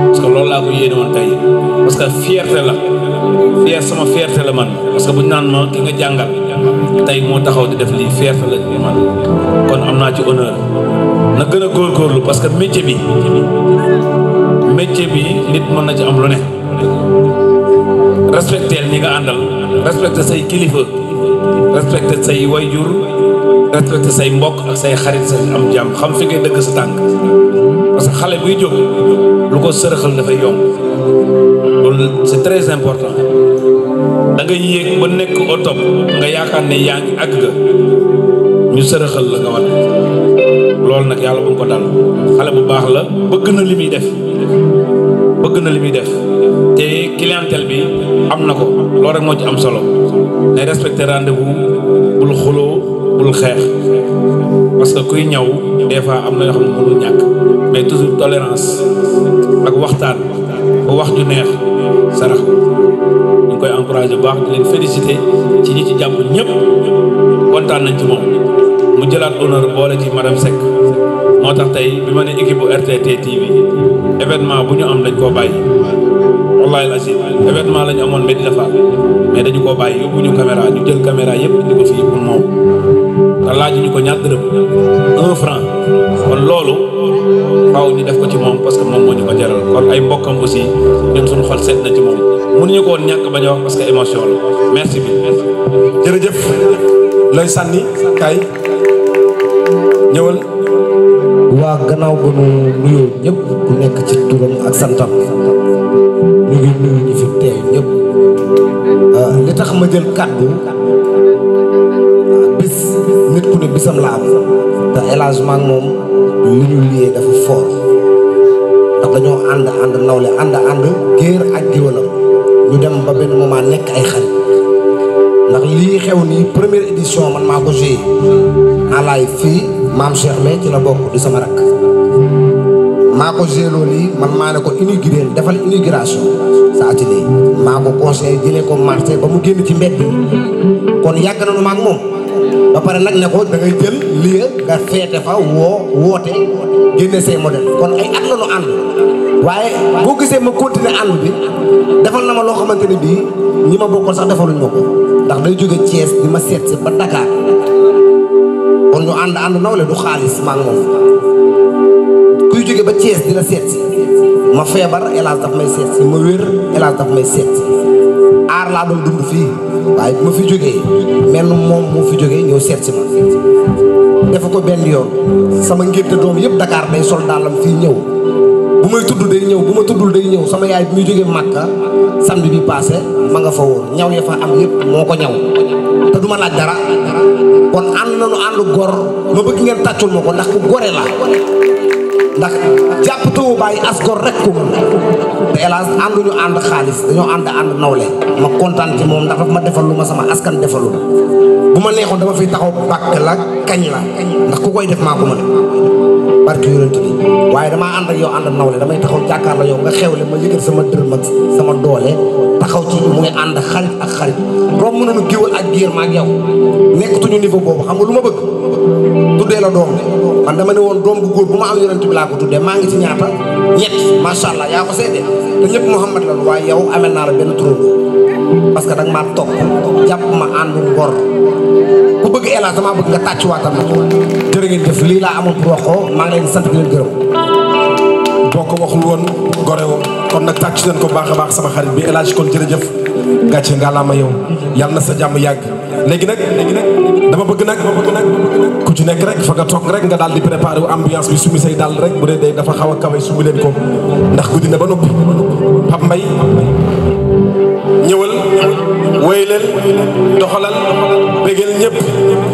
parce loolu laa ko yéene woon tey parce que fierté la fier sama fierté la man parce bu naan ma ki nga jàngal tey moo taxaw di def lii fierté la man kon am naa ci honneur na gën a góorgóorlu parce que métier bi métier bi nit mën na ci am lu ne respecteel ñi nga àndal respecté say kilifa respecté say wayjur respecté say mbokk ak say xarit sa am jàmm xam fi ngay dëgg sa tànk parce que xale buy jóg lu ko sërëxal dafay yomb loolu c'est très important da nga yéeg ba nekk au nga yaakaar ne yaa ngi àgg ñu sërëxal la nga wat loolu nag yàlla bu ko dal xale bu baax la bëgg na li muy def bëgg na li muy def te clientèle bi am na ko loolu rek moo ci am solo day respecté rendez-vous bul xuloo bul xeex parce que kuy ñaw des fois am na yoo xam mënul ñàkk mais toujours tolérance ak waxtaan ba wax ju neex sarax ñu koy encouragé bu baax di leen félicité ci ñi ci jàpp ñëpp kontaan nañ ci moom mu jëlaat honneur boole ci madame Seck moo tax tey bi ma ne équipe bu RTT TV événement bu ñu am dañ koo bàyyi wallahi la si événement la ñu amoon Medina Fall mais dañu koo bàyyi yóbbu ñu caméra ñu jël caméra yëpp indi ko fii pour moom te laaju ñu ko ñaar dërëm un franc kon loolu faaw ñu def ko ci moom parce que moom moo ñu ko jaral kon ay mbokkam aussi ñun suñu xol seet na ci moom mënuñu ko woon ñàkk bañ a wax parce que émotion la merci bi jërëjëf looy sànni kay ñëwal waa gannaaw ba nekk ci turam ak santam ñu ngi nuyu ñu fi teew ñëpp ah, li tax ma jël kàddu ah, bis ndax dañoo ànd ànd nawle ànd ànd géer ak géwëlam ñu dem ba benn moment nekk ay xarit ndax lii xew nii première édition man maa ko joué en live fii maam Cheikh mais ci la bokk di sama rakk maa ko géloo lii man maa ne ko inauguré defal inauguration sa atelier maa ko conseillé jëlee ko marché ba mu génn ci mbedd kon yàgg na nu maag moom ba pare nag ne ko da ngay jël lii nga feete fa woo woote génne say modèle kon ay at la nu ànd waaye boo gisee ma continuer ànd bi defal na ma loo xamante ne bii ñi ma bokkoon sax defaluñ ma ko ndax day jóge Thiès di ma seet si ba Dakar woon ñu ànd ànd nawle du xaalis maa ngi moom kuy jóge ba Thiès di la ma feebar hélas daf may seet si ma wér hélas daf may seet si aar laa doon dund fii waaye ma fi jógee mel moom moo fi jógee ñëw seet si ma dafa ko benn yoon sama ngénte doom yëpp Dakar day sol dàllam fii ñëw bu may tudd day ñëw bu ma tuddul day ñëw sama yaay bi muy jógee Màkka samedi bi passé ma nga fa woon ñaw ya am yëpp moo ko ñaw du ma laaj dara kon ànd nañu ànd gor ma bëgg ngeen tàccul ma ko ndax ku gore la ndax jàpp tawu bàyyi rek ko xaalis dañoo ànd ànd nawle ma kontaan ci moom ndax daf ma defal lu ma sama askan defalul bu ma neexoon dama fiy taxaw bàkk la kañ la ndax ku koy def maa ko ma barke yonent bi waaye damaa ànd ak yow ànd nawle damay taxaw jàkkaar la yow nga xewle ma yëgal sama dërëm ma sama doole taxaw ci muy ànd xarit ak xarit romb na nu ak géer ma ak yow nekkatuñu niveau boobu xam lu ma bëgg tuddee la doom de man dama ne woon doom bu bu ma am yonent bi laa ko tuddee maa ngi ci ñaata ñett macha allah yaa ko seede te ñëpp Mouhamad la waaye yow amel naa la benn turandoo parce que da nga maa topp jàpp ma àndu ngor ku bëgg Elaj damaa bëgg nga tàccuwaatam na ko jërë ngeen jëf lii laa amoon pour wax maa ngi sant di gërëm boo ko waxul woon gore kon nag tàcc leen ko baax a baax sama xarit bi El Hadj kon jërëjëf gàcce nga laa ma yow yàlla na sa jàmm yàgg léegi nag léegi nag dama bëgg nag ku ci nekk rek fa nga toog rek nga daal di préparé wu ambiance bi sumi say daal rek bu dee dafa xaw a kawe sumi leen ko ndax guddi na ba noppi Pape Mbaye ñëwal woy leen doxalal bégal ñëpp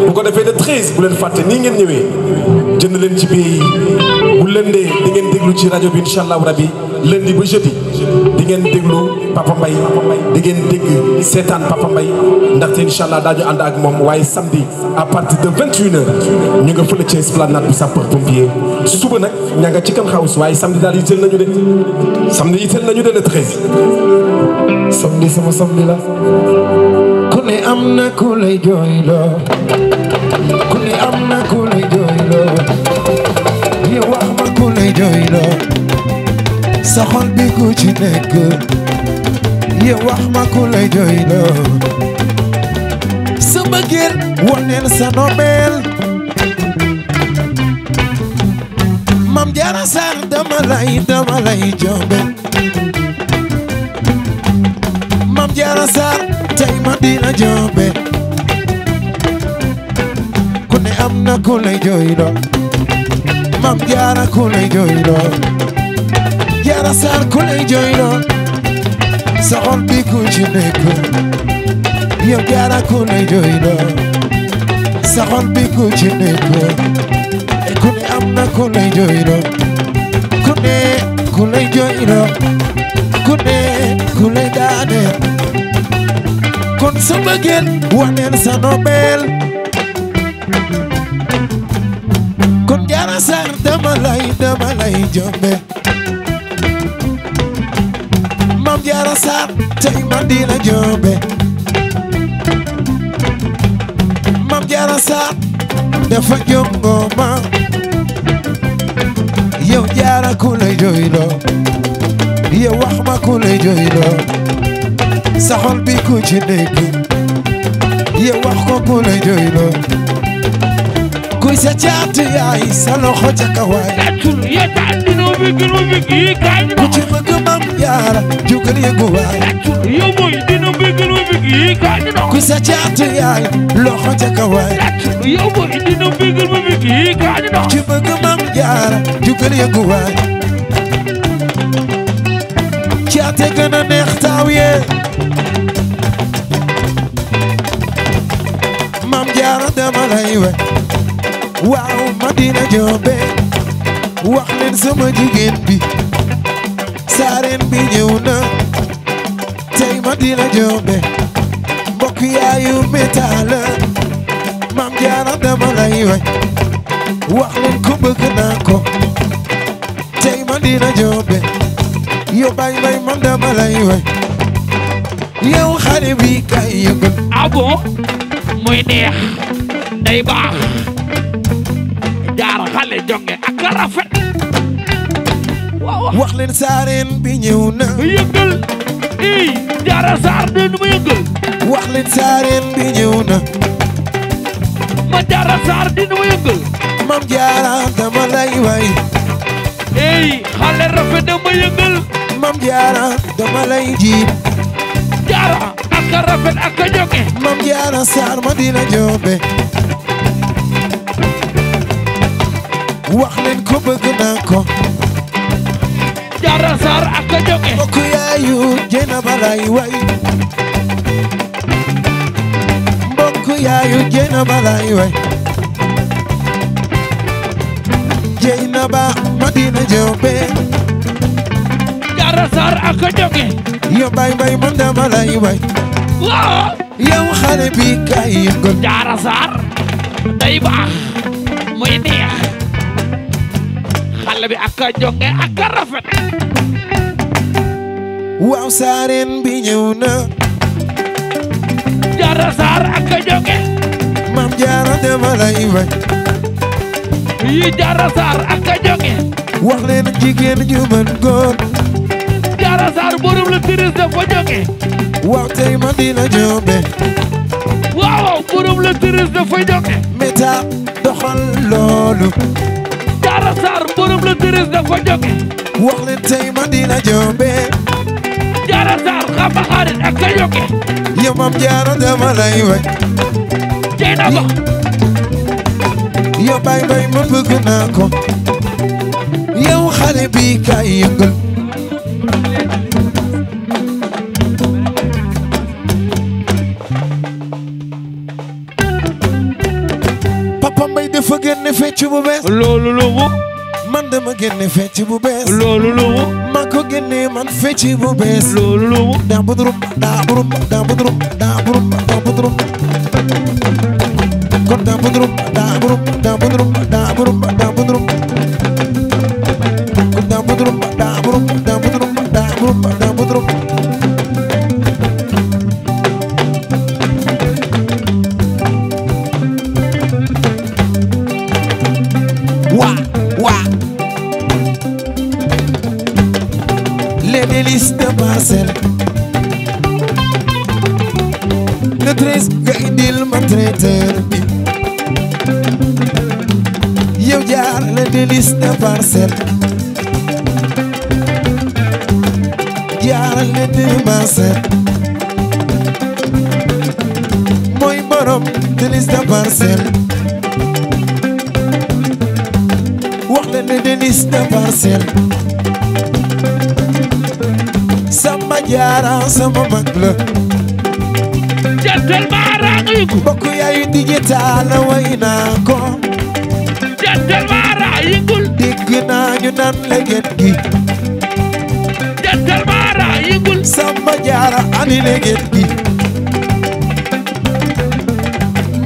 bu ko defee le 13 bu leen fàtte nii ngeen ñëwee jënd leen ci biir yi bu lëndee di ngeen déglu ci rajo bi incha allahu rabi lundi ba jeudi di ngeen déglu Papa Mbaye di ngeen dégg seetaan Papa ndax ndaxte incha allah daañu ànd ak moom waaye samedi à partir de 21h ñu nga fële ci esplanade bu sapeur pompier suba nag ña nga ci kan house waaye samedi daal yitteel nañu de samedi yitteel nañu de le 13 samedi sama samedi la ku ne am na ku yow wax ma ku lay doyloo sa xol bi ku ci nekk yow wax ma ku lay doyloo sa bëggeel woneel sa nobel mam jaara saar dama lay dama lay jombe mam jaara saar tey ma dina jombe jaara ku lay jooyloo mam jaara ku lay jooyloo jaara saar ku lay jooyloo sa xol bi ku ci nekk yow jaara ku lay jooyloo sa xol bi ku ci nekk ku ne am na ku lay jooyloo ku ne ku lay jooyloo ku ne ku lay daaneel kon sa bëggeel waneel sa nobel Sarr dama lay dama lay jombe Mame Diarra Sarr tey man dina jombe Mame Diarra Sarr dafa jongo ma yow Diarra ku lay jooyloo yow wax ku lay jooyloo sa bi ku ci nekk yow wax ku lay jooyloo kuy sa caatu yaay sa loxo ca kawaay. gàttul yéetal dina ubbi ubbi kii kaay bi. ku ci bëgg maam jaara jugal yëngu waay. gàttul yow mooy dina ubbi ubbi kii kaay bi. kuy sa caatu yaay loxo ca kawaay. gàttul yow mooy dina ubbi ubbi kii kaay bi. ku ci bëgg maam jaara jugal yëngu waay. caate gën a neex taaw yee. maam jaara dama lay wey. waaw Madina Joobe wax leen sama jigéen bi saareen bi ñëw na tey Madina Joobe mbokk yaayu métaala maam jaara dama lay way wax leen ko naa ko tey Madina Joobe yo bay bay man dama lay way yow xale bi kay yëngal ah bon day baax jonge ak a rafet wax leen saareen bi ñëw na yëngal ii jaara saar de nu ma yëngal wax leen saareen bi ñëw na ma jaara saar di nu ma yëngal mam jaara dama lay way ey xale rafet dama yëngal mam jaara dama lay jiib jaara ak a rafet ak a jonge mam jaara saar ma dina joobe wax leen ko bëgg naa ko jaara saar ak a joge mbokk yaayu jeena balay way mbokk yaayu jeena balay way jeena ba madina joobe jaara saar ak a joge yo bay bay man balay way yow xale bi kay yëngal jaara saar day baax ak a a waaw saareen bi ñëw na jaara saar ak a maam jaara demalay bañ yi jaara saar ak a jigéen ñu mën góor jaara saar borom la tiris dafa waaw tey ma dina joobe waaw borom la tiris dafa jonge meta doxal loolu dóoram la tërës daf ko joge wax leen tey ma dina jombe jaara saar xamba xaarit ak ka joge yow mam jaara lay way jey na ko yow bay bay ma bëgg ko yow xale bi kaay yëngal papa mbay dafa génn fecc bu bees loolu lu mu man dama génne fecc bu bees loolu lu mu ma ko génne man fecc bu bees loolu lu mu daa budurum daa burum daa budurum daa burum daa budurum kon daa budurum daa burum daa budurum daa burum daa budurum jaara sama mag la jantal baaraam yi ko bokk yaay digital way naa ko jantal baaraam yi ko dégg naa ñu naan leget gi jantal baaraam yi ko sama jaara ani leget gi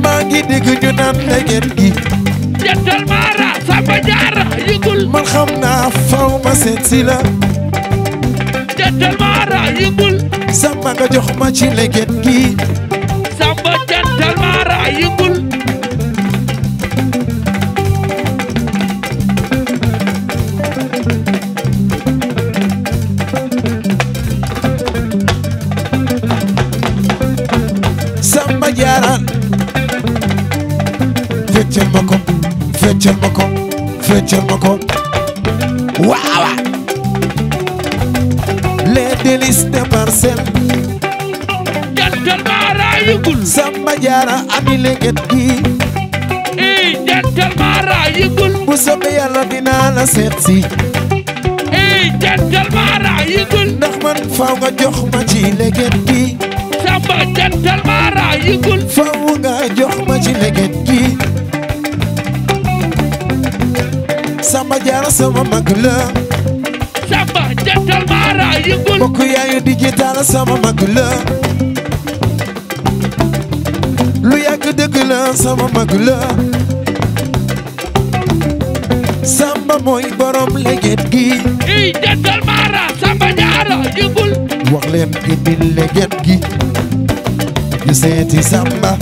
maa ngi dégg ñu leget gi jantal baaraam sama jaara yi ko man xam naa faw ma yëngul samba nga jox ma ci leget gi samba jantal maara yëngul samba jaaraan feccal ma ko feccal ma ko ma ko waaw délice de parcelle jantal maa raayugul Samba Jaara ami leget gi ii jantal maa raayugul bu soobee yàlla dinaa la seet si ii jantal maa raayugul ndax man faaw nga jox ma ci leget gi Samba Jaara sama mag la mbokk yaayu digital sama mag la lu yàgg dëgg la sama mag la Samba mooy borom léget gi. i jëndal maara Samba Diarra yëgul. wax leen indi léget gi ñu seeti Samba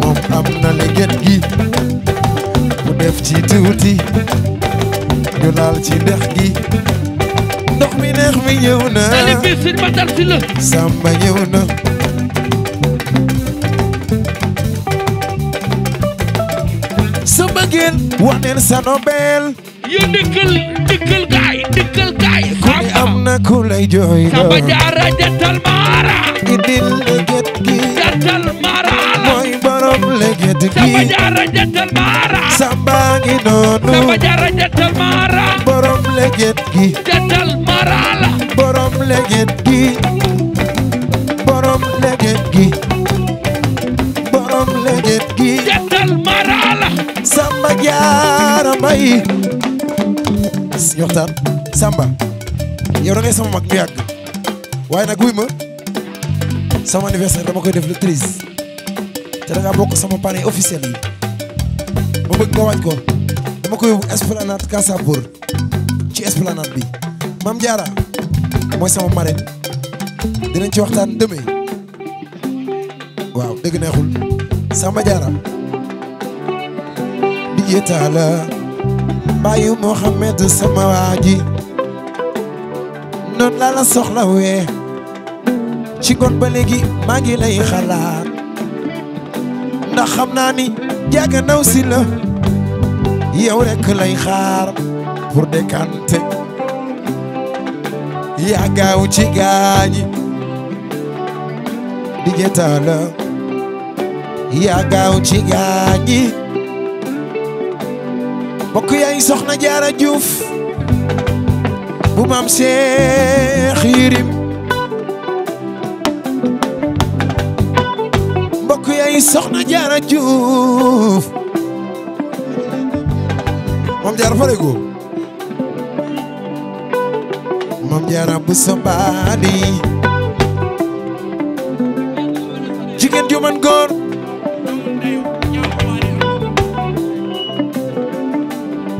moom am na léget gi mu def ci tuuti ñu ci dex gi. ndox mi neex mi ñëw na tali bi sëñ Matar si la Samba ñëw na sa bëggeel waneen sa nobel yo dëkkal dëkkal gaay dëkkal gaay ku ne am na ku lay jooy Samba Jaara jattal maara idil leget gi jattal maara mooy borom leget gi Samba Jaara jattal maara Samba ngi noonu Samba Jaara jattal maara borom leget gi jattal Mara la. borom leget gi borom leget gi borom leget gi. jantal Mara la. Samba jaara may. yoxtaan Samba yow da ngay sama mag bu waaye nag wuy ma sama anniversaire dama koy def le treize te sama parrain officiel yi ma waaj ko dama koy yóbbu esplanade Kassapour ci esplanade bi. Mame jaara mooy sama marraine dinañ ci waxtaan demee waaw dëgg neexul Samba Diarra di yetaala baayu Mohamed sama waa ji noonu soxla wee ci ngoon ba léegi maa ngi lay xalaat ndax xam naa ni jaaga ndaw si rekk lay xaar pour décanter yaa gaaw ci gaañi DJ Talla yaa gaaw ci gaañi mbokk yaay soxna Jaara Juuf bu maam Seex Yirim mbokk yaay soxna Jaara Juuf moom Jaara fa with somebody jigéen ju mën góor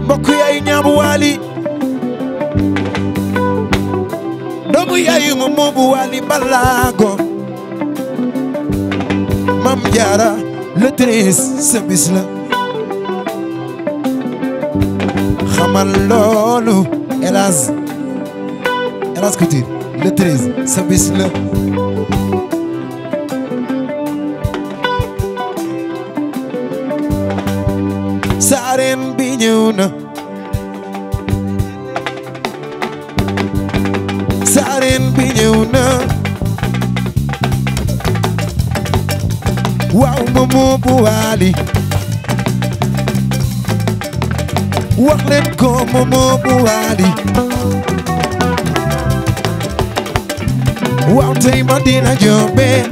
mbokk yaayu ñaabu waali doomu yaayu mu moobu waali balaago mam jaara le treize sa bis la xamal loo Xalass Couture le saareen bi saareen bi ñëw na waaw ma moo bu waaw tey ma dina jombe eh.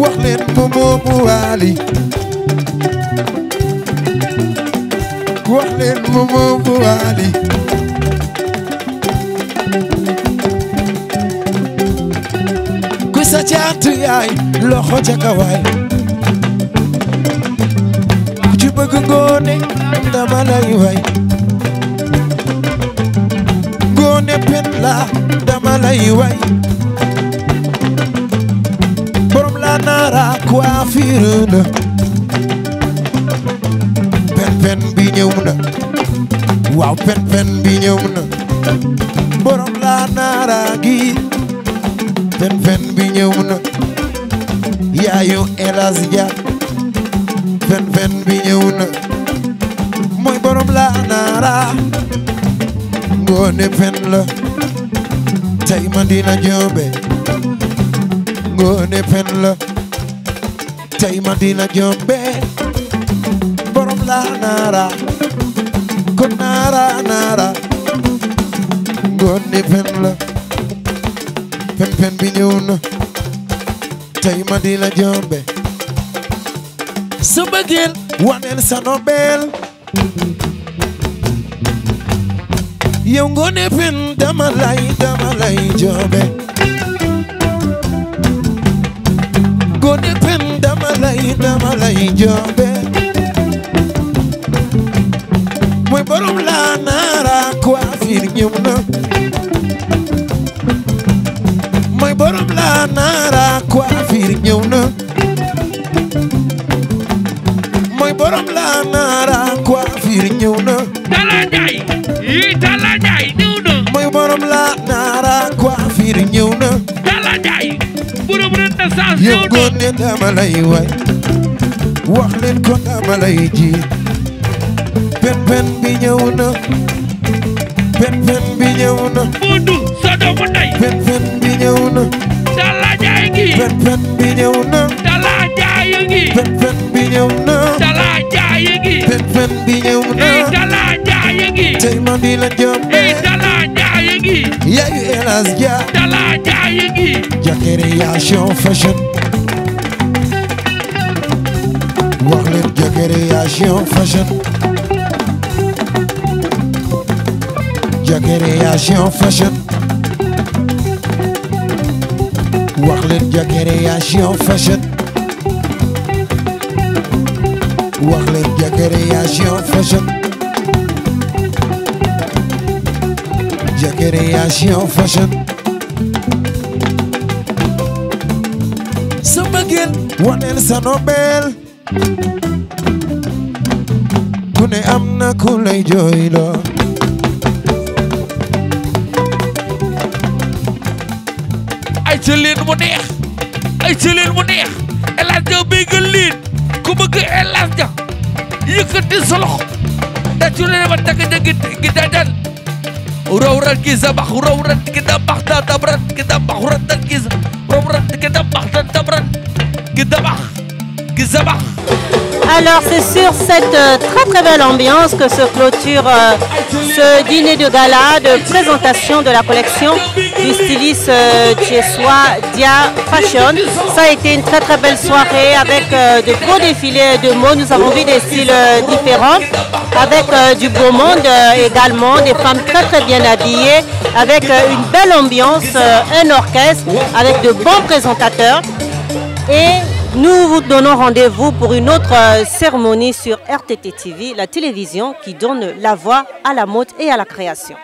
wax leen ma moomu waali wax leen ma moomu waali ku sa caatu yaay loxo ca kawaay ku ci bëgg ngoone dama lay way ne pen la dama lay way borom la nara coiffure la pen pen bi ñëw na waaw pen pen bi ñëw na borom la nara gi pen pen bi ñëw na yaayu elas ja pen pen bi ñëw na mooy borom la nara ngoone tey ma dina joobe ngoone borom laa naara ko naara naara ngoone fen la fen fen bi ñëw na tey ma dina joobe sa bëggeel waneel sa nobel yow Ngoné Pène dama lay dama lay joobe mooy borom la nara coiffure ñëw na mooy borom la nara coiffure ñëw na mooy borom la nara borom la naara coiffure ñëw na. Talla Ndiaye. borom renaissance ñëw na yëg ne dama lay way. wax leen ko dama lay ji. pen pen bi ñëw na. pen pen bi ñëw na. Moodu sa doomu ndey. pen pen bi ñëw na. Talla Ndiaye ngi. pen pen bi ñëw na. Talla Ndiaye ngi. pen pen bi ñëw na. Talla Ndiaye ngi. pen pen bi ñëw na. Talla Ndiaye ngi. tey ma di la jëm. Gayu Elas Dia Dala Gayi Jakaria Show Fashion wax leen Jakaria Show Fashion Jakaria Show Fashion wax leen Jakaria Show création fashion sa bëggeel waneel sa nobel ku ne am na ku lay jooyloo ay ca leen mu neex ay ca leen mu neex El Hadj Dia bëgg ku bëgg El Hadj Dia yëkkati sa loxo da ci ba tagg gi dajal وروره الكيزبح وروره كدبح تبرد كدبح ورد الكيز ورد كدبح تبرد كدبح كزبح Alors c'est sur cette euh, très belle ambiance que se clôture euh, ce dîner de gala de présentation de la collection du styliste euh, Dia Fashion. Ça a été une très belle soirée avec euh, de beaux défilés de mots. Nous avons vu des styles euh, différents. avec euh, du beau monde euh, également, des femmes très bien habillées, avec euh, une belle ambiance, euh, un orchestre, avec de bons présentateurs. Et nous vous donnons rendez-vous pour une autre euh, cérémonie sur RTT la télévision qui donne la voix à la mode et à la création.